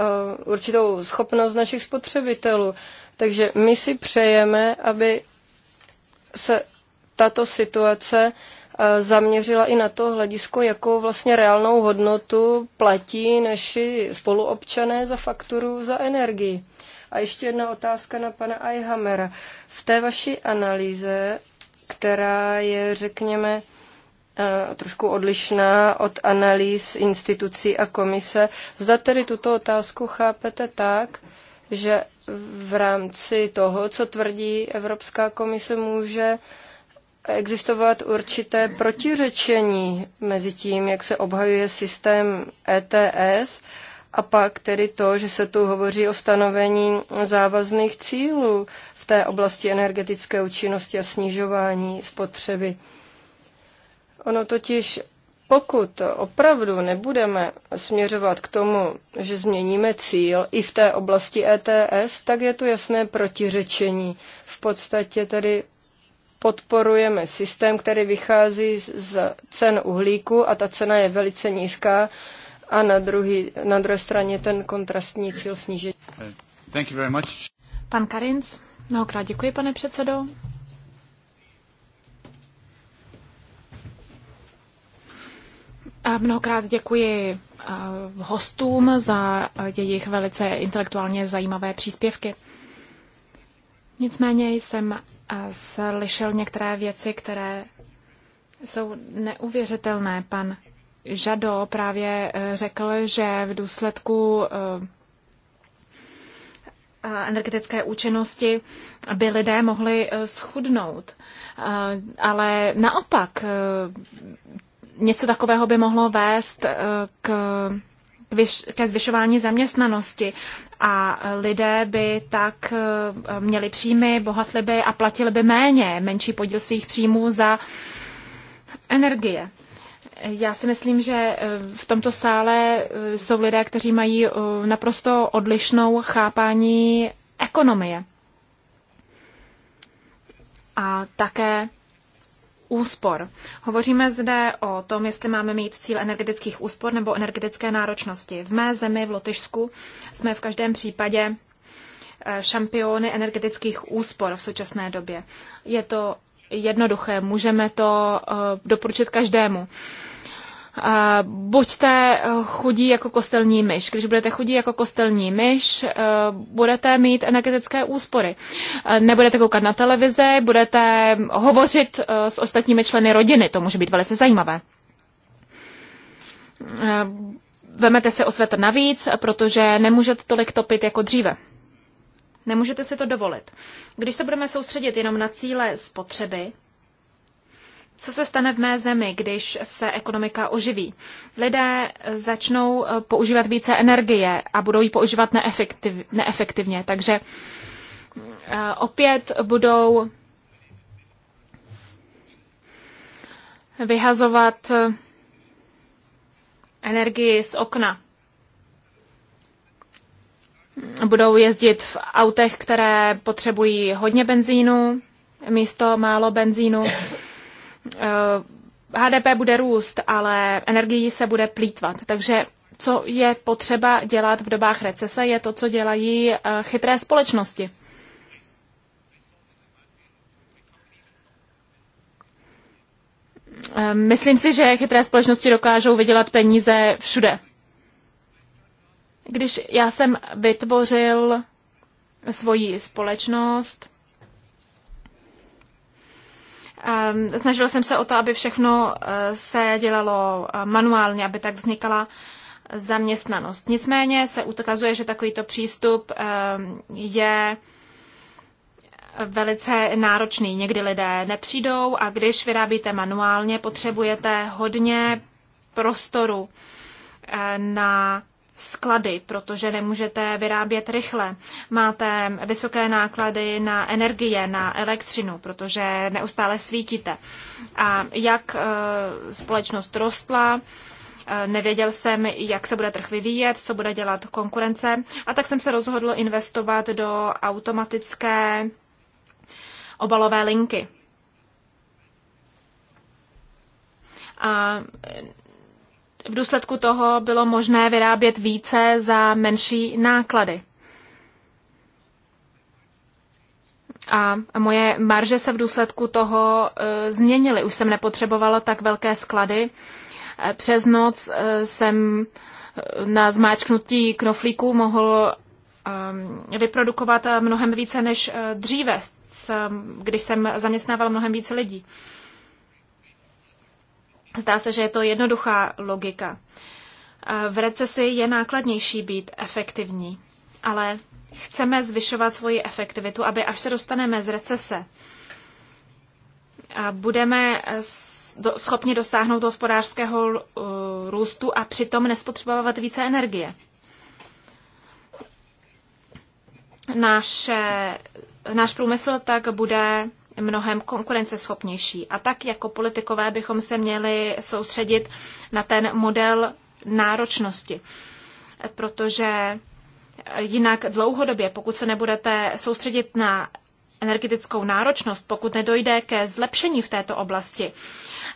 eh, určitou schopnost našich spotřebitelů. Takže my si přejeme, aby se tato situace uh, Eh, zaměřila i na to hledisko, jakou vlastně reálnou hodnotu platí naši spoluobčané za fakturu za energii. A ještě jedna otázka na pana Eihamera. V té vaší analýze, která je, řekněme, eh, trošku odlišná od analýz institucí a komise, zda tedy tuto otázku chápete tak, že v rámci toho, co tvrdí Evropská komise, může uh, existovat určité protiřečení mezi tím, jak se obhajuje systém ETS a pak tedy to, že se tu hovoří o stanovení závazných cílů v té oblasti energetické účinnosti a snižování spotřeby. Ono totiž, pokud opravdu nebudeme směřovat k tomu, že změníme cíl i v té oblasti ETS, tak je tu jasné protiřečení. V podstatě tedy podporujeme systém, který vychází z cen uhlíku a ta cena je velice nízká a na, druhý, na druhé straně ten kontrastní cíl snížení. Thank you very much. Pan Karinc, mnohokrát děkuji, pane předsedo. A mnohokrát děkuji eh, hostům za jejich velice intelektuálně zajímavé příspěvky. Nicméně jsem eh, slyšel některé věci, které jsou neuvěřitelné. Pan Žado právě eh, řekl, že v důsledku eh, energetické účinnosti by lidé mohli schudnout. Ale naopak, něco takového by mohlo vést k ke zvyšování zaměstnanosti a lidé by tak eh, měli příjmy, bohatli by a platili by méně, menší podíl svých příjmů za energie. Já si myslím, že eh, v tomto sále eh, jsou lidé, kteří mají naprosto odlišnou chápání ekonomie. A také úspor. Hovoříme zde o tom, jestli máme mít cíl energetických úspor nebo energetické náročnosti. V mé zemi, v Lotyšsku, jsme v každém případě eh, šampiony energetických úspor v současné době. Je to jednoduché, můžeme to eh, doporučit každému buďte chudí jako kostelní myš. Když budete chudí jako kostelní myš, eh, budete mít energetické úspory. Eh, nebudete koukat na televizi, budete hovořit eh, s ostatními členy rodiny. To může být velice zajímavé. Vemete si o svetr navíc, protože nemůžete tolik topit jako dříve. Nemůžete si to dovolit. Když se budeme soustředit jenom na cíle spotřeby, co se stane v mé zemi, když se ekonomika oživí? Lidé začnou eh, používat více energie a budou ji používat neefektiv, neefektivně. Takže eh, opět budou vyhazovat eh, energii z okna. Budou jezdit v autech, které potřebují hodně benzínu, místo málo benzínu. HDP eh, bude růst, ale energii se bude plítvat. Takže co je potřeba dělat v dobách recese, je to, co dělají eh, chytré společnosti. Eh, myslím si, že chytré společnosti dokážou vydělat peníze všude. Když já jsem vytvořil svoji společnost, Ehm, snažila jsem se o to, aby všechno eh, se dělalo eh, manuálně, aby tak vznikala zaměstnanost. Nicméně se ukazuje, že takovýto přístup ehm, je velice náročný. Někdy lidé nepřijdou a když vyrábíte manuálně, potřebujete hodně prostoru eh, na sklady, protože nemůžete vyrábět rychle. Máte vysoké náklady na energie, na elektřinu, protože neustále svítíte. A jak e, společnost rostla, e, Nevěděl jsem, jak se bude trh vyvíjet, co bude dělat konkurence a tak jsem se rozhodl investovat do automatické obalové linky. A v důsledku toho bylo možné vyrábět více za menší náklady. A moje marže se v důsledku toho e, změnily. Už jsem nepotřebovala tak velké sklady. E, přes noc e, jsem e, na zmáčknutí knoflíků mohl e, vyprodukovat mnohem více než e, dříve, když jsem zaměstnával mnohem více lidí. Zdá se, že je to jednoduchá logika. V recesi je nákladnější být efektivní, ale chceme zvyšovat svoji efektivitu, aby až se dostaneme z recese, budeme schopni dosáhnout hospodářského uh, růstu a přitom nespotřebovat více energie. Naše, náš průmysl tak bude mnohem konkurenceschopnější. A tak jako politikové bychom se měli soustředit na ten model náročnosti, protože jinak dlouhodobě, pokud se nebudete soustředit na energetickou náročnost, pokud nedojde ke zlepšení v této oblasti.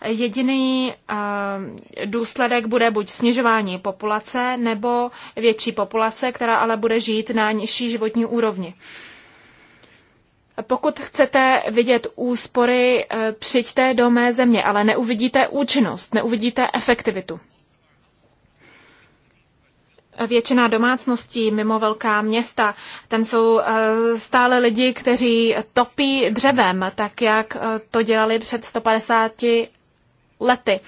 Jediný eh, důsledek bude buď snižování populace nebo větší populace, která ale bude žít na nižší životní úrovni. Pokud chcete vidět úspory, eh, přijďte do mé země, ale neuvidíte účinnost, neuvidíte efektivitu. Většina domácností mimo velká města, tam jsou eh, stále lidi, kteří topí dřevem, tak jak eh, to dělali před 150 lety.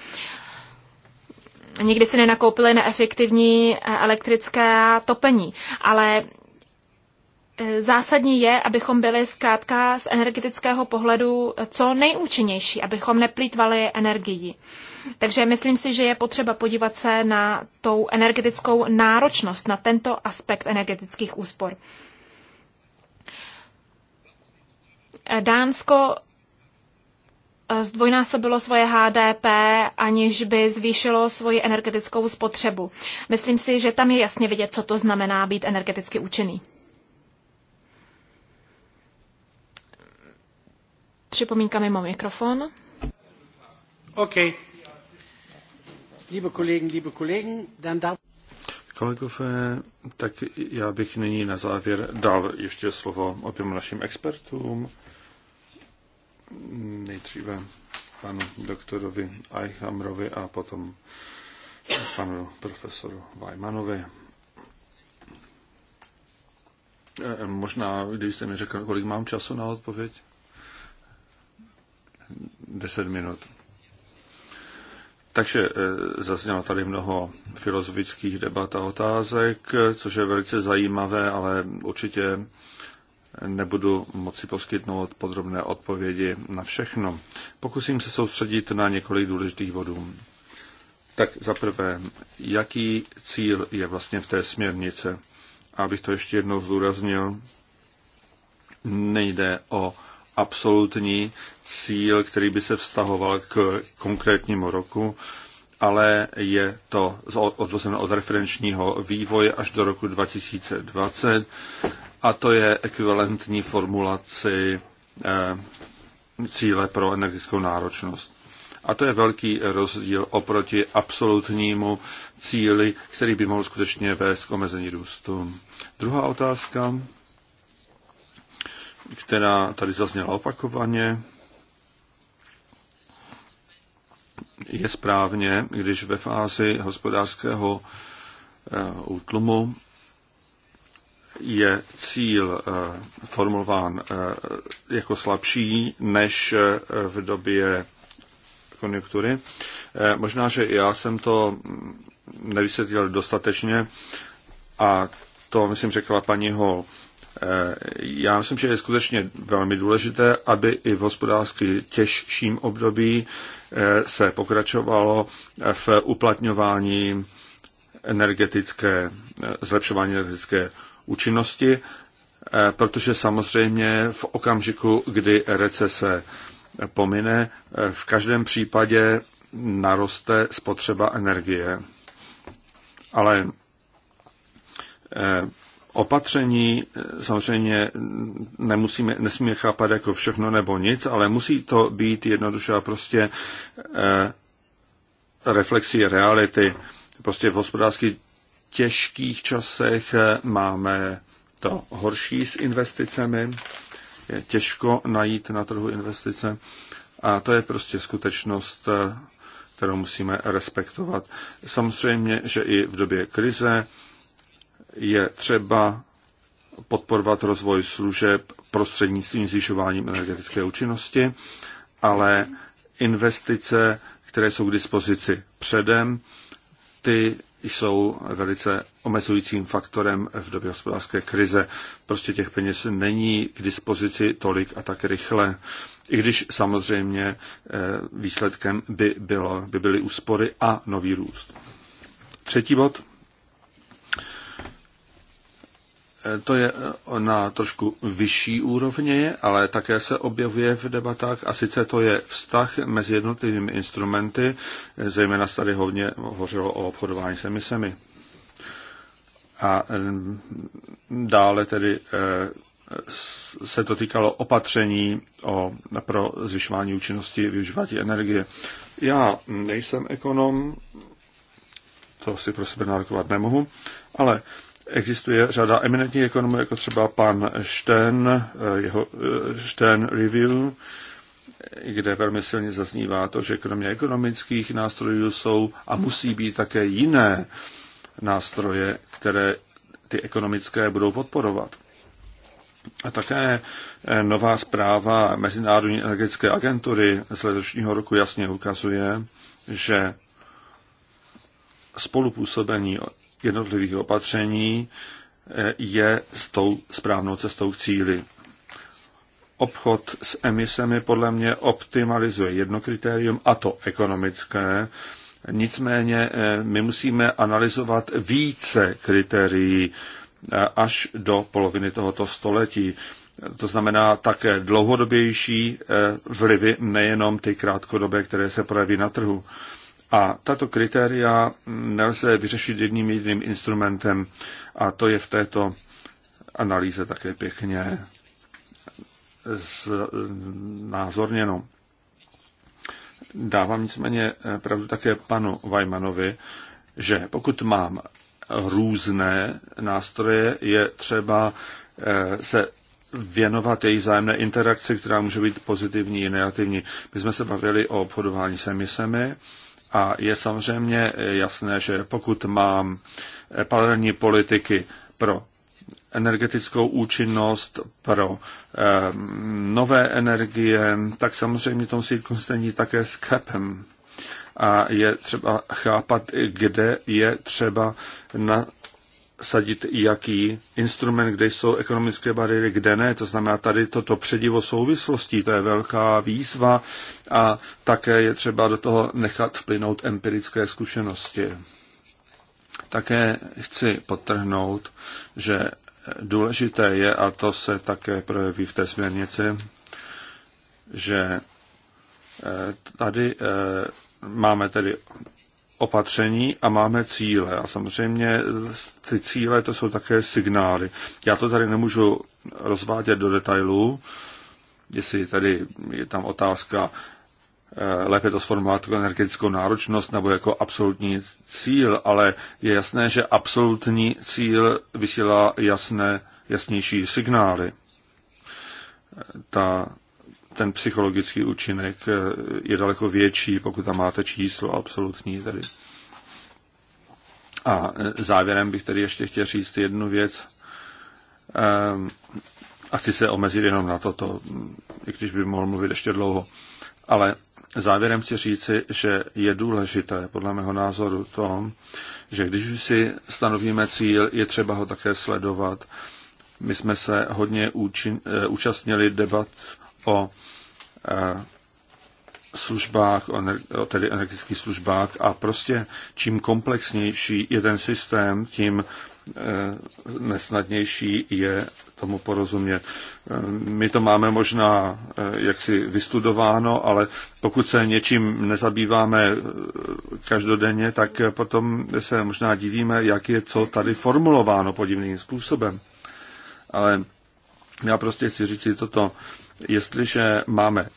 Nikdy si nenakoupili neefektivní elektrické topení, ale E, zásadní je, abychom byli zkrátka z energetického pohledu co nejúčinnější, abychom neplýtvali energii. Takže myslím si, že je potřeba podívat se na tou energetickou náročnost, na tento aspekt energetických úspor. E, Dánsko e, zdvojnásobilo svoje HDP, aniž by zvýšilo svoji energetickou spotřebu. Myslím si, že tam je jasně vidět, co to znamená být energeticky účinný. Připomínka mimo mikrofon. OK. Liebe Kollegen, liebe Kollegen, dann Da. Kolegové, tak já bych nyní na závěr dal ještě slovo oběma našim expertům. Nejdříve panu doktorovi Eichamrovi a potom panu profesoru Weimanovi. Eh, možná, kdybyste mi řekl, kolik mám času na odpověď? 10 minut. Takže eh, zaznělo tady mnoho filozofických debat a otázek, což je velice zajímavé, ale určitě nebudu moci poskytnout podrobné odpovědi na všechno. Pokusím se soustředit na několik důležitých bodů. Tak za prvé, jaký cíl je vlastně v té směrnice? Abych to ještě jednou zdůraznil, nejde o absolutní cíl, který by se vztahoval k konkrétnímu roku, ale je to odvozeno od referenčního vývoje až do roku 2020 a to je ekvivalentní formulaci eh, cíle pro energetickou náročnost. A to je velký rozdíl oproti absolutnímu cíli, který by mohl skutečně vést k omezení růstu. Druhá otázka která tady zazněla opakovaně, je správně, když ve fázi hospodářského eh, útlumu je cíl eh, formulován eh, jako slabší než v době konjunktury. Možná, že já jsem to mm, nevysvětlil dostatečně a to, myslím, řekla paní Hall. Eh, já myslím, že je skutečně velmi důležité, aby i v hospodářsky těžším období eh, se pokračovalo v uplatňování energetické, eh, zlepšování energetické účinnosti, protože samozřejmě v okamžiku, kdy recese pomine, v každém případě naroste spotřeba energie. Ale opatření eh, samozřejmě nemusíme, nesmíme chápat jako všechno nebo nic, ale musí to být jednoduše a prostě e, eh, reflexí reality. Prostě v hospodářsky těžkých časech eh, máme to horší s investicemi, je těžko najít na trhu investice a to je prostě skutečnost, kterou musíme respektovat. Samozřejmě, že i v době krize je třeba podporovat rozvoj služeb prostřednictvím zvyšováním energetické účinnosti, ale investice, které jsou k dispozici předem, ty jsou velice omezujícím faktorem v době hospodářské krize. Prostě těch peněz není k dispozici tolik a tak rychle. I když samozřejmě eh, výsledkem by, bylo, by byly úspory a nový růst. Třetí bod. to je na trošku vyšší úrovni, ale také se objevuje v debatách a sice to je vztah mezi jednotlivými instrumenty, zejména se tady hodně hovořilo o obchodování s emisemi. A mm, dále tedy eh, se to týkalo opatření o, pro zvyšování účinnosti využívání energie. Já nejsem ekonom, to si pro sebe nárokovat nemohu, ale eh, Existuje řada eminentních ekonomů, jako třeba pan Sten, eh, jeho eh, Sten Review, kde velmi silně zaznívá to, že kromě ekonomických nástrojů jsou a musí být také jiné nástroje, které ty ekonomické budou podporovat. A také eh, nová zpráva Mezinárodní energetické agentury z letošního roku jasně ukazuje, že spolupůsobení jednotlivých opatření eh, je s tou správnou cestou k cíli. Obchod s emisemi podle mě optimalizuje jedno kritérium, a to ekonomické. Nicméně eh, my musíme analyzovat více kritérií eh, až do poloviny tohoto století. To znamená také dlouhodobější vlivy, nejenom ty krátkodobé, které se projeví na trhu. A tato kritéria nelze vyřešit jedním jediným instrumentem a to je v této analýze také pěkně znázorněno. Dávám nicméně pravdu také panu Vajmanovi, že pokud mám různé nástroje, je třeba eh, se věnovat její zájemné interakci, která může být pozitivní i negativní. My jsme se bavili o obchodování s emisemi a je samozřejmě eh, jasné, že pokud mám eh, paralelní politiky pro energetickou účinnost, pro eh, nové energie, tak samozřejmě to musí konstantní také s kepem. A je třeba chápat, kde je třeba na, sadit jaký instrument, kde jsou ekonomické bariéry, kde ne. To znamená, tady toto předivo souvislostí, to je velká výzva a také je třeba do toho nechat vplynout empirické zkušenosti. Také chci podtrhnout, že důležité je, a to se také projeví v té směrnici, že eh, tady eh, máme tedy opatření a máme cíle. A samozřejmě ty cíle to jsou také signály. Já to tady nemůžu rozvádět do detailů, jestli tady je tam otázka eh, lépe to sformulovat jako energetickou náročnost nebo jako absolutní cíl, ale je jasné, že absolutní cíl vysílá jasné, jasnější signály. Ta ten psychologický účinek eh, je daleko větší, pokud tam máte číslo absolutní tedy. A eh, závěrem bych tedy ještě chtěl říct jednu věc. Eh, a chci se omezit jenom na toto, mm, i když bych mohl mluvit ještě dlouho. Ale závěrem chci říci, že je důležité, podle mého názoru, to, že když si stanovíme cíl, je třeba ho také sledovat. My jsme se hodně účin, účastnili debat o e, službách, o tedy energetických službách a prostě čím komplexnější je ten systém, tím e, nesnadnější je tomu porozumět. E, my to máme možná jaksi vystudováno, ale pokud se něčím nezabýváme každodenně, tak potom se možná divíme, jak je co tady formulováno podivným způsobem. Ale já prostě chci říct toto jestliže máme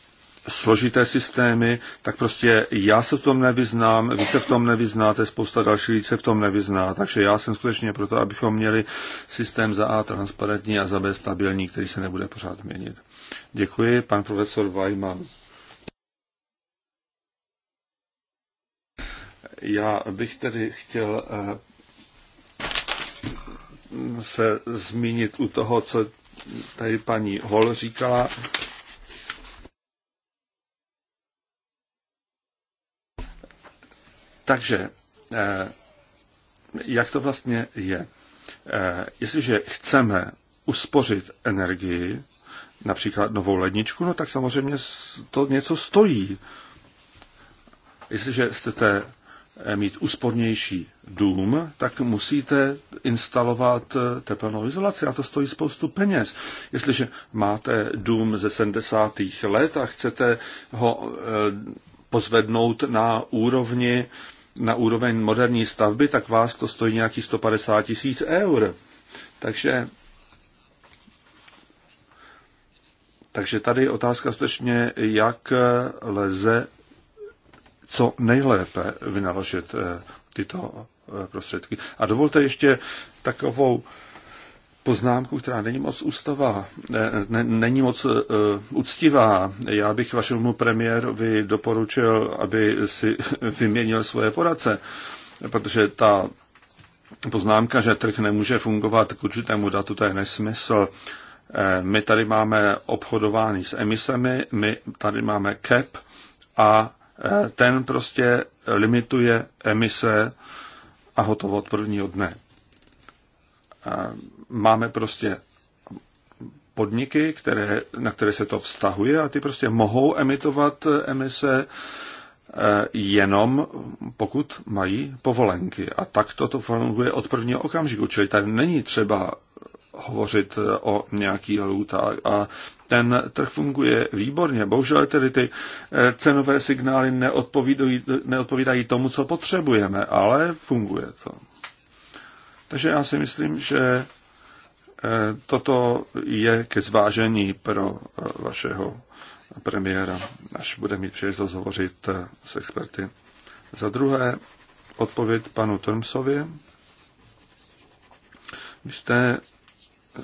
složité systémy, tak prostě já se v tom nevyznám, vy se v tom nevyznáte, spousta dalších lidí se v tom nevyzná, takže já jsem skutečně proto, abychom měli systém za A transparentní a za B stabilní, který se nebude pořád měnit. Děkuji, pan profesor Weimann. Já bych tedy chtěl eh, se zmínit u toho, co tady paní Hol říkala, takže eh, jak to vlastně je? Eh, jestliže chceme uspořit energii, například novou ledničku, no tak samozřejmě to něco stojí. Jestliže chcete Eh, mít úspornější dům, tak musíte instalovat eh, tepelnou izolaci a to stojí spoustu peněz. Jestliže máte dům ze 70. let a chcete ho eh, pozvednout na úrovni na úroveň moderní stavby, tak vás to stojí nějakých 150 tisíc eur. Takže takže tady je otázka skutečně, jak lze co nejlépe vynaložit eh, tyto eh, prostředky. A dovolte ještě takovou poznámku, která není moc ústava, eh, ne, není moc uh, uctivá. Já bych vašemu premiérovi doporučil, aby si vyměnil svoje poradce, protože ta poznámka, že trh nemůže fungovat k určitému datu, to je nesmysl. My tady máme obchodování s emisemi, my tady máme CAP a Eh, ten prostě limituje emise a hotovo od prvního dne. Eh, máme prostě podniky, které, na které se to vztahuje a ty prostě mohou emitovat emise eh, jenom pokud mají povolenky. A tak toto funguje od prvního okamžiku. Čili tady není třeba hovořit eh, o nějakých lhůtách. A ten trh funguje výborně. Bohužel tedy ty eh, cenové signály neodpovídají, neodpovídají tomu, co potřebujeme, ale funguje to. Takže já si myslím, že eh, toto je ke zvážení pro vašeho premiéra, až bude mít příležitost hovořit s experty. Za druhé, odpověď panu Tormsovi. Vy jste Eh,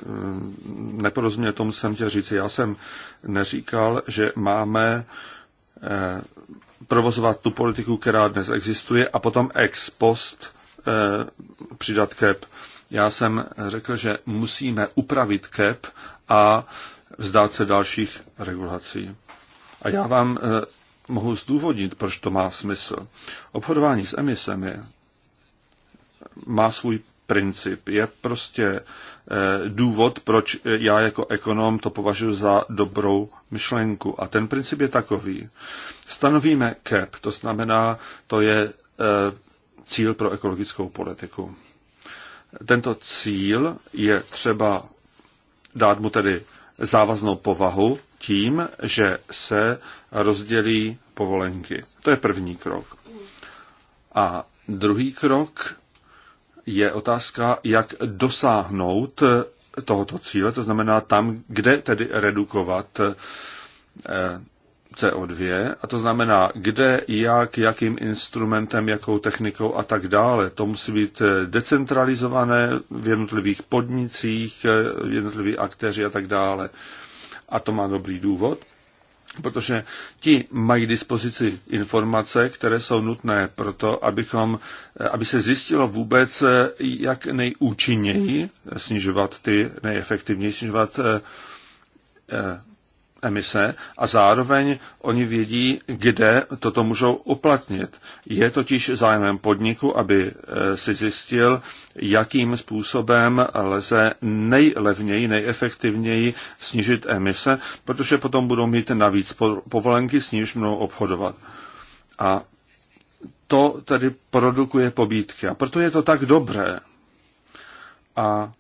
neporozumě tomu, jsem chtěl říct. Já jsem neříkal, že máme eh, provozovat tu politiku, která dnes existuje, a potom ex post eh, přidat CAP. Já jsem řekl, že musíme upravit CAP a vzdát se dalších regulací. A já vám mohu zdůvodnit, proč to má smysl. Obchodování s emisemi má svůj princip, je prostě eh, důvod, proč eh, já jako ekonom to považuji za dobrou myšlenku. A ten princip je takový. Stanovíme CAP, to znamená, to je eh, cíl pro ekologickou politiku. Tento cíl je třeba dát mu tedy závaznou povahu tím, že se rozdělí povolenky. To je první krok. A druhý krok je otázka, jak dosáhnout eh, tohoto cíle, to znamená tam, kde tedy redukovat eh, CO2, a to znamená, kde, jak, jakým instrumentem, jakou technikou a tak dále. To musí být eh, decentralizované v jednotlivých podnicích, jednotliví aktéři a tak dále. A to má dobrý důvod protože ti mají dispozici informace, které jsou nutné pro to, abychom, aby se zjistilo vůbec, jak nejúčinněji snižovat ty, nejefektivněji snižovat eh, eh, emise a zároveň oni vědí, kde toto můžou uplatnit. Je totiž zájmem podniku, aby eh, si zjistil, jakým způsobem lze nejlevněji, nejefektivněji snížit emise, protože potom budou mít navíc povolenky, s níž mnou obchodovat. A to tedy produkuje pobídky. A proto je to tak dobré. A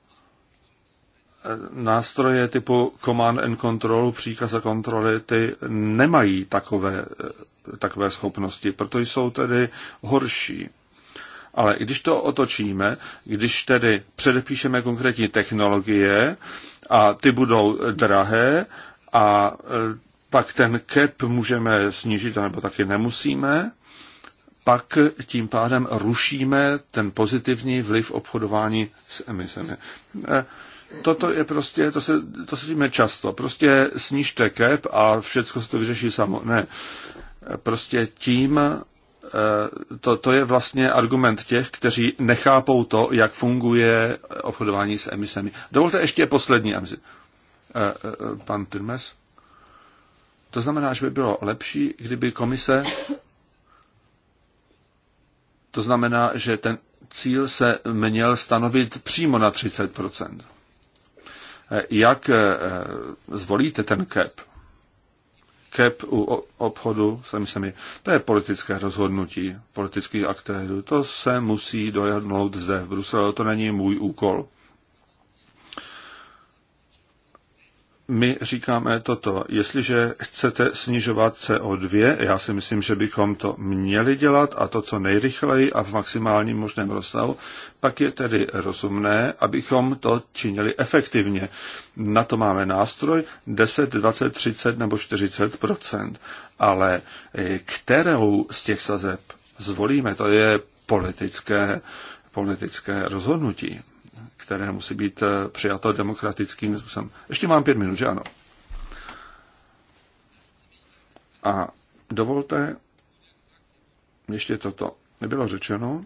nástroje typu command and control, příkaz a kontroly, ty nemají takové, takové schopnosti, proto jsou tedy horší. Ale když to otočíme, když tedy předepíšeme konkrétní technologie a ty budou drahé a e, pak ten cap můžeme snížit, nebo taky nemusíme, pak tím pádem rušíme ten pozitivní vliv obchodování s emisemi. E, toto je prostě, to se, to se říme často, prostě snížte kep a všechno se to vyřeší samo. Ne, prostě tím eh, to, to je vlastně argument těch, kteří nechápou to, jak funguje obchodování s emisemi. Dovolte ještě poslední emisi. Eh, eh, pan Pirmes? To znamená, že by bylo lepší, kdyby komise. To znamená, že ten cíl se měl stanovit přímo na 30 jak eh, zvolíte ten cap. Cap u obchodu, sami mi to je politické rozhodnutí politických aktérů. To se musí dojednout zde v Bruselu, to není můj úkol. my říkáme toto, jestliže chcete snižovat CO2, já si myslím, že bychom to měli dělat a to co nejrychleji a v maximálním možném rozsahu, pak je tedy rozumné, abychom to činili efektivně. Na to máme nástroj 10, 20, 30 nebo 40 Ale eh, kterou z těch sazeb zvolíme, to je politické, politické rozhodnutí které musí být eh, přijato demokratickým způsobem. Ještě mám pět minut, že ano? A dovolte ještě toto. Bylo řečeno,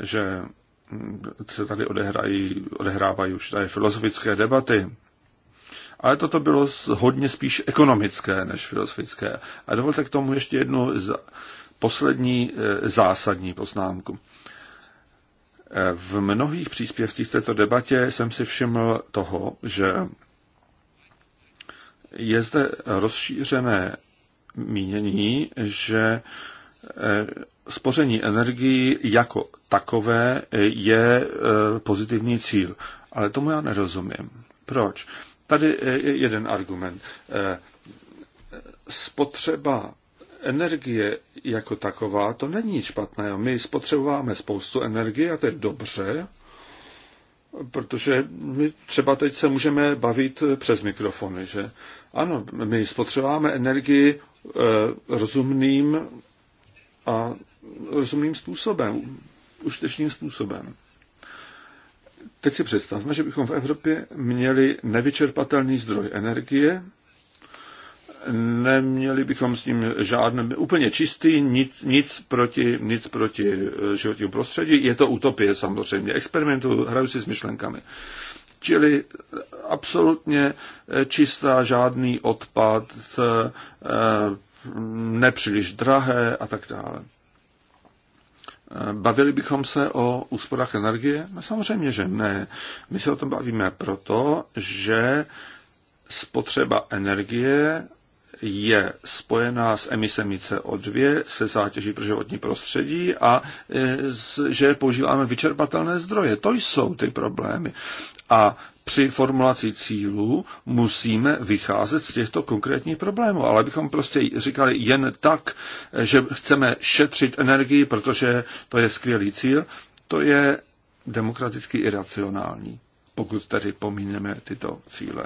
že mm, se tady odehrají, odehrávají už tady filozofické debaty, ale toto bylo hodně spíš ekonomické než filozofické. A dovolte k tomu ještě jednu poslední eh, zásadní poznámku. V mnohých příspěvcích této debatě jsem si všiml toho, že je zde rozšířené mínění, že eh, spoření energii jako takové je eh, pozitivní cíl. Ale tomu já nerozumím. Proč? Tady je jeden argument. Eh, spotřeba energie jako taková, to není špatné. My spotřebováme spoustu energie a to je dobře, protože my třeba teď se můžeme bavit přes mikrofony, že? Ano, my spotřebováme energii e, rozumným a rozumným způsobem, užitečným způsobem. Teď si představme, že bychom v Evropě měli nevyčerpatelný zdroj energie, neměli bychom s tím žádný, úplně čistý, nic, nic, proti, nic proti eh, životnímu prostředí. Je to utopie samozřejmě, experimentu, hraju si s myšlenkami. Čili absolutně eh, čistá, žádný odpad, eh, nepříliš drahé a tak dále. Bavili bychom se o úsporách energie? No samozřejmě, že ne. My se o tom bavíme proto, že spotřeba energie je spojená s emisemi CO2, se zátěží pro životní prostředí a e, že používáme vyčerpatelné zdroje. To jsou ty problémy. A při formulaci cílů musíme vycházet z těchto konkrétních problémů, ale bychom prostě říkali jen tak, že chceme šetřit energii, protože to je skvělý cíl, to je demokraticky iracionální, pokud tedy pomíneme tyto cíle.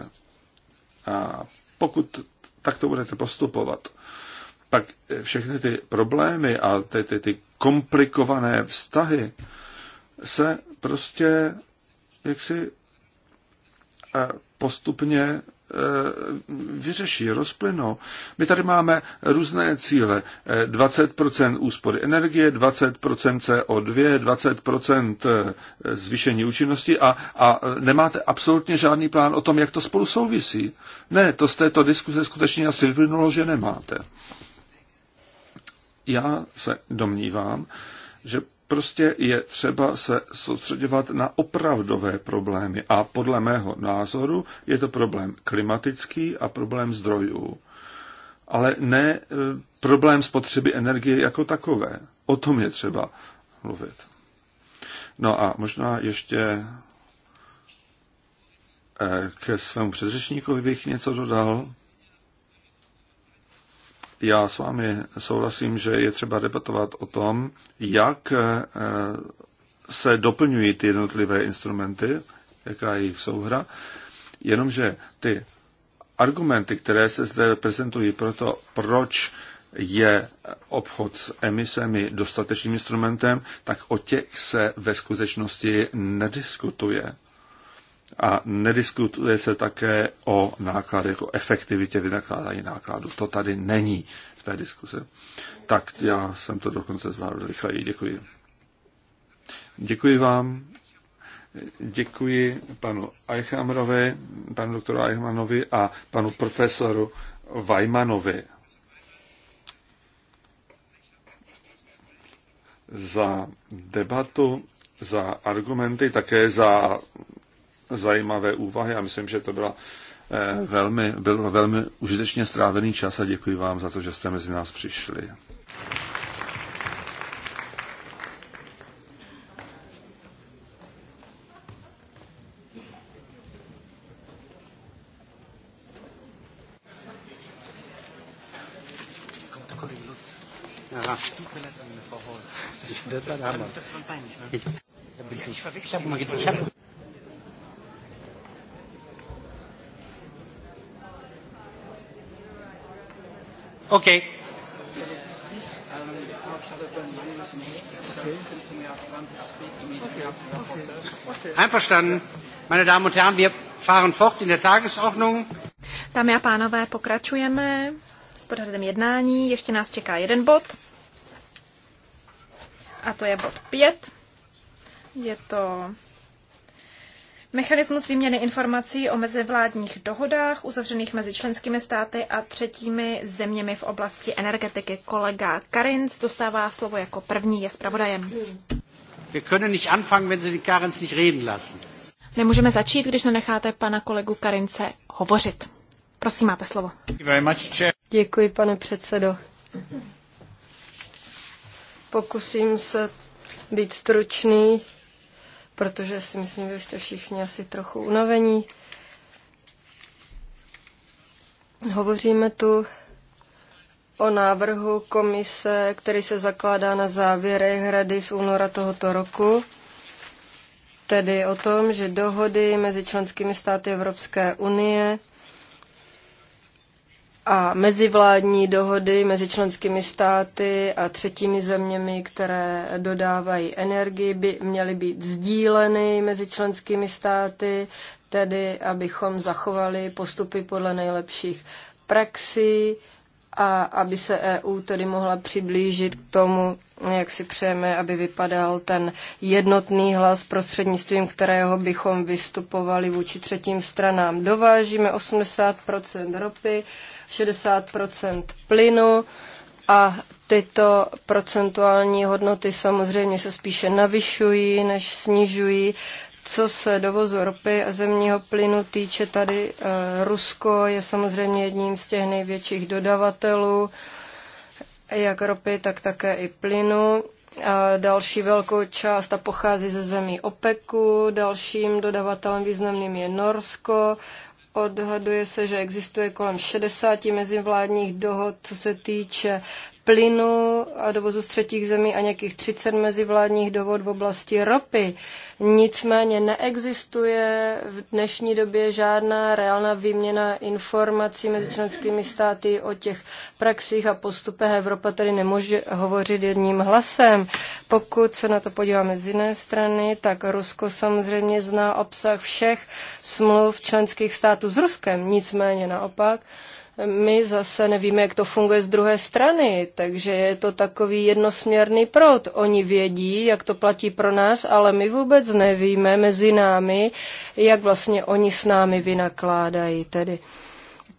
A pokud tak to budete postupovat. Pak eh, všechny ty problémy a ty, ty, ty komplikované vztahy se prostě jaksi eh, postupně Eh, vyřeší, rozplynou. My tady máme různé cíle. 20% eh, úspory energie, 20% CO2, 20% zvýšení účinnosti a, a nemáte absolutně žádný plán o tom, jak to spolu souvisí. Ne, to z této diskuse skutečně asi vyplynulo, že nemáte. Já se domnívám, že Prostě je třeba se soustředovat na opravdové problémy a podle mého názoru je to problém klimatický a problém zdrojů, ale ne e, problém spotřeby energie jako takové. O tom je třeba mluvit. No a možná ještě e, ke svému předřečníkovi bych něco dodal. Já s vámi souhlasím, že je třeba debatovat o tom, jak eh, se doplňují ty jednotlivé instrumenty, jaká je jejich souhra, jenomže ty argumenty, které se zde prezentují pro to, proč je obchod s emisemi dostatečným instrumentem, tak o těch se ve skutečnosti nediskutuje a nediskutuje se také o nákladech, o efektivitě vynakládání nákladů. To tady není v té diskuse. Tak já jsem to dokonce zvládl rychleji. Děkuji. Děkuji vám. Děkuji panu Eichamrovi, panu doktoru Eichmanovi a panu profesoru Weimanovi za debatu, za argumenty, také za zajímavé úvahy a myslím, že to byla velmi, byl velmi užitečně strávený čas a děkuji vám za to, že jste mezi nás přišli. Ich verwechsel, ich habe Okay. Einverstanden. Meine Damen und Herren, wir fahren fort in der Tagesordnung. Dámy a pánové, pokračujeme s pořadem jednání. Ještě nás čeká jeden bod. A to je bod 5. Je to Mechanismus výměny informací o mezivládních dohodách uzavřených mezi členskými státy a třetími zeměmi v oblasti energetiky. Kolega Karins dostává slovo jako první, je zpravodajem. Nemůžeme začít, když nenecháte pana kolegu Karince hovořit. Prosím, máte slovo. Děkuji, pane předsedo. Pokusím se být stručný protože si myslím, že jste všichni asi trochu unavení. Hovoříme tu o návrhu komise, který se zakládá na závěrech Rady z února tohoto roku, tedy o tom, že dohody mezi členskými státy Evropské unie a mezivládní dohody mezi členskými státy a třetími zeměmi, které dodávají energii, by měly být sdíleny mezi členskými státy, tedy abychom zachovali postupy podle nejlepších praxí a aby se EU tedy mohla přiblížit k tomu, jak si přejeme, aby vypadal ten jednotný hlas prostřednictvím, kterého bychom vystupovali vůči třetím stranám. Dovážíme 80 ropy, 60 plynu a tyto procentuální hodnoty samozřejmě se spíše navyšují než snižují. Co se dovozu ropy a zemního plynu týče, tady eh, Rusko je samozřejmě jedním z těch největších dodavatelů, jak ropy, tak také i plynu. A další velkou část a pochází ze zemí OPEKu. Dalším dodavatelem významným je Norsko. Odhaduje se, že existuje kolem 60 mezivládních dohod, co se týče plynu a dovozu z třetích zemí a nějakých 30 mezivládních dovod v oblasti ropy. Nicméně neexistuje v dnešní době žádná reálná výměna informací mezi členskými státy o těch praxích a postupech. Evropa tedy nemůže hovořit jedním hlasem. Pokud se na to podíváme z jiné strany, tak Rusko samozřejmě zná obsah všech smluv členských států s Ruskem. Nicméně naopak, my zase nevíme, jak to funguje z druhé strany, takže je to takový jednosměrný proud. Oni vědí, jak to platí pro nás, ale my vůbec nevíme mezi námi, jak vlastně oni s námi vynakládají tedy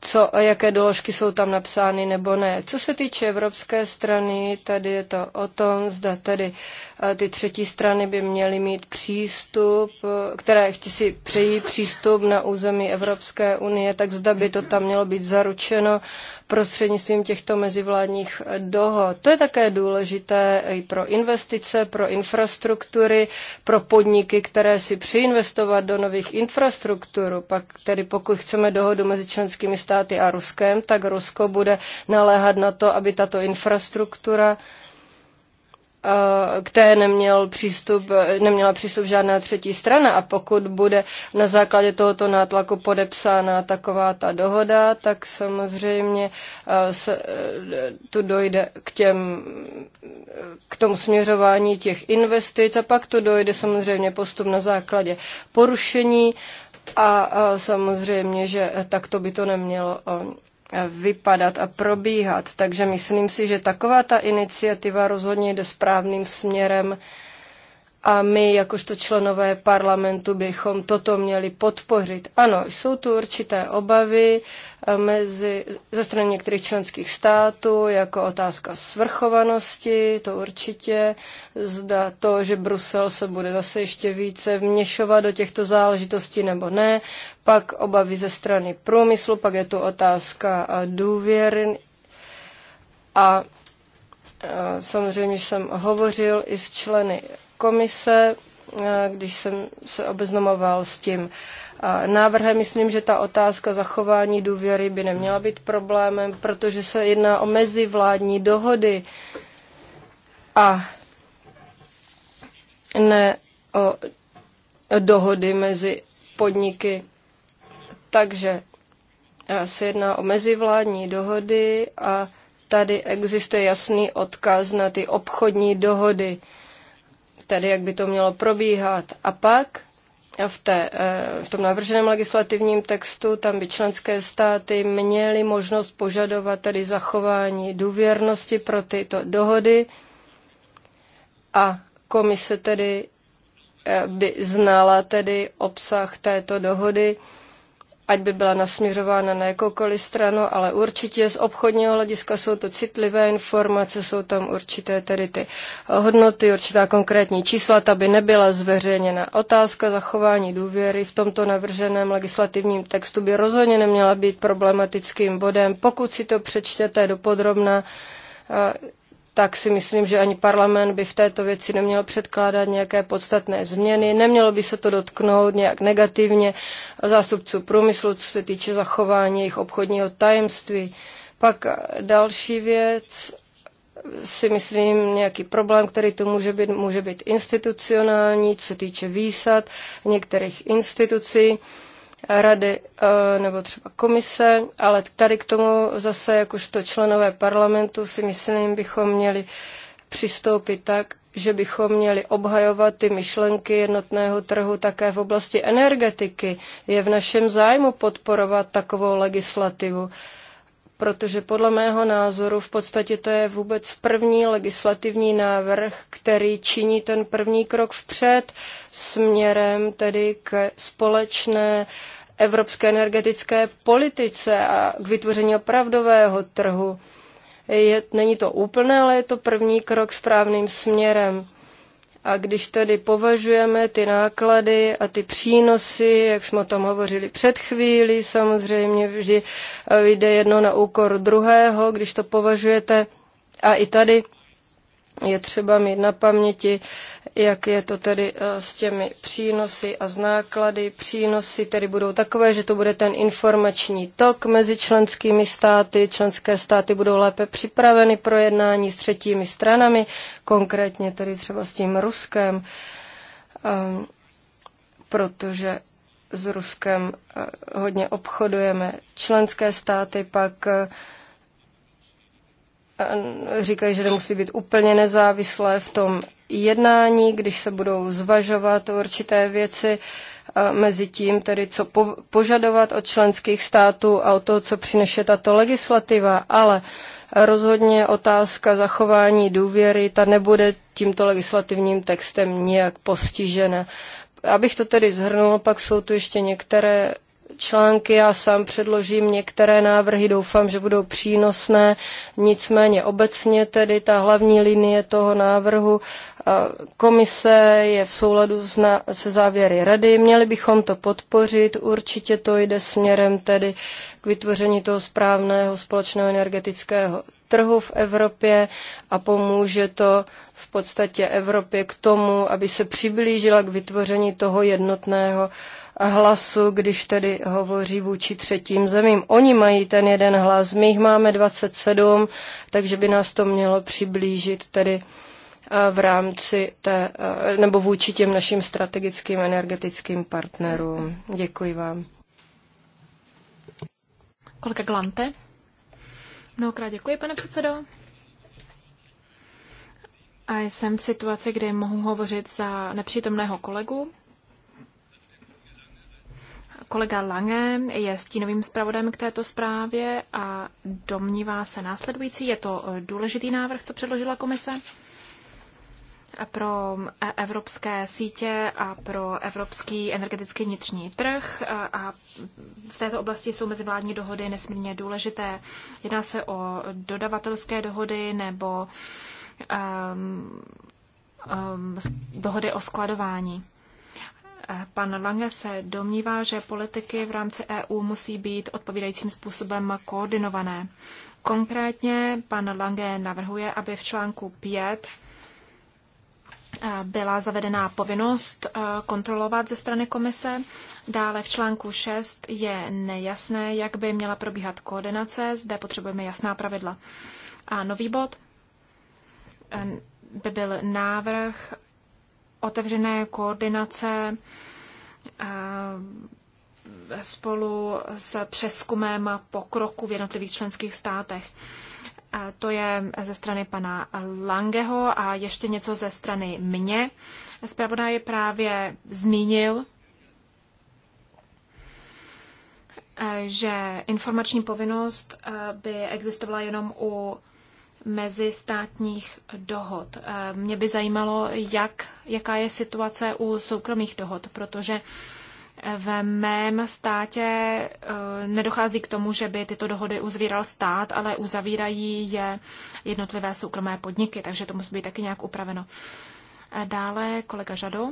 co, a jaké doložky jsou tam napsány nebo ne. Co se týče evropské strany, tady je to o tom, zda tedy Eh, ty třetí strany by měly mít přístup, eh, které ještě si přejí přístup na území Evropské unie, tak zda by to tam mělo být zaručeno prostřednictvím těchto mezivládních eh, dohod. To je také důležité i pro investice, pro infrastruktury, pro podniky, které si přiinvestovat do nových infrastruktur. Pak tedy pokud chceme dohodu mezi členskými státy a Ruskem, tak Rusko bude naléhat na to, aby tato infrastruktura Eh, které neměl přístup, neměla přístup žádná třetí strana a pokud bude na základě tohoto nátlaku podepsána taková ta dohoda, tak samozřejmě eh, se, eh, tu dojde k, těm, k tomu směřování těch investic a pak tu dojde samozřejmě postup na základě porušení a samozřejmě, že takto by to nemělo vypadat a probíhat. Takže myslím si, že taková ta iniciativa rozhodně jde správným směrem a my, jakožto členové parlamentu, bychom toto měli podpořit. Ano, jsou tu určité obavy eh, mezi, ze strany některých členských států, jako otázka svrchovanosti, to určitě. Zda to, že Brusel se bude zase ještě více vměšovat do těchto záležitostí nebo ne. Pak obavy ze strany průmyslu, pak je tu otázka eh, důvěry a eh, Samozřejmě jsem hovořil i s členy komise, eh, když jsem se obeznamoval s tím eh, návrhem. Myslím, že ta otázka zachování důvěry by neměla být problémem, protože se jedná o mezivládní dohody a ne o dohody mezi podniky. Takže eh, se jedná o mezivládní dohody a tady existuje jasný odkaz na ty obchodní dohody tedy jak by to mělo probíhat. A pak v, té, eh, v tom navrženém legislativním textu tam by členské státy měly možnost požadovat tedy zachování důvěrnosti pro tyto dohody a komise tedy eh, by znala tedy obsah této dohody ať by byla nasměřována na jakoukoliv stranu, ale určitě z obchodního hlediska jsou to citlivé informace, jsou tam určité tedy ty hodnoty, určitá konkrétní čísla, ta by nebyla zveřejněna. Otázka zachování důvěry v tomto navrženém legislativním textu by rozhodně neměla být problematickým bodem. Pokud si to přečtete dopodrobna, tak si myslím, že ani parlament by v této věci neměl předkládat nějaké podstatné změny. Nemělo by se to dotknout nějak negativně zástupců průmyslu, co se týče zachování jejich obchodního tajemství. Pak další věc, si myslím, nějaký problém, který to může být, může být institucionální, co se týče výsad některých institucí rady eh, nebo třeba komise, ale tady k tomu zase jakožto členové parlamentu si myslím, bychom měli přistoupit tak, že bychom měli obhajovat ty myšlenky jednotného trhu také v oblasti energetiky. Je v našem zájmu podporovat takovou legislativu, protože podle mého názoru v podstatě to je vůbec první legislativní návrh, který činí ten první krok vpřed směrem tedy k společné uh, evropské energetické politice a k vytvoření opravdového trhu. Je, není to úplné, ale je to první krok správným směrem. A když tedy považujeme ty náklady a ty přínosy, jak jsme o tom hovořili před chvílí, samozřejmě vždy eh, jde jedno na úkor druhého, když to považujete a i tady je třeba mít na paměti, jak je to tedy eh, s těmi přínosy a z náklady. Přínosy tedy budou takové, že to bude ten informační tok mezi členskými státy. Členské státy budou lépe připraveny pro jednání s třetími stranami, konkrétně tedy třeba s tím Ruskem, ehm, protože s Ruskem eh, hodně obchodujeme. Členské státy pak eh, říkají, že nemusí být úplně nezávislé v tom jednání, když se budou zvažovat určité věci mezi tím, tedy co po, požadovat od členských států a o to, co přinese tato legislativa, ale rozhodně otázka zachování důvěry, ta nebude tímto legislativním textem nijak postižena. Abych to tedy zhrnul, pak jsou tu ještě některé články. Já sám předložím některé návrhy, doufám, že budou přínosné. Nicméně obecně tedy ta hlavní linie toho návrhu komise je v souladu se závěry rady. Měli bychom to podpořit, určitě to jde směrem tedy k vytvoření toho správného společného energetického trhu v Evropě a pomůže to v podstatě Evropě k tomu, aby se přiblížila k vytvoření toho jednotného hlasu, když tedy hovoří vůči třetím zemím. Oni mají ten jeden hlas, my jich máme 27, takže by nás to mělo přiblížit tedy eh, v rámci té, eh, nebo vůči těm našim strategickým energetickým partnerům. Děkuji vám. Kolega Glante. Mnohokrát děkuji, pane předsedo. A jsem v situaci, kdy mohu hovořit za nepřítomného kolegu, Kolega Lange je stínovým zpravodem k této zprávě a domnívá se následující. Je to eh, důležitý návrh, co předložila komise pro eh, evropské sítě a pro evropský energetický vnitřní trh eh, a v této oblasti jsou mezivládní dohody nesmírně důležité. Jedná se o dodavatelské dohody nebo um, um, dohody o skladování. Pan Lange se domnívá, že politiky v rámci EU musí být odpovídajícím způsobem koordinované. Konkrétně pan Lange navrhuje, aby v článku 5 eh, byla zavedená povinnost eh, kontrolovat ze strany komise. Dále v článku 6 je nejasné, jak by měla probíhat koordinace. Zde potřebujeme jasná pravidla. A nový bod eh, by byl návrh otevřené koordinace eh, spolu s přeskumem pokroku v jednotlivých členských státech. Eh, to je ze strany pana Langeho a ještě něco ze strany mě. Zpravodaj právě zmínil, eh, že informační povinnost by existovala jenom u mezistátních dohod. Eh, mě by zajímalo, jak, jaká je situace u soukromých dohod, protože eh, v mém státě eh, nedochází k tomu, že by tyto dohody uzvíral stát, ale uzavírají je jednotlivé soukromé podniky, takže to musí být taky nějak upraveno. Dále kolega Žado.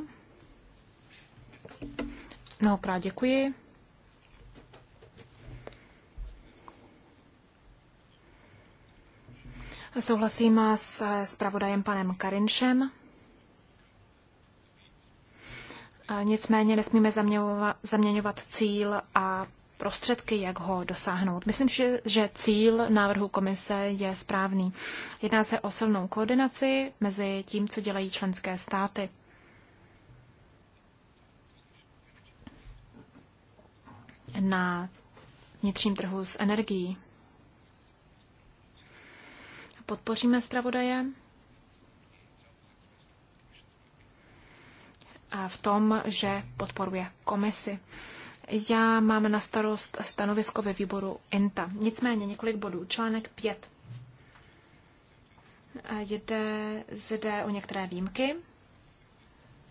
Mnohokrát děkuji. Souhlasím s eh, zpravodajem panem Karinšem. Eh, nicméně nesmíme zaměňovat cíl a prostředky, jak ho dosáhnout. Myslím, že, že cíl návrhu komise je správný. Jedná se o silnou koordinaci mezi tím, co dělají členské státy. Na vnitřním trhu s energií podpoříme zpravodaje a v tom, že podporuje komisi. Já mám na starost stanovisko ve výboru INTA. Nicméně několik bodů. Článek 5. Jde zde o některé výjimky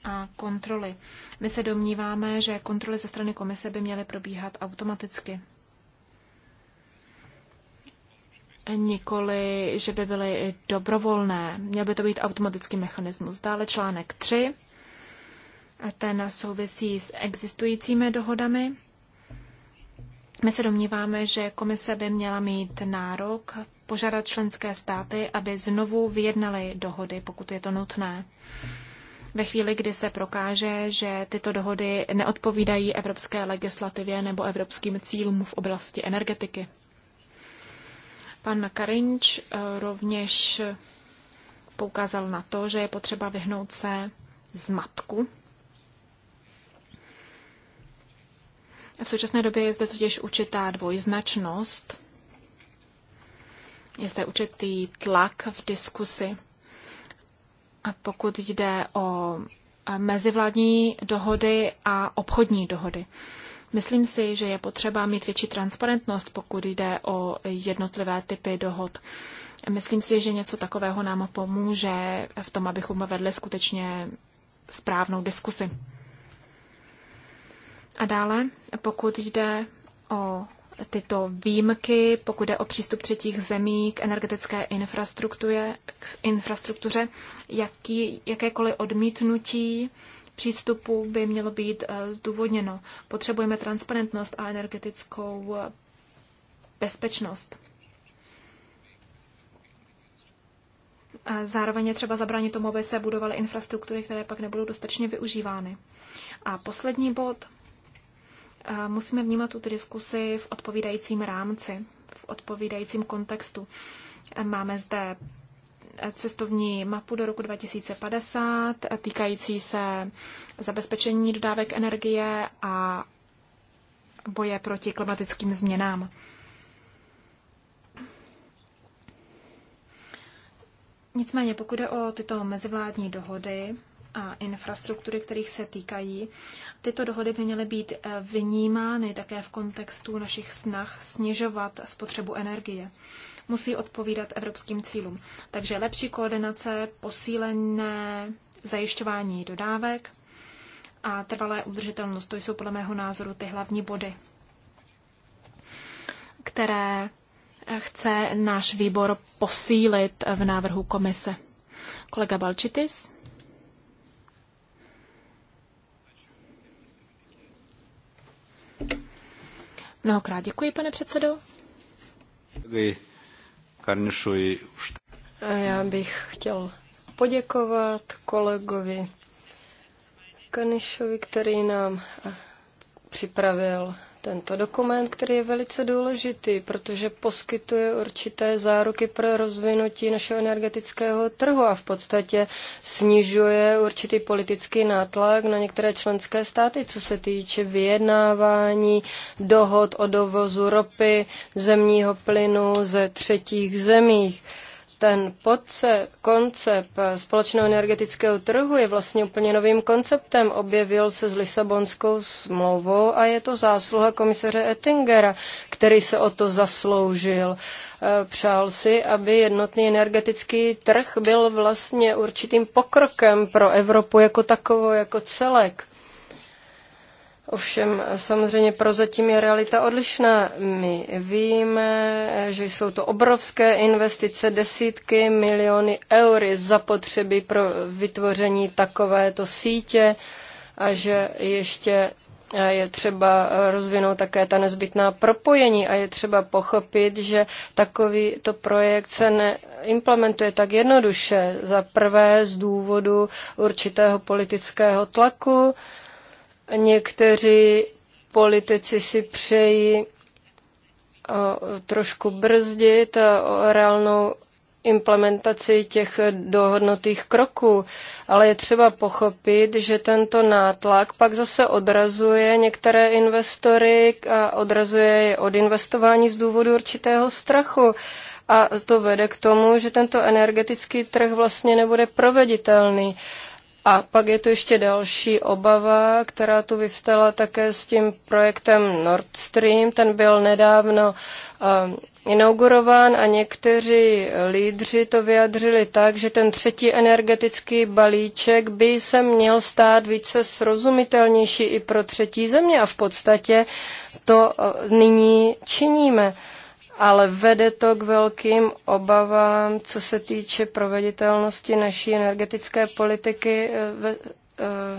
a kontroly. My se domníváme, že kontroly ze strany komise by měly probíhat automaticky. nikoli, že by byly dobrovolné. Měl by to být automatický mechanismus. Dále článek 3. A ten souvisí s existujícími dohodami. My se domníváme, že komise by měla mít nárok požádat členské státy, aby znovu vyjednaly dohody, pokud je to nutné. Ve chvíli, kdy se prokáže, že tyto dohody neodpovídají evropské legislativě nebo evropským cílům v oblasti energetiky. Pan Karinč eh, rovněž poukázal na to, že je potřeba vyhnout se zmatku. V současné době je zde totiž určitá dvojznačnost. Je zde určitý tlak v diskusi. A pokud jde o mezivládní dohody a obchodní dohody. Myslím si, že je potřeba mít větší transparentnost, pokud jde o jednotlivé typy dohod. Myslím si, že něco takového nám pomůže v tom, abychom vedli skutečně správnou diskusi. A dále, pokud jde o tyto výjimky, pokud jde o přístup třetích zemí k energetické infrastruktuře, k infrastruktuře jaký, jakékoliv odmítnutí přístupu by mělo být eh, zdůvodněno. Potřebujeme transparentnost a energetickou eh, bezpečnost. A zároveň je třeba zabránit tomu, aby se budovaly infrastruktury, které pak nebudou dostatečně využívány. A poslední bod. Eh, musíme vnímat tuto diskusi v odpovídajícím rámci, v odpovídajícím kontextu. Máme zde cestovní mapu do roku 2050 týkající se zabezpečení dodávek energie a boje proti klimatickým změnám. Nicméně, pokud jde o tyto mezivládní dohody a infrastruktury, kterých se týkají, tyto dohody by měly být eh, vynímány také v kontextu našich snah snižovat spotřebu energie musí odpovídat evropským cílům. Takže lepší koordinace, posílené zajišťování dodávek a trvalé udržitelnost. To jsou podle mého názoru ty hlavní body, které chce náš výbor posílit v návrhu komise. Kolega Balčitis. Mnohokrát děkuji, pane předsedo. Děkuji Karnišovi. Já bych chtěl poděkovat kolegovi Kanišovi, který nám eh, připravil tento dokument, který je velice důležitý, protože poskytuje určité záruky pro rozvinutí našeho energetického trhu a v podstatě snižuje určitý politický nátlak na některé členské státy, co se týče vyjednávání, dohod o dovozu ropy, zemního plynu ze třetích zemích ten podce, koncept společného energetického trhu je vlastně úplně novým konceptem. Objevil se s Lisabonskou smlouvou a je to zásluha komisaře Ettingera, který se o to zasloužil. E, přál si, aby jednotný energetický trh byl vlastně určitým pokrokem pro Evropu jako takovou, jako celek. Ovšem samozřejmě prozatím je realita odlišná. My víme, že jsou to obrovské investice, desítky miliony za potřeby pro vytvoření takovéto sítě a že ještě je třeba rozvinout také ta nezbytná propojení a je třeba pochopit, že takovýto projekt se neimplementuje tak jednoduše. Za prvé z důvodu určitého politického tlaku, Někteří politici si přejí eh, trošku brzdit eh, reálnou implementaci těch dohodnutých kroků, ale je třeba pochopit, že tento nátlak pak zase odrazuje některé investory a odrazuje je od investování z důvodu určitého strachu. A to vede k tomu, že tento energetický trh vlastně nebude proveditelný. A pak je tu ještě další obava, která tu vyvstala také s tím projektem Nord Stream. Ten byl nedávno eh, inaugurován a někteří lídři to vyjadřili tak, že ten třetí energetický balíček by se měl stát více srozumitelnější i pro třetí země a v podstatě to eh, nyní činíme ale vede to k velkým obavám, co se týče proveditelnosti naší energetické politiky eh, ve eh,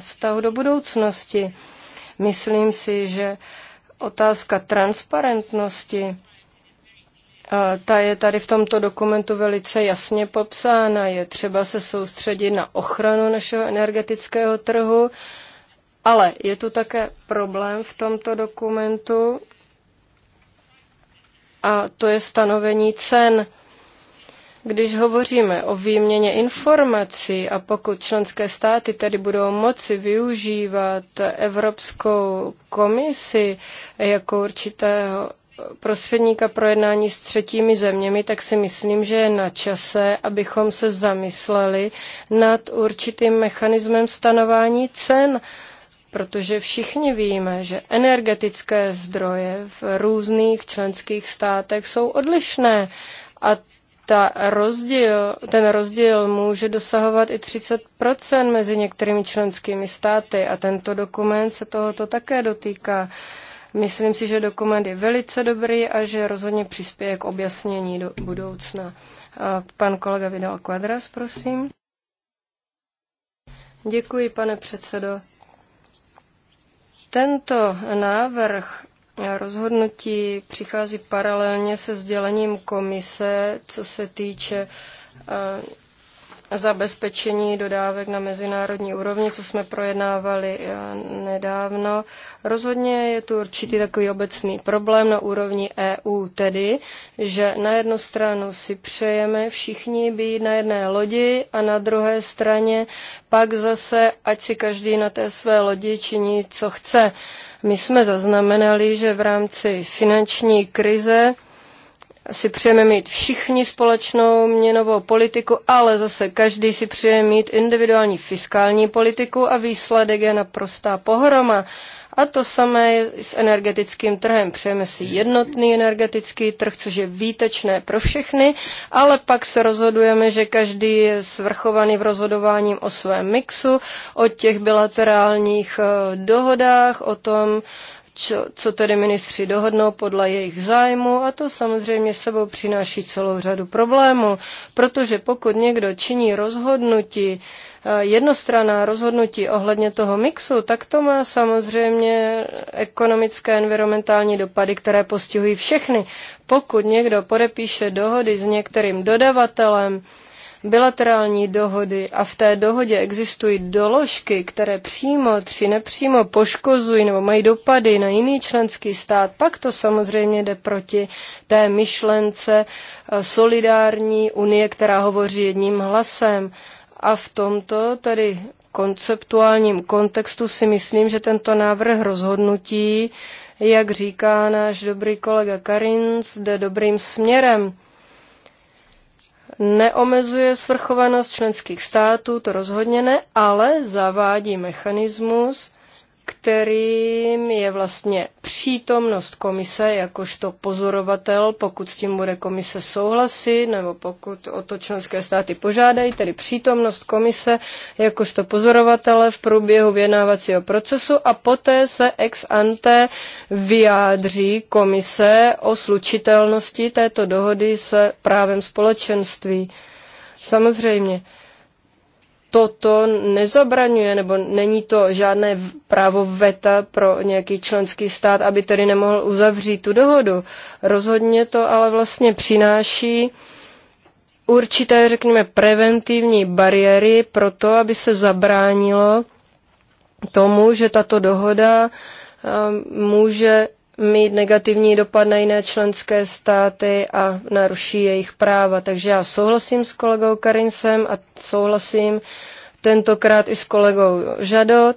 vztahu do budoucnosti. Myslím si, že otázka transparentnosti, eh, ta je tady v tomto dokumentu velice jasně popsána. Je třeba se soustředit na ochranu našeho energetického trhu, ale je tu také problém v tomto dokumentu, a to je stanovení cen. Když hovoříme o výměně informací a pokud členské státy tedy budou moci využívat Evropskou komisi jako určitého prostředníka pro jednání s třetími zeměmi, tak si myslím, že je na čase, abychom se zamysleli nad určitým mechanismem stanování cen, protože všichni víme, že energetické zdroje v různých členských státech jsou odlišné a ta rozdíl, ten rozdíl může dosahovat i 30% mezi některými členskými státy a tento dokument se tohoto také dotýká. Myslím si, že dokument je velice dobrý a že rozhodně přispěje k objasnění do budoucna. Pan kolega Vidal Quadras, prosím. Děkuji, pane předsedo. Tento návrh rozhodnutí přichází paralelně se sdělením komise, co se týče eh, zabezpečení dodávek na mezinárodní úrovni, co jsme projednávali eh, nedávno. Rozhodně je tu určitý takový obecný problém na úrovni EU, tedy, že na jednu stranu si přejeme všichni být na jedné lodi a na druhé straně pak zase, ať si každý na té své lodi činí, co chce. My jsme zaznamenali, že v rámci finanční krize si přejeme mít všichni společnou měnovou politiku, ale zase každý si přeje mít individuální fiskální politiku a výsledek je naprostá pohroma. A to samé je s energetickým trhem. Přejeme si jednotný energetický trh, což je výtečné pro všechny, ale pak se rozhodujeme, že každý je svrchovaný v rozhodováním o svém mixu, o těch bilaterálních eh, dohodách, o tom, čo, co tedy ministři dohodnou podle jejich zájmu a to samozřejmě sebou přináší celou řadu problémů, protože pokud někdo činí rozhodnutí, eh, jednostranná rozhodnutí ohledně toho mixu, tak to má samozřejmě ekonomické environmentální dopady, které postihují všechny. Pokud někdo podepíše dohody s některým dodavatelem, bilaterální dohody a v té dohodě existují doložky, které přímo či nepřímo poškozují nebo mají dopady na jiný členský stát, pak to samozřejmě jde proti té myšlence eh, solidární unie, která hovoří jedním hlasem. A v tomto tedy konceptuálním kontextu si myslím, že tento návrh rozhodnutí, jak říká náš dobrý kolega Karin, jde dobrým směrem neomezuje svrchovanost členských států, to rozhodně ne, ale zavádí mechanismus, kterým je vlastně přítomnost komise jakožto pozorovatel, pokud s tím bude komise souhlasit, nebo pokud o to členské státy požádají, tedy přítomnost komise jakožto pozorovatele v průběhu vyjednávacího procesu a poté se ex ante vyjádří komise o slučitelnosti této dohody se právem společenství. Samozřejmě toto nezabraňuje, nebo není to žádné právo veta pro nějaký členský stát, aby tedy nemohl uzavřít tu dohodu. Rozhodně to ale vlastně přináší určité, řekněme, preventivní bariéry pro to, aby se zabránilo tomu, že tato dohoda eh, může mít negativní dopad na jiné členské státy a naruší jejich práva. Takže já souhlasím s kolegou Karinsem a souhlasím tentokrát i s kolegou Žadot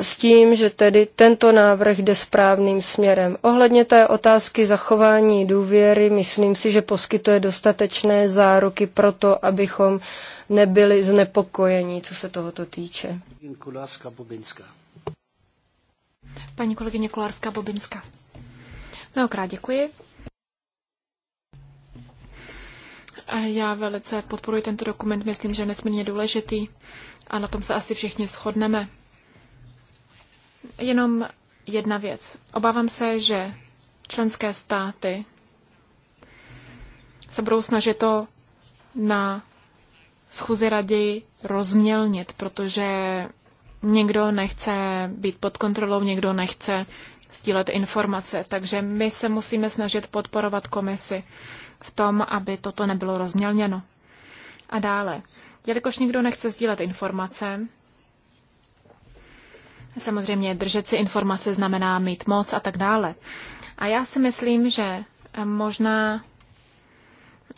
s tím, že tedy tento návrh jde správným směrem. Ohledně té otázky zachování důvěry, myslím si, že poskytuje dostatečné záruky pro to, abychom nebyli znepokojeni, co se tohoto týče. Kuláska Paní kolegyně Kolarská Bobinská. Mnohokrát děkuji. Já velice podporuji tento dokument, myslím, že je nesmírně důležitý a na tom se asi všichni shodneme. Jenom jedna věc. Obávám se, že členské státy se budou snažit to na schůzi raději rozmělnit, protože Někdo nechce být pod kontrolou, někdo nechce sdílet informace, takže my se musíme snažit podporovat komisi v tom, aby toto nebylo rozmělněno. A dále, jelikož nikdo nechce sdílet informace, samozřejmě držet si informace znamená mít moc a tak dále. A já si myslím, že možná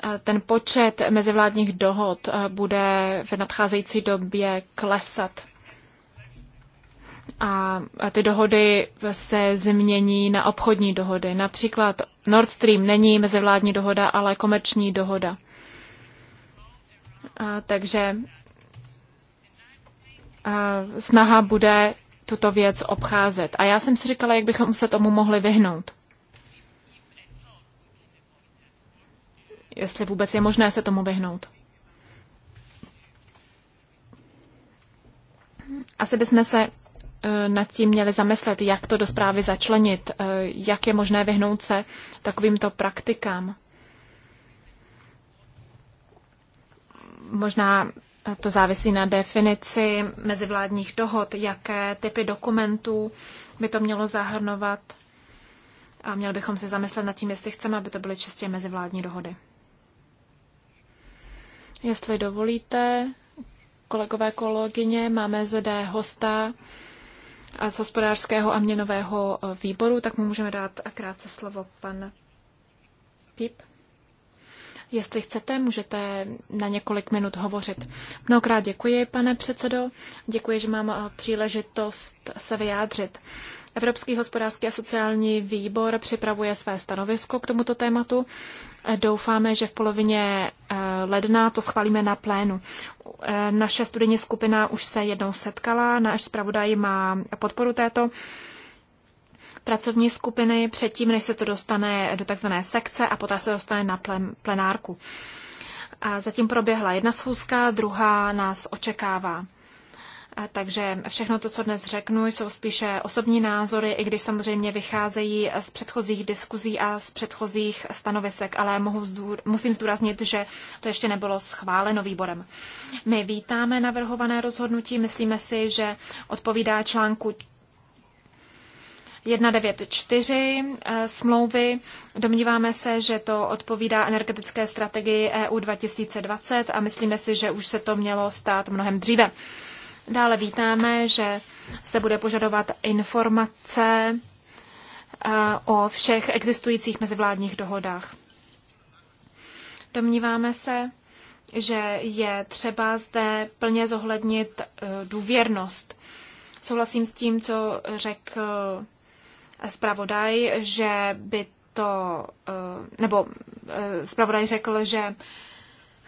eh, ten počet mezivládních dohod eh, bude v nadcházející době klesat a ty dohody se změní na obchodní dohody. Například Nord Stream není mezivládní dohoda, ale komerční dohoda. A, takže a, snaha bude tuto věc obcházet. A já jsem si říkala, jak bychom se tomu mohli vyhnout. Jestli vůbec je možné se tomu vyhnout. Asi bychom se Eh, nad tím měli zamyslet, jak to do zprávy začlenit, eh, jak je možné vyhnout se takovýmto praktikám. Možná eh, to závisí na definici mezivládních dohod, jaké typy dokumentů by to mělo zahrnovat. A měli bychom se zamyslet nad tím, jestli chceme, aby to byly čistě mezivládní dohody. Jestli dovolíte, kolegové, kolegyně, máme zde hosta z hospodářského a měnového e, výboru, tak mu můžeme dát krátce slovo pan Pip. Jestli chcete, můžete na několik minut hovořit. Mnohokrát děkuji, pane předsedo. Děkuji, že mám e, příležitost se vyjádřit. Evropský hospodářský a sociální výbor připravuje své stanovisko k tomuto tématu. Doufáme, že v polovině eh, ledna to schválíme na plénu. Eh, naše studijní skupina už se jednou setkala, náš zpravodaj má podporu této pracovní skupiny předtím, než se to dostane do takzvané sekce a poté se dostane na plenárku. A zatím proběhla jedna schůzka, druhá nás očekává. Takže všechno to, co dnes řeknu, jsou spíše osobní názory, i když samozřejmě vycházejí z předchozích diskuzí a z předchozích stanovisek, ale mohu zdůr, musím zdůraznit, že to ještě nebylo schváleno výborem. My vítáme navrhované rozhodnutí, myslíme si, že odpovídá článku 194 eh, smlouvy. Domníváme se, že to odpovídá energetické strategii EU 2020 a myslíme si, že už se to mělo stát mnohem dříve. Dále vítáme, že se bude požadovat informace eh, o všech existujících mezivládních dohodách. Domníváme se, že je třeba zde plně zohlednit eh, důvěrnost. Souhlasím s tím, co řekl eh, zpravodaj, že by to, nebo zpravodaj řekl, že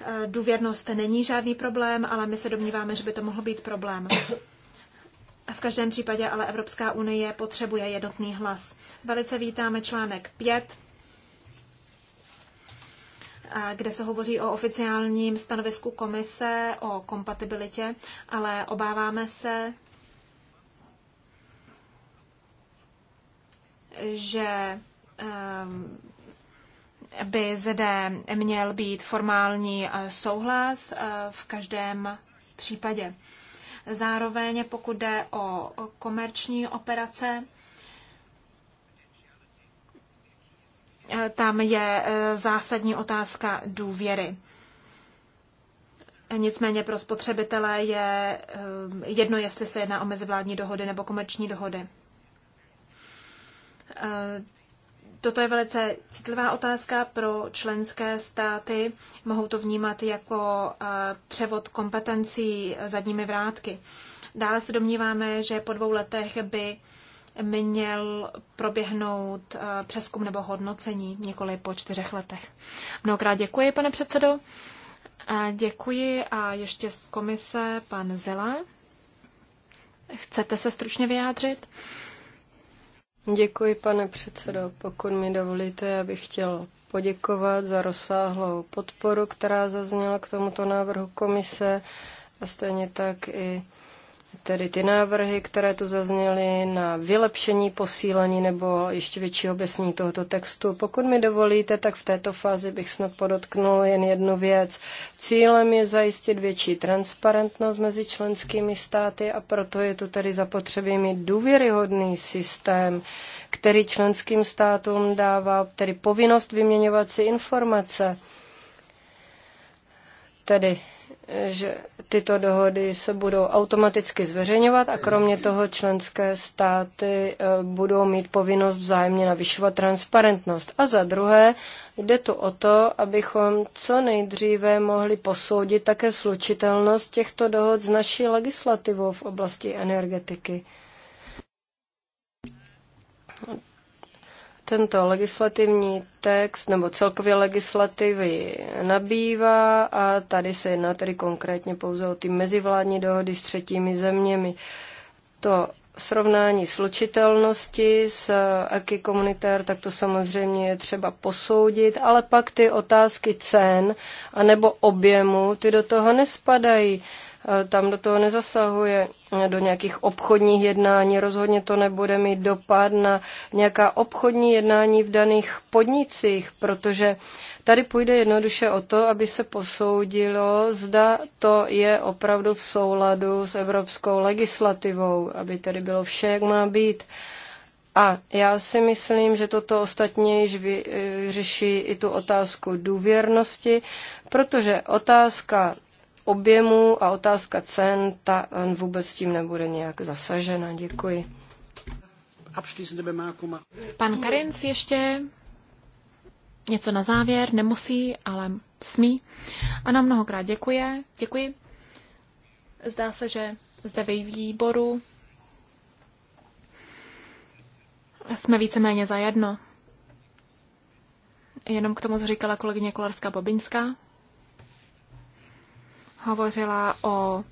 Eh, důvěrnost není žádný problém, ale my se domníváme, že by to mohl být problém. V každém případě ale Evropská unie potřebuje jednotný hlas. Velice vítáme článek 5, eh, kde se hovoří o oficiálním stanovisku komise o kompatibilitě, ale obáváme se, že ehm, by zde měl být formální eh, souhlas eh, v každém případě. Zároveň, pokud jde o komerční operace, eh, tam je zásadní otázka důvěry. Nicméně pro spotřebitele je jedno, jestli se jedná o mezivládní dohody nebo komerční dohody. Toto je velice citlivá otázka pro členské státy. Mohou to vnímat jako eh, převod kompetencí zadními vrátky. Dále se domníváme, že po dvou letech by měl proběhnout eh, přeskum nebo hodnocení, nikoli po čtyřech letech. Mnohokrát děkuji, pane předsedo. A děkuji a ještě z komise pan Zela. Chcete se stručně vyjádřit? Děkuji, pane předsedo. Pokud mi dovolíte, já bych chtěl poděkovat za rozsáhlou podporu, která zazněla k tomuto návrhu komise a stejně tak i tedy ty návrhy, které tu zazněly na vylepšení, posílení nebo ještě větší obecní tohoto textu. Pokud mi dovolíte, tak v této fázi bych snad podotknul jen jednu věc. Cílem je zajistit větší transparentnost mezi členskými státy a proto je tu tedy zapotřebí mít důvěryhodný systém, který členským státům dává tedy povinnost vyměňovat si informace. Tedy že tyto dohody se budou automaticky zveřejňovat a kromě toho členské státy e, budou mít povinnost vzájemně navyšovat transparentnost. A za druhé jde tu o to, abychom co nejdříve mohli posoudit také slučitelnost těchto dohod s naší legislativou v oblasti energetiky. Tento legislativní text nebo celkově legislativy nabývá a tady se jedná tedy konkrétně pouze o ty mezivládní dohody s třetími zeměmi. To srovnání slučitelnosti s aký komunitér, tak to samozřejmě je třeba posoudit, ale pak ty otázky cen a nebo objemu, ty do toho nespadají. Eh, tam do toho nezasahuje eh, do nějakých obchodních jednání. Rozhodně to nebude mít dopad na nějaká obchodní jednání v daných podnicích, protože tady půjde jednoduše o to, aby se posoudilo, zda to je opravdu v souladu s evropskou legislativou, aby tedy bylo vše, jak má být. A já si myslím, že toto ostatně již vyřeší eh, i tu otázku důvěrnosti, protože otázka objemu a otázka cen, ta eh, vůbec tím nebude nějak zasažena. Děkuji. Pan Karinc ještě něco na závěr, nemusí, ale smí. nám mnohokrát děkuje. Děkuji. Zdá se, že zde ve výboru jsme víceméně zajedno. Jenom k tomu, co říkala kolegyně Kolarská Bobinská hovořila o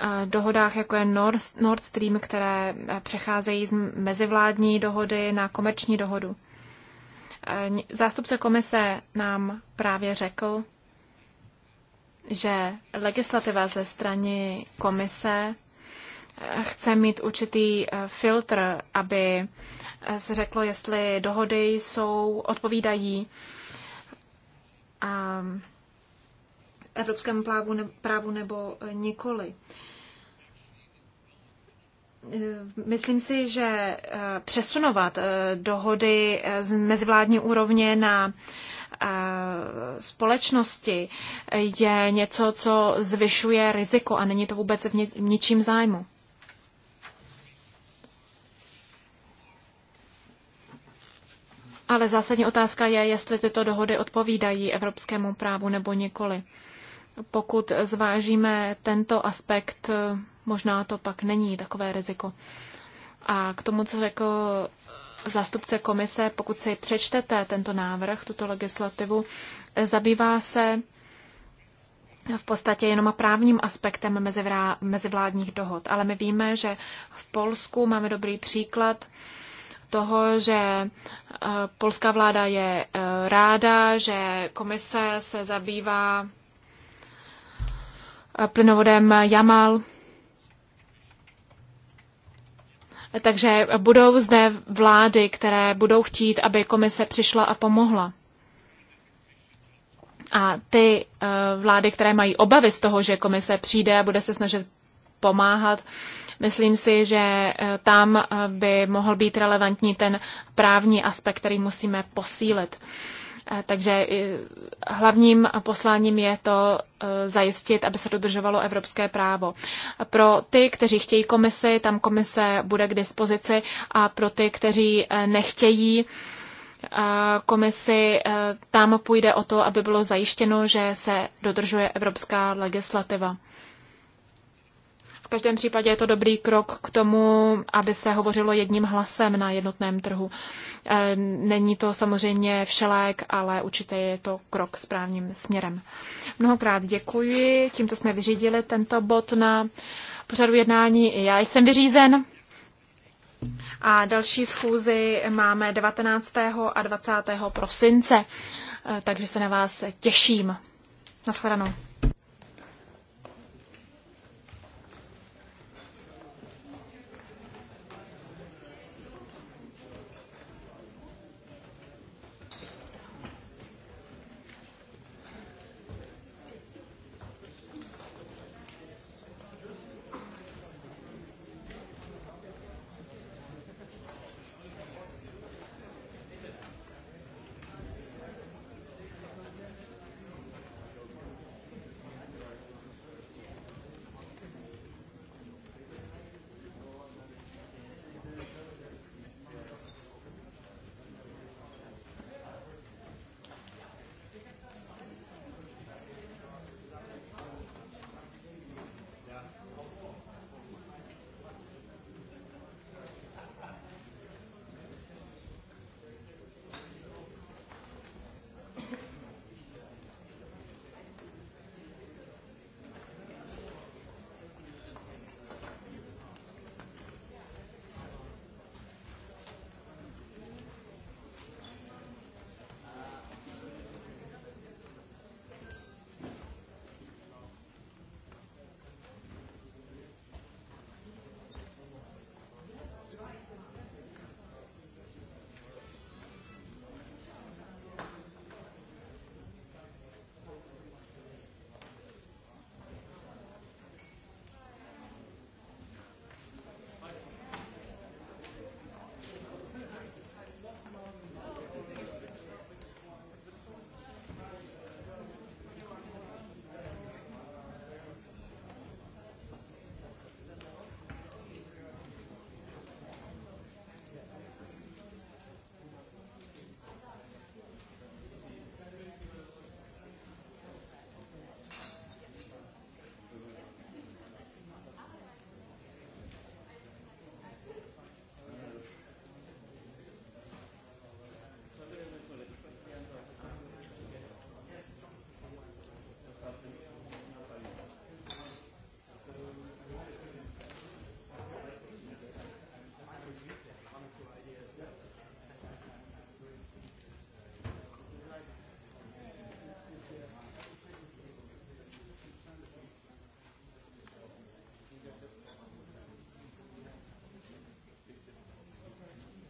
eh, dohodách, jako je Nord Stream, které eh, přecházejí z mezivládní dohody na komerční dohodu. Eh, zástupce komise nám právě řekl, že legislativa ze strany komise chce mít určitý filtr, aby se řeklo, jestli dohody jsou, odpovídají a evropskému právu, ne, právu nebo eh, nikoli. Eh, myslím si, že eh, přesunovat dohody z mezivládní úrovně na společnosti je něco, co zvyšuje riziko a není to vůbec v ničím zájmu. Ale zásadní otázka je, jestli tyto dohody odpovídají evropskému právu nebo nikoli pokud zvážíme tento aspekt, možná to pak není takové riziko. A k tomu, co řekl zástupce komise, pokud si přečtete tento návrh, tuto legislativu, zabývá se v podstatě jenom právním aspektem mezivládních dohod. Ale my víme, že v Polsku máme dobrý příklad toho, že eh, polská vláda je eh, ráda, že komise se zabývá plynovodem Jamal. Takže budou zde vlády, které budou chtít, aby komise přišla a pomohla. A ty eh, vlády, které mají obavy z toho, že komise přijde a bude se snažit pomáhat, myslím si, že eh, tam eh, by mohl být relevantní ten právní aspekt, který musíme posílit. Eh, takže eh, hlavním posláním je to eh, zajistit, aby se dodržovalo evropské právo. Pro ty, kteří chtějí komisi, tam komise bude k dispozici a pro ty, kteří nechtějí, komisi, tam půjde o to, aby bylo zajištěno, že se dodržuje evropská legislativa každém případě je to dobrý krok k tomu, aby se hovořilo jedním hlasem na jednotném trhu. E, není to samozřejmě všelék, ale určitě je to krok správným směrem. Mnohokrát děkuji. Tímto jsme vyřídili tento bod na pořadu jednání. I já jsem vyřízen. A další schůzi máme 19. a 20. prosince, e, takže se na vás těším. Naschledanou.